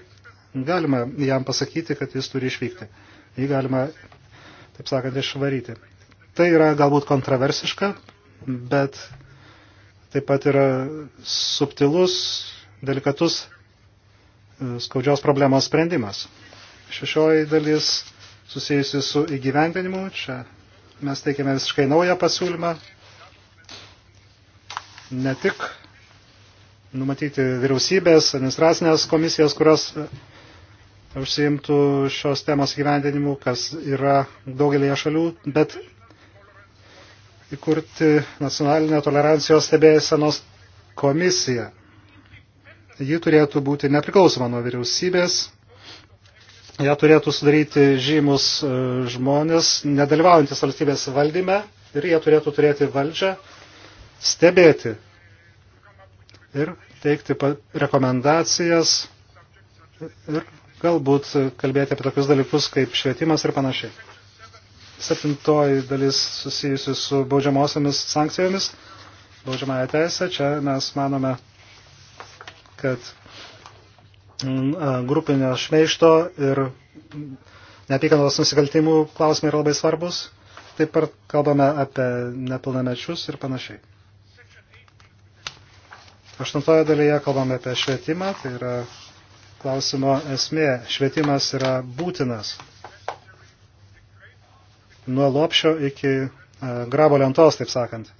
galima jam pasakyti, kad jis turi išvykti. Jį galima taip sakant, išvaryti. Tai yra galbūt kontroversiška, bet taip pat yra subtilus, delikatus e, skaudžios problemos sprendimas. Šešioji dalis susijusi su įgyvendinimu. Čia mes teikiame visiškai naują pasiūlymą. Ne tik numatyti vyriausybės, administracinės komisijas, kurios e, užsiimtų šios temos gyvendinimu, kas yra daugelėje šalių, bet įkurti nacionalinę tolerancijos stebėsenos komisiją. Ji turėtų būti nepriklausoma nuo vyriausybės, ją turėtų sudaryti žymus e, žmonės, nedalyvaujantis valstybės valdyme ir jie turėtų turėti valdžią stebėti ir teikti rekomendacijas ir galbūt kalbėti apie tokius dalykus kaip švietimas ir panašiai. Septintoji dalis susijusi su baudžiamosiamis sankcijomis, baudžiamąją teisę. Čia mes manome, kad mm, grupinio šmeišto ir neapykantos nusikaltimų klausimai yra labai svarbus. Taip pat kalbame apie nepilnamečius ir panašiai. Aštuntoje dalyje kalbame apie švietimą, tai yra klausimo esmė. Švietimas yra būtinas. Nuo lopšio iki e, grabo lentos, taip sakant.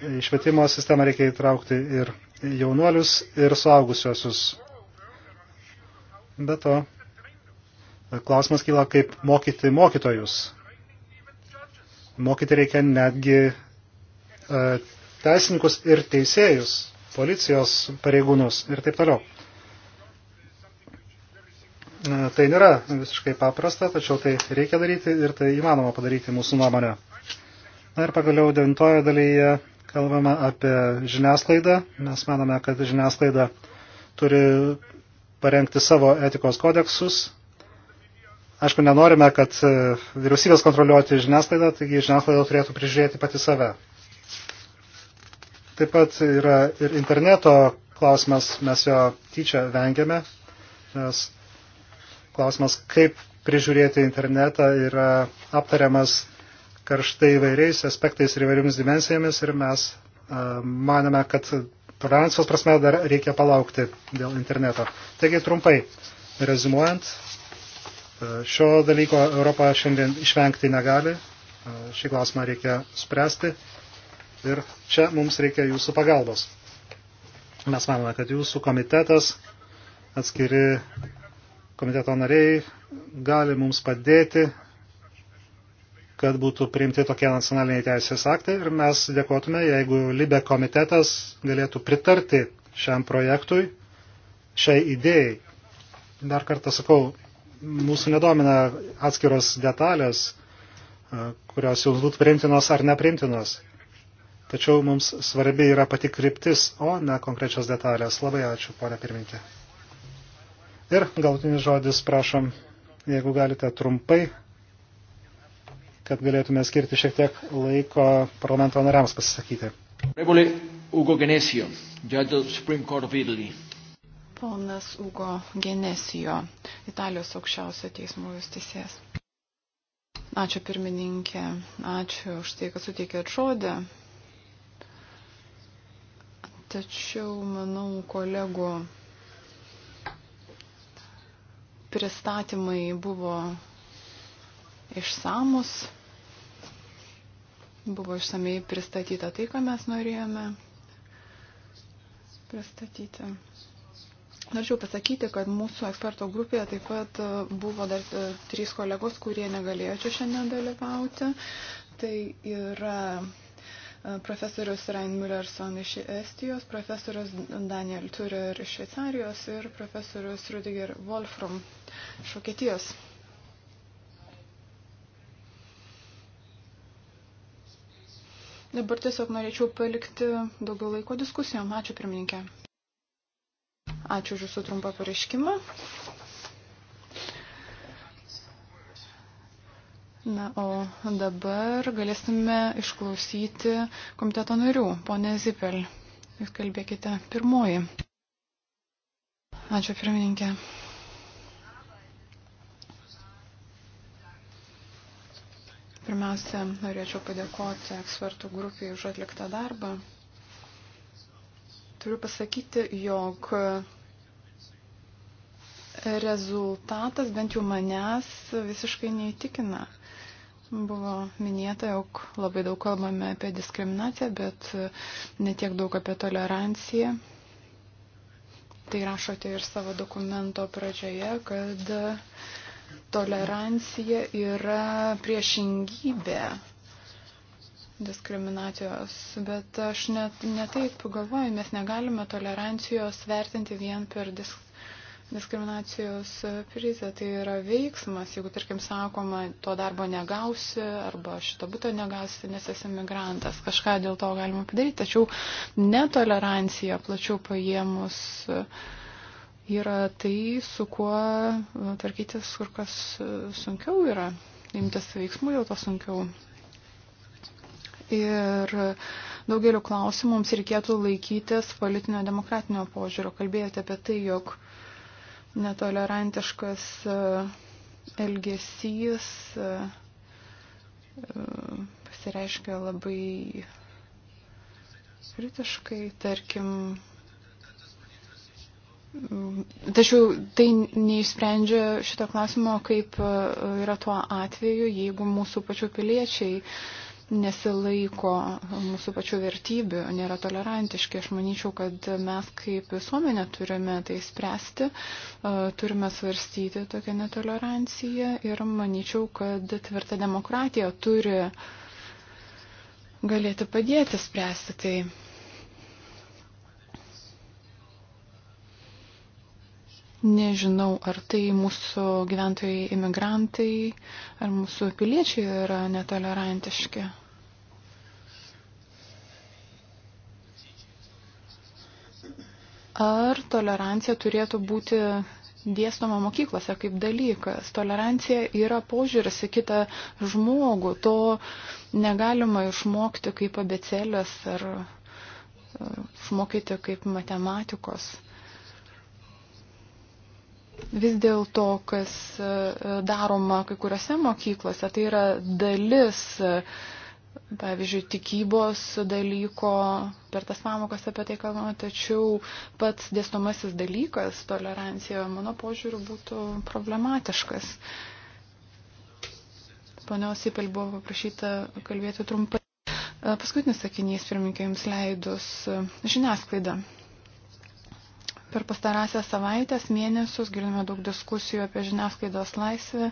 Į švietimo sistemą reikia įtraukti ir jaunuolius, ir suaugusiosius. Be to, klausimas kyla, kaip mokyti mokytojus. Mokyti reikia netgi e, teisininkus ir teisėjus, policijos pareigūnus ir taip toliau. Tai nėra visiškai paprasta, tačiau tai reikia daryti ir tai įmanoma padaryti mūsų nuomonę. Na ir pagaliau devintojo dalyje kalbame apie žiniasklaidą. Mes manome, kad žiniasklaida turi parengti savo etikos kodeksus. Aišku, nenorime, kad e, vyriausybės kontroliuoti žiniasklaidą, taigi žiniasklaida turėtų prižiūrėti pati save. Taip pat yra ir interneto klausimas, mes jo tyčia vengiame, nes klausimas, kaip prižiūrėti internetą, yra aptariamas karštai įvairiais aspektais ir įvairiomis dimensijomis ir mes manome, kad tolerancijos prasme dar reikia palaukti dėl interneto. Taigi trumpai rezumuojant, šio dalyko Europa šiandien išvengti negali, šį klausimą reikia spręsti ir čia mums reikia jūsų pagalbos. Mes manome, kad jūsų komitetas, atskiri komiteto nariai gali mums padėti, kad būtų priimti tokie nacionaliniai teisės aktai ir mes dėkotume, jeigu Libe komitetas galėtų pritarti šiam projektui, šiai idėjai. Dar kartą sakau, mūsų nedomina atskiros detalės, kurios jums būtų priimtinos ar neprimtinos. Tačiau mums svarbi yra pati kryptis, o ne konkrečios detalės. Labai ačiū, ponia pirmininkė. Ir galutinis žodis, prašom, jeigu galite trumpai, kad galėtume skirti šiek tiek laiko parlamento nariams pasisakyti. Ugo Genesio, Judge of Supreme Court of Italy. Ponas Ugo Genesio, Italijos aukščiausio teismo justicijas. Ačiū pirmininkė, ačiū už tai, kad suteikėt žodį. Tačiau, manau, kolegų pristatymai buvo išsamus, buvo išsamei pristatyta tai, ką mes norėjome pristatyti. Norėčiau pasakyti, kad mūsų eksperto grupėje taip pat e, buvo dar e, trys kolegos, kurie negalėjo čia šiandien dalyvauti. Tai yra E, profesorius Rain Müllerson iš Estijos, profesorius Daniel Turer iš Šveicarijos ir profesorius Rudiger Wolfram iš Vokietijos. Dabar tiesiog norėčiau palikti daugiau laiko diskusijom. Ačiū pirmininkė. Ačiū už jūsų trumpą pareiškimą. Na, o dabar galėsime išklausyti komiteto narių. Pone Zipel, jūs kalbėkite pirmoji. Ačiū, pirmininkė. Pirmiausia, norėčiau padėkoti ekspertų grupiai už atliktą darbą. Turiu pasakyti, jog rezultatas bent jau manęs visiškai neįtikina. Buvo minėta, jog labai daug kalbame apie diskriminaciją, bet e, netiek daug apie toleranciją. Tai rašote ir savo dokumento pradžioje, kad tolerancija yra priešingybė diskriminacijos, bet aš net, netaip galvoju, mes negalime tolerancijos vertinti vien per diskriminaciją diskriminacijos prizą. Tai yra veiksmas, jeigu, tarkim, sakoma, to darbo negausi arba šito būto negausi, nes esi migrantas. Kažką dėl to galima padaryti, tačiau netolerancija plačiau paėmus yra tai, su kuo tvarkytis kur kas sunkiau yra. Imtis veiksmų jau to sunkiau. Ir daugeliu klausimų mums reikėtų laikytis politinio demokratinio požiūrio. Kalbėjote apie tai, jog uh, netolerantiškas e, elgesys e, e, pasireiškia labai kritiškai, tarkim. Tačiau tai neišsprendžia šito klausimo, kaip yra tuo atveju, jeigu mūsų pačių piliečiai uh, nesilaiko mūsų pačių vertybių, nėra tolerantiški. Aš manyčiau, kad mes kaip visuomenė turime tai spręsti, e, turime svarstyti tokią netoleranciją ir manyčiau, kad tvirta demokratija turi galėti padėti spręsti tai. Nežinau, ar tai mūsų gyventojai imigrantai, ar mūsų piliečiai yra netolerantiški. Ar tolerancija turėtų būti dėstoma mokyklose kaip dalykas. Tolerancija yra požiūris į kitą žmogų. To negalima išmokti kaip abecelės ar išmokyti kaip matematikos. Vis dėlto, kas e, daroma kai kuriuose mokyklose, tai yra dalis uh, pavyzdžiui, tikybos dalyko, per tas pamokas apie tai kalbama, tačiau pats dėstomasis dalykas tolerancija, mano požiūriu, būtų problematiškas. Ponios Sipel buvo paprašyta kalbėti trumpai. Paskutinis sakinys, pirmininkai, jums leidus žiniasklaida. Per pastarąsią savaitęs, mėnesius girdime daug diskusijų apie žiniasklaidos laisvę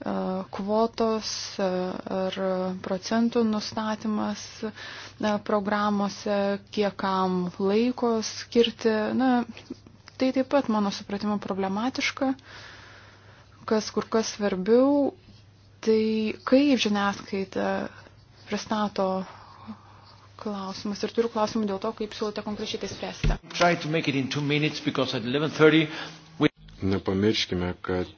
E, kvotos e, ar procentų nustatymas e, programuose, kiek kam laiko skirti. Na, tai taip pat mano supratimu problematiška, kas kur kas svarbiau, tai kaip žiniasklaida pristato klausimas ir turiu klausimų dėl to, kaip siūlote konkrečiai tai spręsti. Nepamirškime, kad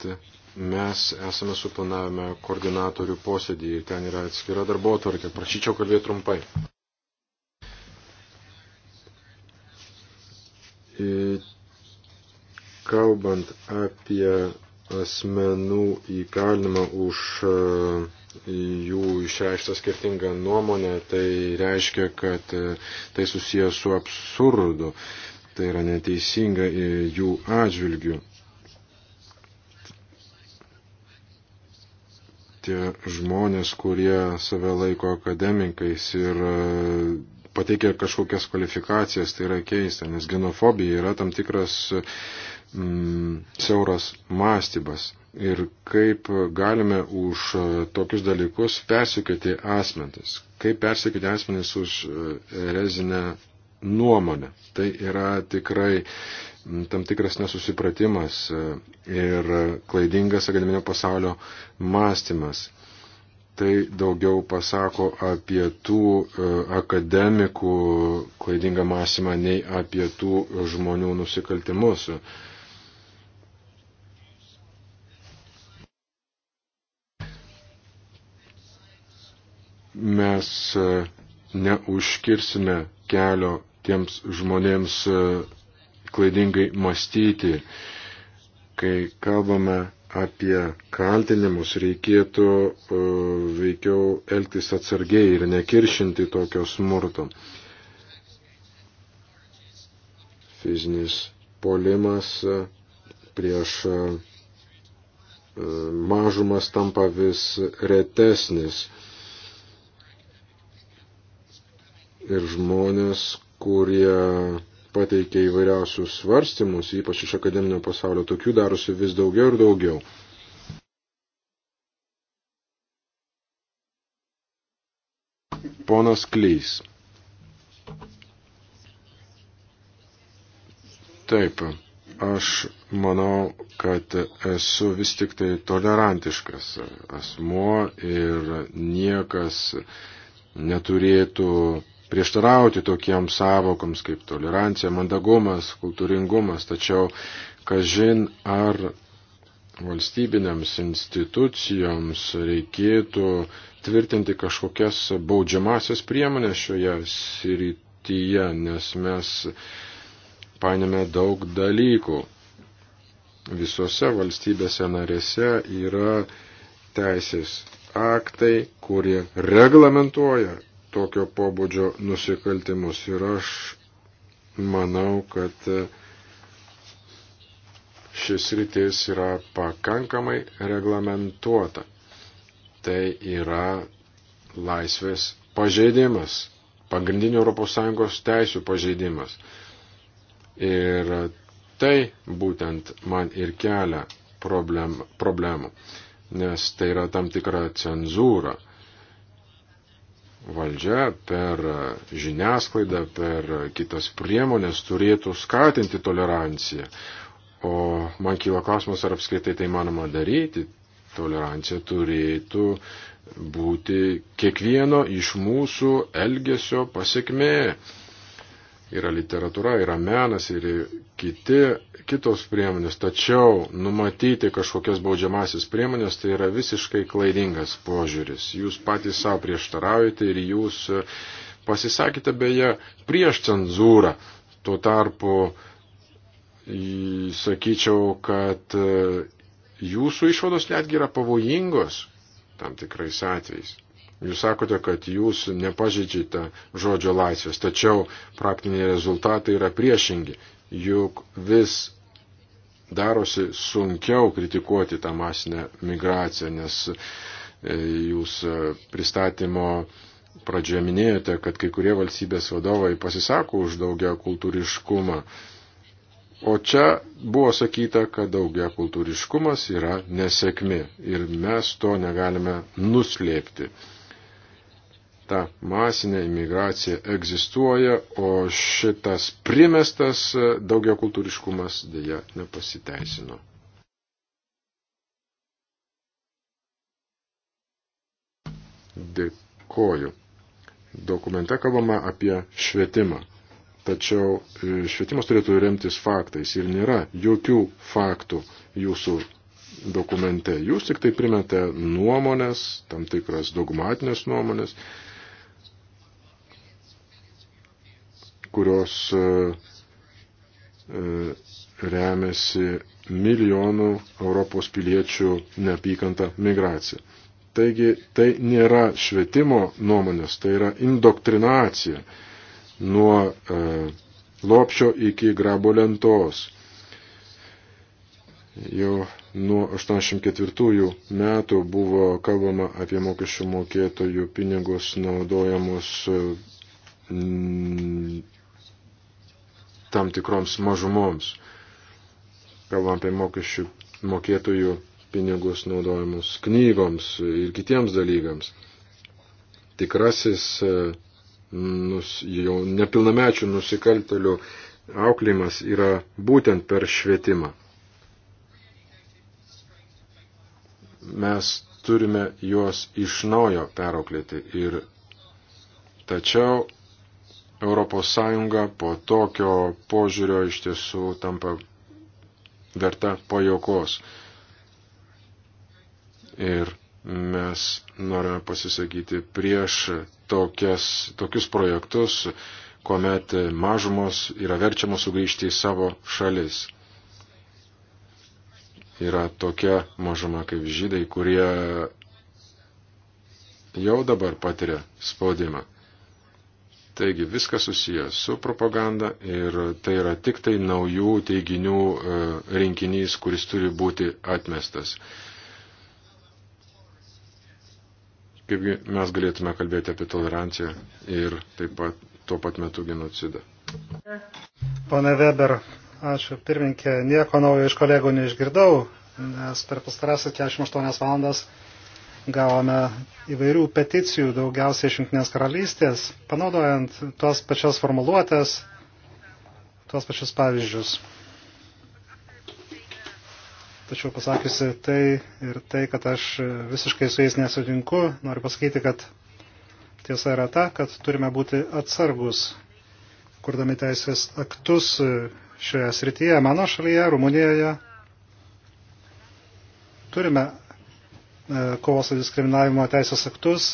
Mes esame suplanavę koordinatorių posėdį ir ten yra atskira darbo tvarkė. Prašyčiau kalbėti trumpai. E, kalbant apie asmenų įkalinimą už e, jų išreikštą skirtingą nuomonę, tai reiškia, kad e, tai susijęs su absurdu, tai yra neteisinga jų atžvilgių. tie žmonės, kurie save laiko akademikais ir e, pateikia kažkokias kvalifikacijas, tai yra keista, nes genofobija yra tam tikras mm, siauras mąstybas. Ir kaip galime už e, tokius dalykus persikėti asmenis, kaip persikėti asmenis už e, rezinę nuomonę. Tai yra tikrai tam tikras nesusipratimas e, ir klaidingas akademinio pasaulio mąstymas. Tai daugiau pasako apie tų e, akademikų klaidingą mąstymą nei apie tų žmonių nusikaltimus. Mes e, neužkirsime kelio tiems žmonėms klaidingai mąstyti. Kai kalbame apie kaltinimus, reikėtų uh, veikiau elgtis atsargiai ir nekiršinti tokio smurto. Fizinis polimas e, prieš uh, mažumas tampa vis retesnis. Ir žmonės, kurie pateikė įvairiausius svarstymus, ypač iš akademinio pasaulio, tokių darosi vis daugiau ir daugiau. Ponas Klys. Taip, aš manau, kad esu vis tik tai tolerantiškas asmuo ir niekas neturėtų prieštarauti tokiems savokoms kaip tolerancija, mandagumas, kultūringumas, tačiau kažin ar valstybinėms institucijoms reikėtų tvirtinti kažkokias baudžiamasias priemonės šioje srityje, nes mes painėme daug dalykų. Visose valstybėse narėse yra teisės aktai, kurie reglamentuoja tokio pobūdžio nusikaltimus. Ir aš manau, kad e, šis rytis yra pakankamai reglamentuota. Tai yra laisvės pažeidimas, pagrindinių ES teisų pažeidimas. Ir tai būtent man ir kelia problem, problemų, nes tai yra tam tikra cenzūra valdžia per žiniasklaidą, per kitas priemonės turėtų skatinti toleranciją. O man kyla klausimas, ar apskritai tai manoma daryti. Tolerancija turėtų būti kiekvieno iš mūsų elgesio pasiekmė yra literatūra, yra menas ir kiti, kitos priemonės, tačiau numatyti kažkokias baudžiamasis priemonės tai yra visiškai klaidingas požiūris. Jūs patys savo prieštaraujate ir jūs e, pasisakite beje prieš cenzūrą. Tuo tarpu sakyčiau, kad e, jūsų išvados netgi yra pavojingos tam tikrais atvejais. Jūs sakote, kad jūs nepažydžiate žodžio laisvės, tačiau praktiniai rezultatai yra priešingi, juk vis darosi sunkiau kritikuoti tą masinę migraciją, nes e, jūs e, pristatymo pradžioje minėjote, kad kai kurie valstybės vadovai pasisako už daugia kultūriškumą. O čia buvo sakyta, kad daugia kultūriškumas yra nesėkmi ir mes to negalime nuslėpti ta masinė imigracija egzistuoja, o šitas primestas e, daugia kultūriškumas dėja nepasiteisino. Dėkoju. Dokumente kalbama apie švietimą. Tačiau e, švietimas turėtų remtis faktais ir nėra jokių faktų jūsų dokumente. Jūs tik tai primete nuomonės, tam tikras dogmatinės nuomonės, kurios e, e, remiasi milijonų Europos piliečių neapykanta migracija. Taigi tai nėra švietimo nuomonės, tai yra indoktrinacija nuo e, lopšio iki grabo lentos. Jau nuo 84 metų buvo kalbama apie mokesčių mokėtojų pinigus naudojamus tam tikroms mažumoms. Kalbam apie mokesčių mokėtojų pinigus naudojimus knygoms ir kitiems dalykams. Tikrasis e, nus, jau nepilnamečių nusikaltelių auklėjimas yra būtent per švietimą. Mes turime juos iš naujo perauklėti ir tačiau ES po tokio požiūrio iš tiesų tampa verta pajokos. Ir mes norime pasisakyti prieš tokias, tokius projektus, kuomet mažumos yra verčiamos sugrįžti į savo šalis. Yra tokia mažuma kaip žydai, kurie jau dabar patiria spaudimą. Taigi viskas susijęs su propaganda ir tai yra tik tai naujų teiginių e, rinkinys, kuris turi būti atmestas. Kaipgi mes galėtume kalbėti apie toleranciją ir taip pat tuo pat metu genocidą. Pane Weber, ačiū pirminkė, nieko naujo iš kolegų neišgirdau, nes per pastarąsias 48 valandas gavome įvairių peticijų, daugiausiai iš Junktinės karalystės, panaudojant tuos pačias formuluotės, tuos pačius pavyzdžius. Tačiau pasakysi tai ir tai, kad aš visiškai su jais nesutinku, noriu pasakyti, kad tiesa yra ta, kad turime būti atsargus, kurdami teisės aktus šioje srityje, mano šalyje, Rumunijoje. Turime E, kovos su diskriminavimo teisės aktus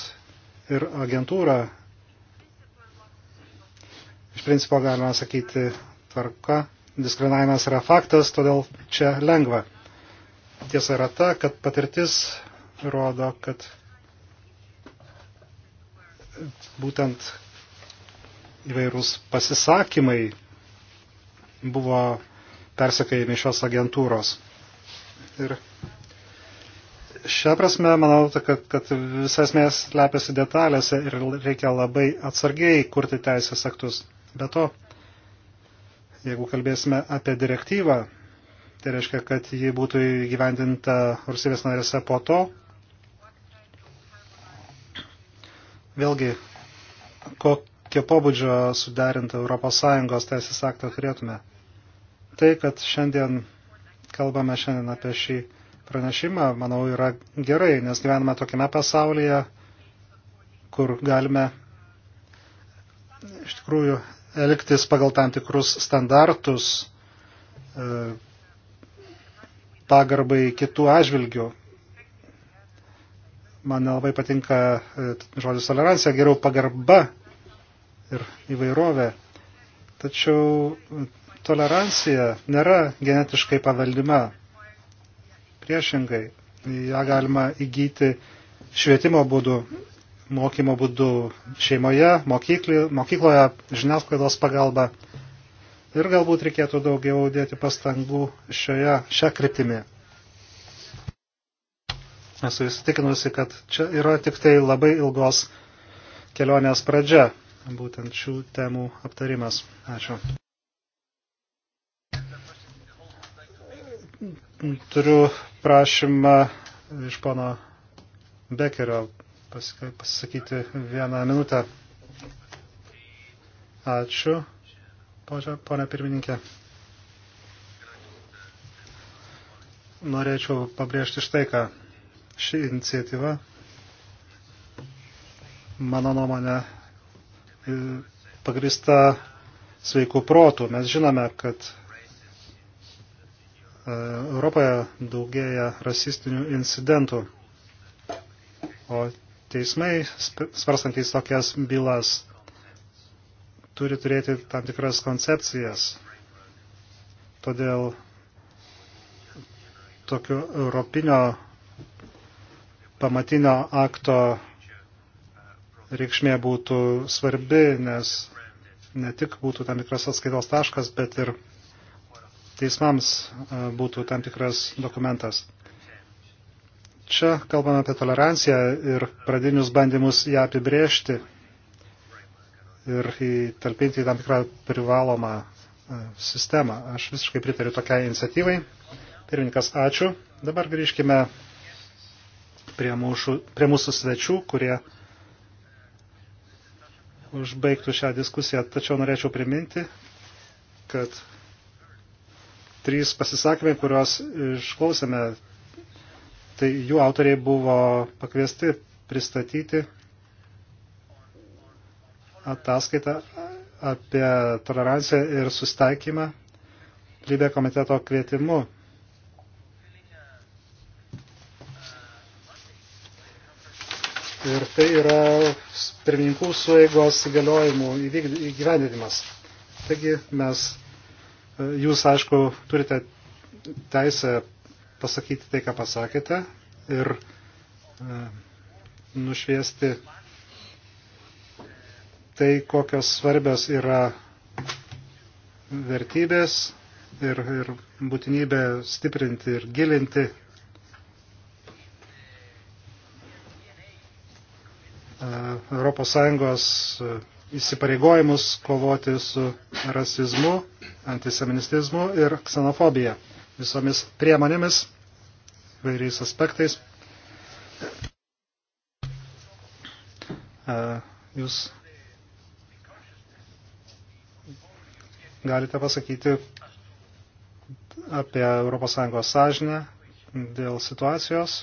ir agentūra, iš principo galima sakyti, tvarka, diskriminavimas yra faktas, todėl čia lengva. Tiesa yra ta, kad patirtis rodo, kad būtent įvairūs pasisakymai buvo persekėjami šios agentūros. Ir Šią prasme, manau, kad, kad visas mes lepiasi detalėse ir reikia labai atsargiai kurti teisės aktus. Be to, jeigu kalbėsime apie direktyvą, tai reiškia, kad ji būtų įgyvendinta valstybės narėse po to. Vėlgi, kokio pobūdžio suderinta ES teisės aktą turėtume. Tai, kad šiandien kalbame šiandien apie šį pranešimą, manau, yra gerai, nes gyvename tokiame pasaulyje, kur galime iš tikrųjų elgtis pagal tam tikrus standartus e, pagarbai kitų atžvilgių. Man labai patinka e, žodis tolerancija, geriau pagarba ir įvairovė. Tačiau tolerancija nėra genetiškai paveldima. Priešingai, ją galima įgyti švietimo būdu, mokymo būdu šeimoje, mokykli, mokykloje, žiniasklaidos pagalba. Ir galbūt reikėtų daugiau dėti pastangų šioje, šią kryptimį. Esu įsitikinusi, kad čia yra tik tai labai ilgos kelionės pradžia, būtent šių temų aptarimas. Ačiū. Turiu prašymą iš pono Bekerio pasisakyti vieną minutę. Ačiū, ponia pirmininkė. Norėčiau pabrėžti štai ką. Ši iniciatyva, mano nuomonė, pagrista sveikų protų. Mes žinome, kad Europoje daugėja rasistinių incidentų. O teismai, svarstantys tokias bylas, turi turėti tam tikras koncepcijas. Todėl tokio europinio pamatinio akto reikšmė būtų svarbi, nes ne tik būtų tam tikras atskaitos taškas, bet ir teismams e, būtų tam tikras dokumentas. Čia kalbame apie toleranciją ir pradinius bandymus ją apibrėžti ir talpinti į tam tikrą privalomą e, sistemą. Aš visiškai pritariu tokiai iniciatyvai. Pirmininkas, ačiū. Dabar grįžkime prie mūsų, prie mūsų svečių, kurie užbaigtų šią diskusiją. Tačiau norėčiau priminti, kad trys pasisakymai, kuriuos išklausėme, tai jų autoriai buvo pakviesti pristatyti ataskaitą apie toleranciją ir sustaikymą lybė komiteto kvietimu. Ir tai yra pirmininkų sueigos įgaliojimų įgyvendinimas. Taigi mes Jūs, aišku, turite teisę pasakyti tai, ką pasakėte ir e, nušviesti tai, kokios svarbios yra vertybės ir, ir būtinybė stiprinti ir gilinti e, Europos Sąjungos e, įsipareigojimus kovoti su rasizmu, antisemitizmu ir ksenofobija visomis priemonėmis, vairiais aspektais. Jūs galite pasakyti apie ES sąžinę dėl situacijos,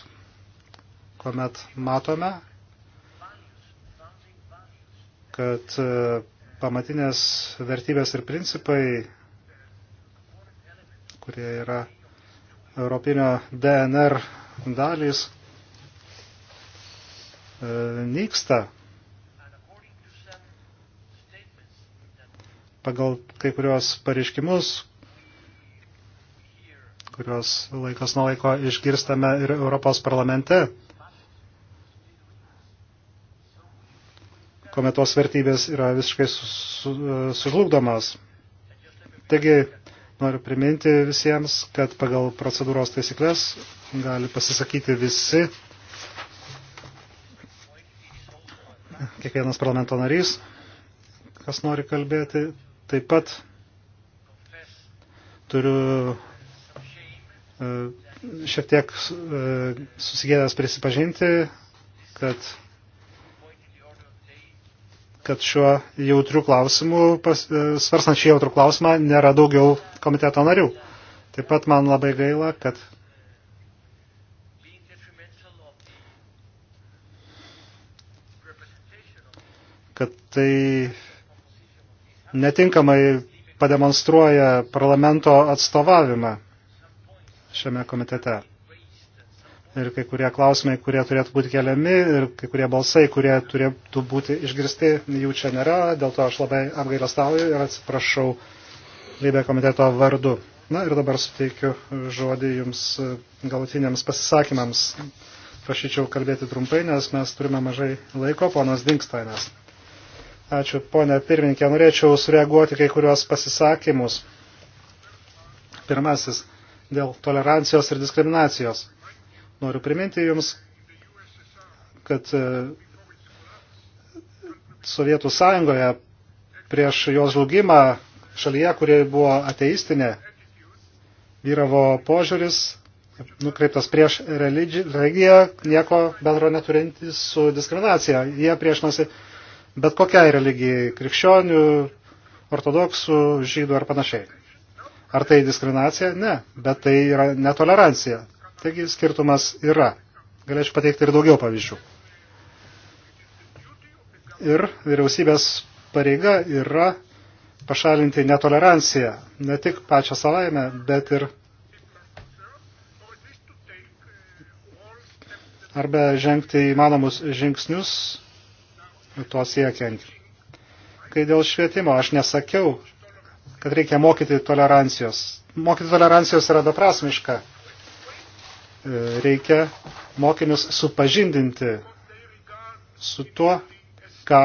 kuomet matome, kad pamatinės vertybės ir principai, kurie yra Europinio DNR dalys, e, nyksta. Pagal kai kurios pareiškimus, kuriuos laikas nuo laiko išgirstame ir Europos parlamente. kuomet tos vertybės yra visiškai sužlugdomas. Taigi, noriu priminti visiems, kad pagal procedūros taisyklės gali pasisakyti visi, kiekvienas parlamento narys, kas nori kalbėti. Taip pat turiu e, šiek tiek e, susigėdęs prisipažinti, kad kad šiuo jautriu klausimu, e, svarstant šį jautrų klausimą, nėra daugiau komiteto narių. Taip pat man labai gaila, kad kad tai netinkamai pademonstruoja parlamento atstovavimą šiame komitete ir kai kurie klausimai, kurie turėtų būti keliami ir kai kurie balsai, kurie turėtų būti išgirsti, jų čia nėra, dėl to aš labai apgailestauju ir atsiprašau Lybė komiteto vardu. Na ir dabar suteikiu žodį jums e, galutiniams pasisakymams. Prašyčiau kalbėti trumpai, nes mes turime mažai laiko, ponas Dinkstainas. Ačiū, ponė pirmininkė, norėčiau sureaguoti kai kuriuos pasisakymus. Pirmasis, dėl tolerancijos ir diskriminacijos Noriu priminti Jums, kad e, Sovietų sąjungoje prieš jos žlugimą šalyje, kurie buvo ateistinė, vyravo požiūris nukreiptas prieš religiją, nieko bendro neturintis su diskriminacija. Jie priešinosi bet kokiai religijai - krikščionių, ortodoksų, žydų ar panašiai. Ar tai diskriminacija? Ne, bet tai yra netolerancija. Taigi skirtumas yra. Galėčiau pateikti ir daugiau pavyzdžių. Ir vyriausybės pareiga yra pašalinti netoleranciją, ne tik pačią savaime, bet ir arba žengti įmanomus žingsnius tuo siekiant. Kai dėl švietimo aš nesakiau, kad reikia mokyti tolerancijos. Mokyti tolerancijos yra beprasmiška reikia mokinius supažindinti su tuo, ką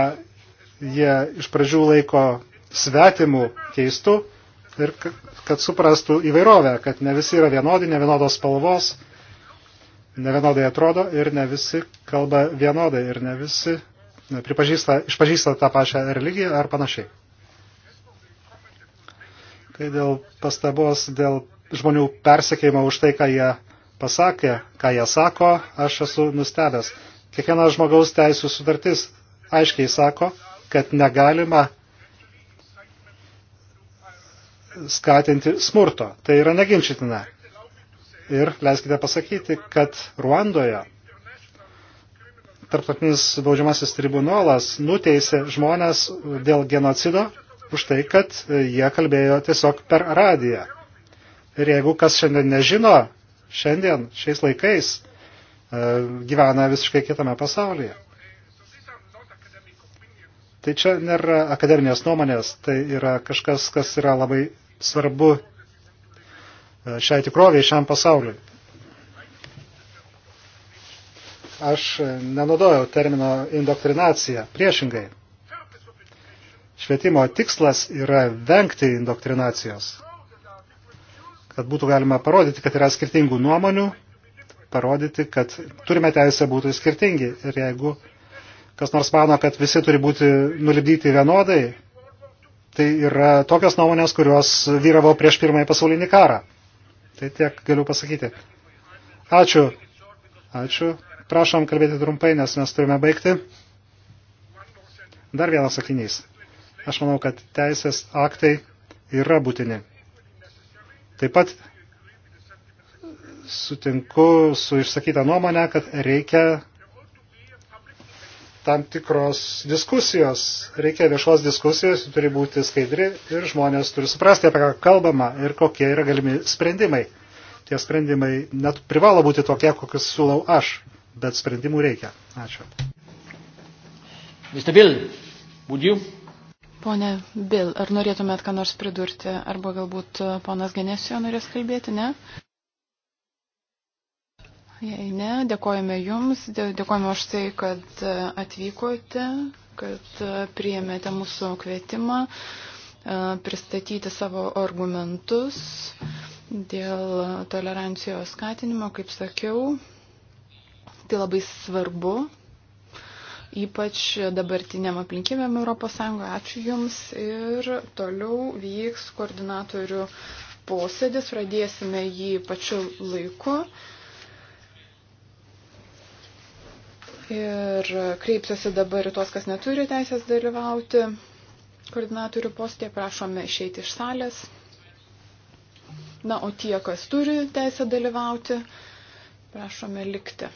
jie iš pradžių laiko svetimų keistų ir kad suprastų įvairovę, kad ne visi yra vienodi, ne vienodos spalvos, ne vienodai atrodo ir ne visi kalba vienodai ir ne visi pripažįsta, išpažįsta tą pačią religiją ar panašiai. Kai dėl pastabos, dėl žmonių persekėjimo už tai, ką jie pasakė, ką jie sako, aš esu nustebęs. Kiekvienas žmogaus teisų sutartis aiškiai sako, kad negalima skatinti smurto. Tai yra neginčitina. Ir leiskite pasakyti, kad Ruandoje tarptautinis baudžiamasis tribunolas nuteisė žmonės dėl genocido už tai, kad jie kalbėjo tiesiog per radiją. Ir jeigu kas šiandien nežino, šiandien, šiais laikais, e, gyvena visiškai kitame pasaulyje. Tai čia nėra akademinės nuomonės, tai yra kažkas, kas yra labai svarbu e, šiai tikroviai, šiam pasauliui. Aš nenaudojau termino indoktrinacija, priešingai. Švietimo tikslas yra vengti indoktrinacijos kad būtų galima parodyti, kad yra skirtingų nuomonių, parodyti, kad turime teisę būti skirtingi. Ir jeigu kas nors mano, kad visi turi būti nulibdyti vienodai, tai yra tokios nuomonės, kurios vyravo prieš pirmąjį pasaulinį karą. Tai tiek galiu pasakyti. Ačiū. Ačiū. Prašom kalbėti trumpai, nes mes turime baigti. Dar vienas sakinys. Aš manau, kad teisės aktai yra būtini. Taip pat sutinku su išsakyta nuomonė, kad reikia tam tikros diskusijos, reikia viešos diskusijos, turi būti skaidri ir žmonės turi suprasti, apie ką kalbama ir kokie yra galimi sprendimai. Tie sprendimai net privalo būti tokie, kokius siūlau aš, bet sprendimų reikia. Ačiū. Mr. Bill, would you? Pone Bil, ar norėtumėt ką nors pridurti, arba galbūt e, ponas Genesijo norės kalbėti, ne? Jei ne, dėkojame Jums, dėkojame už tai, kad e, atvykote, kad e, priėmėte mūsų kvietimą pristatyti savo argumentus dėl tolerancijos skatinimo, kaip sakiau. Tai labai svarbu ypač dabartiniam aplinkybėm ES. Ačiū Jums ir toliau vyks koordinatorių posėdis, pradėsime jį pačiu laiku. Ir kreipsiuosi dabar į tos, kas neturi teisės dalyvauti koordinatorių postė, prašome išeiti iš salės. Na, o tie, kas turi teisę dalyvauti, prašome likti.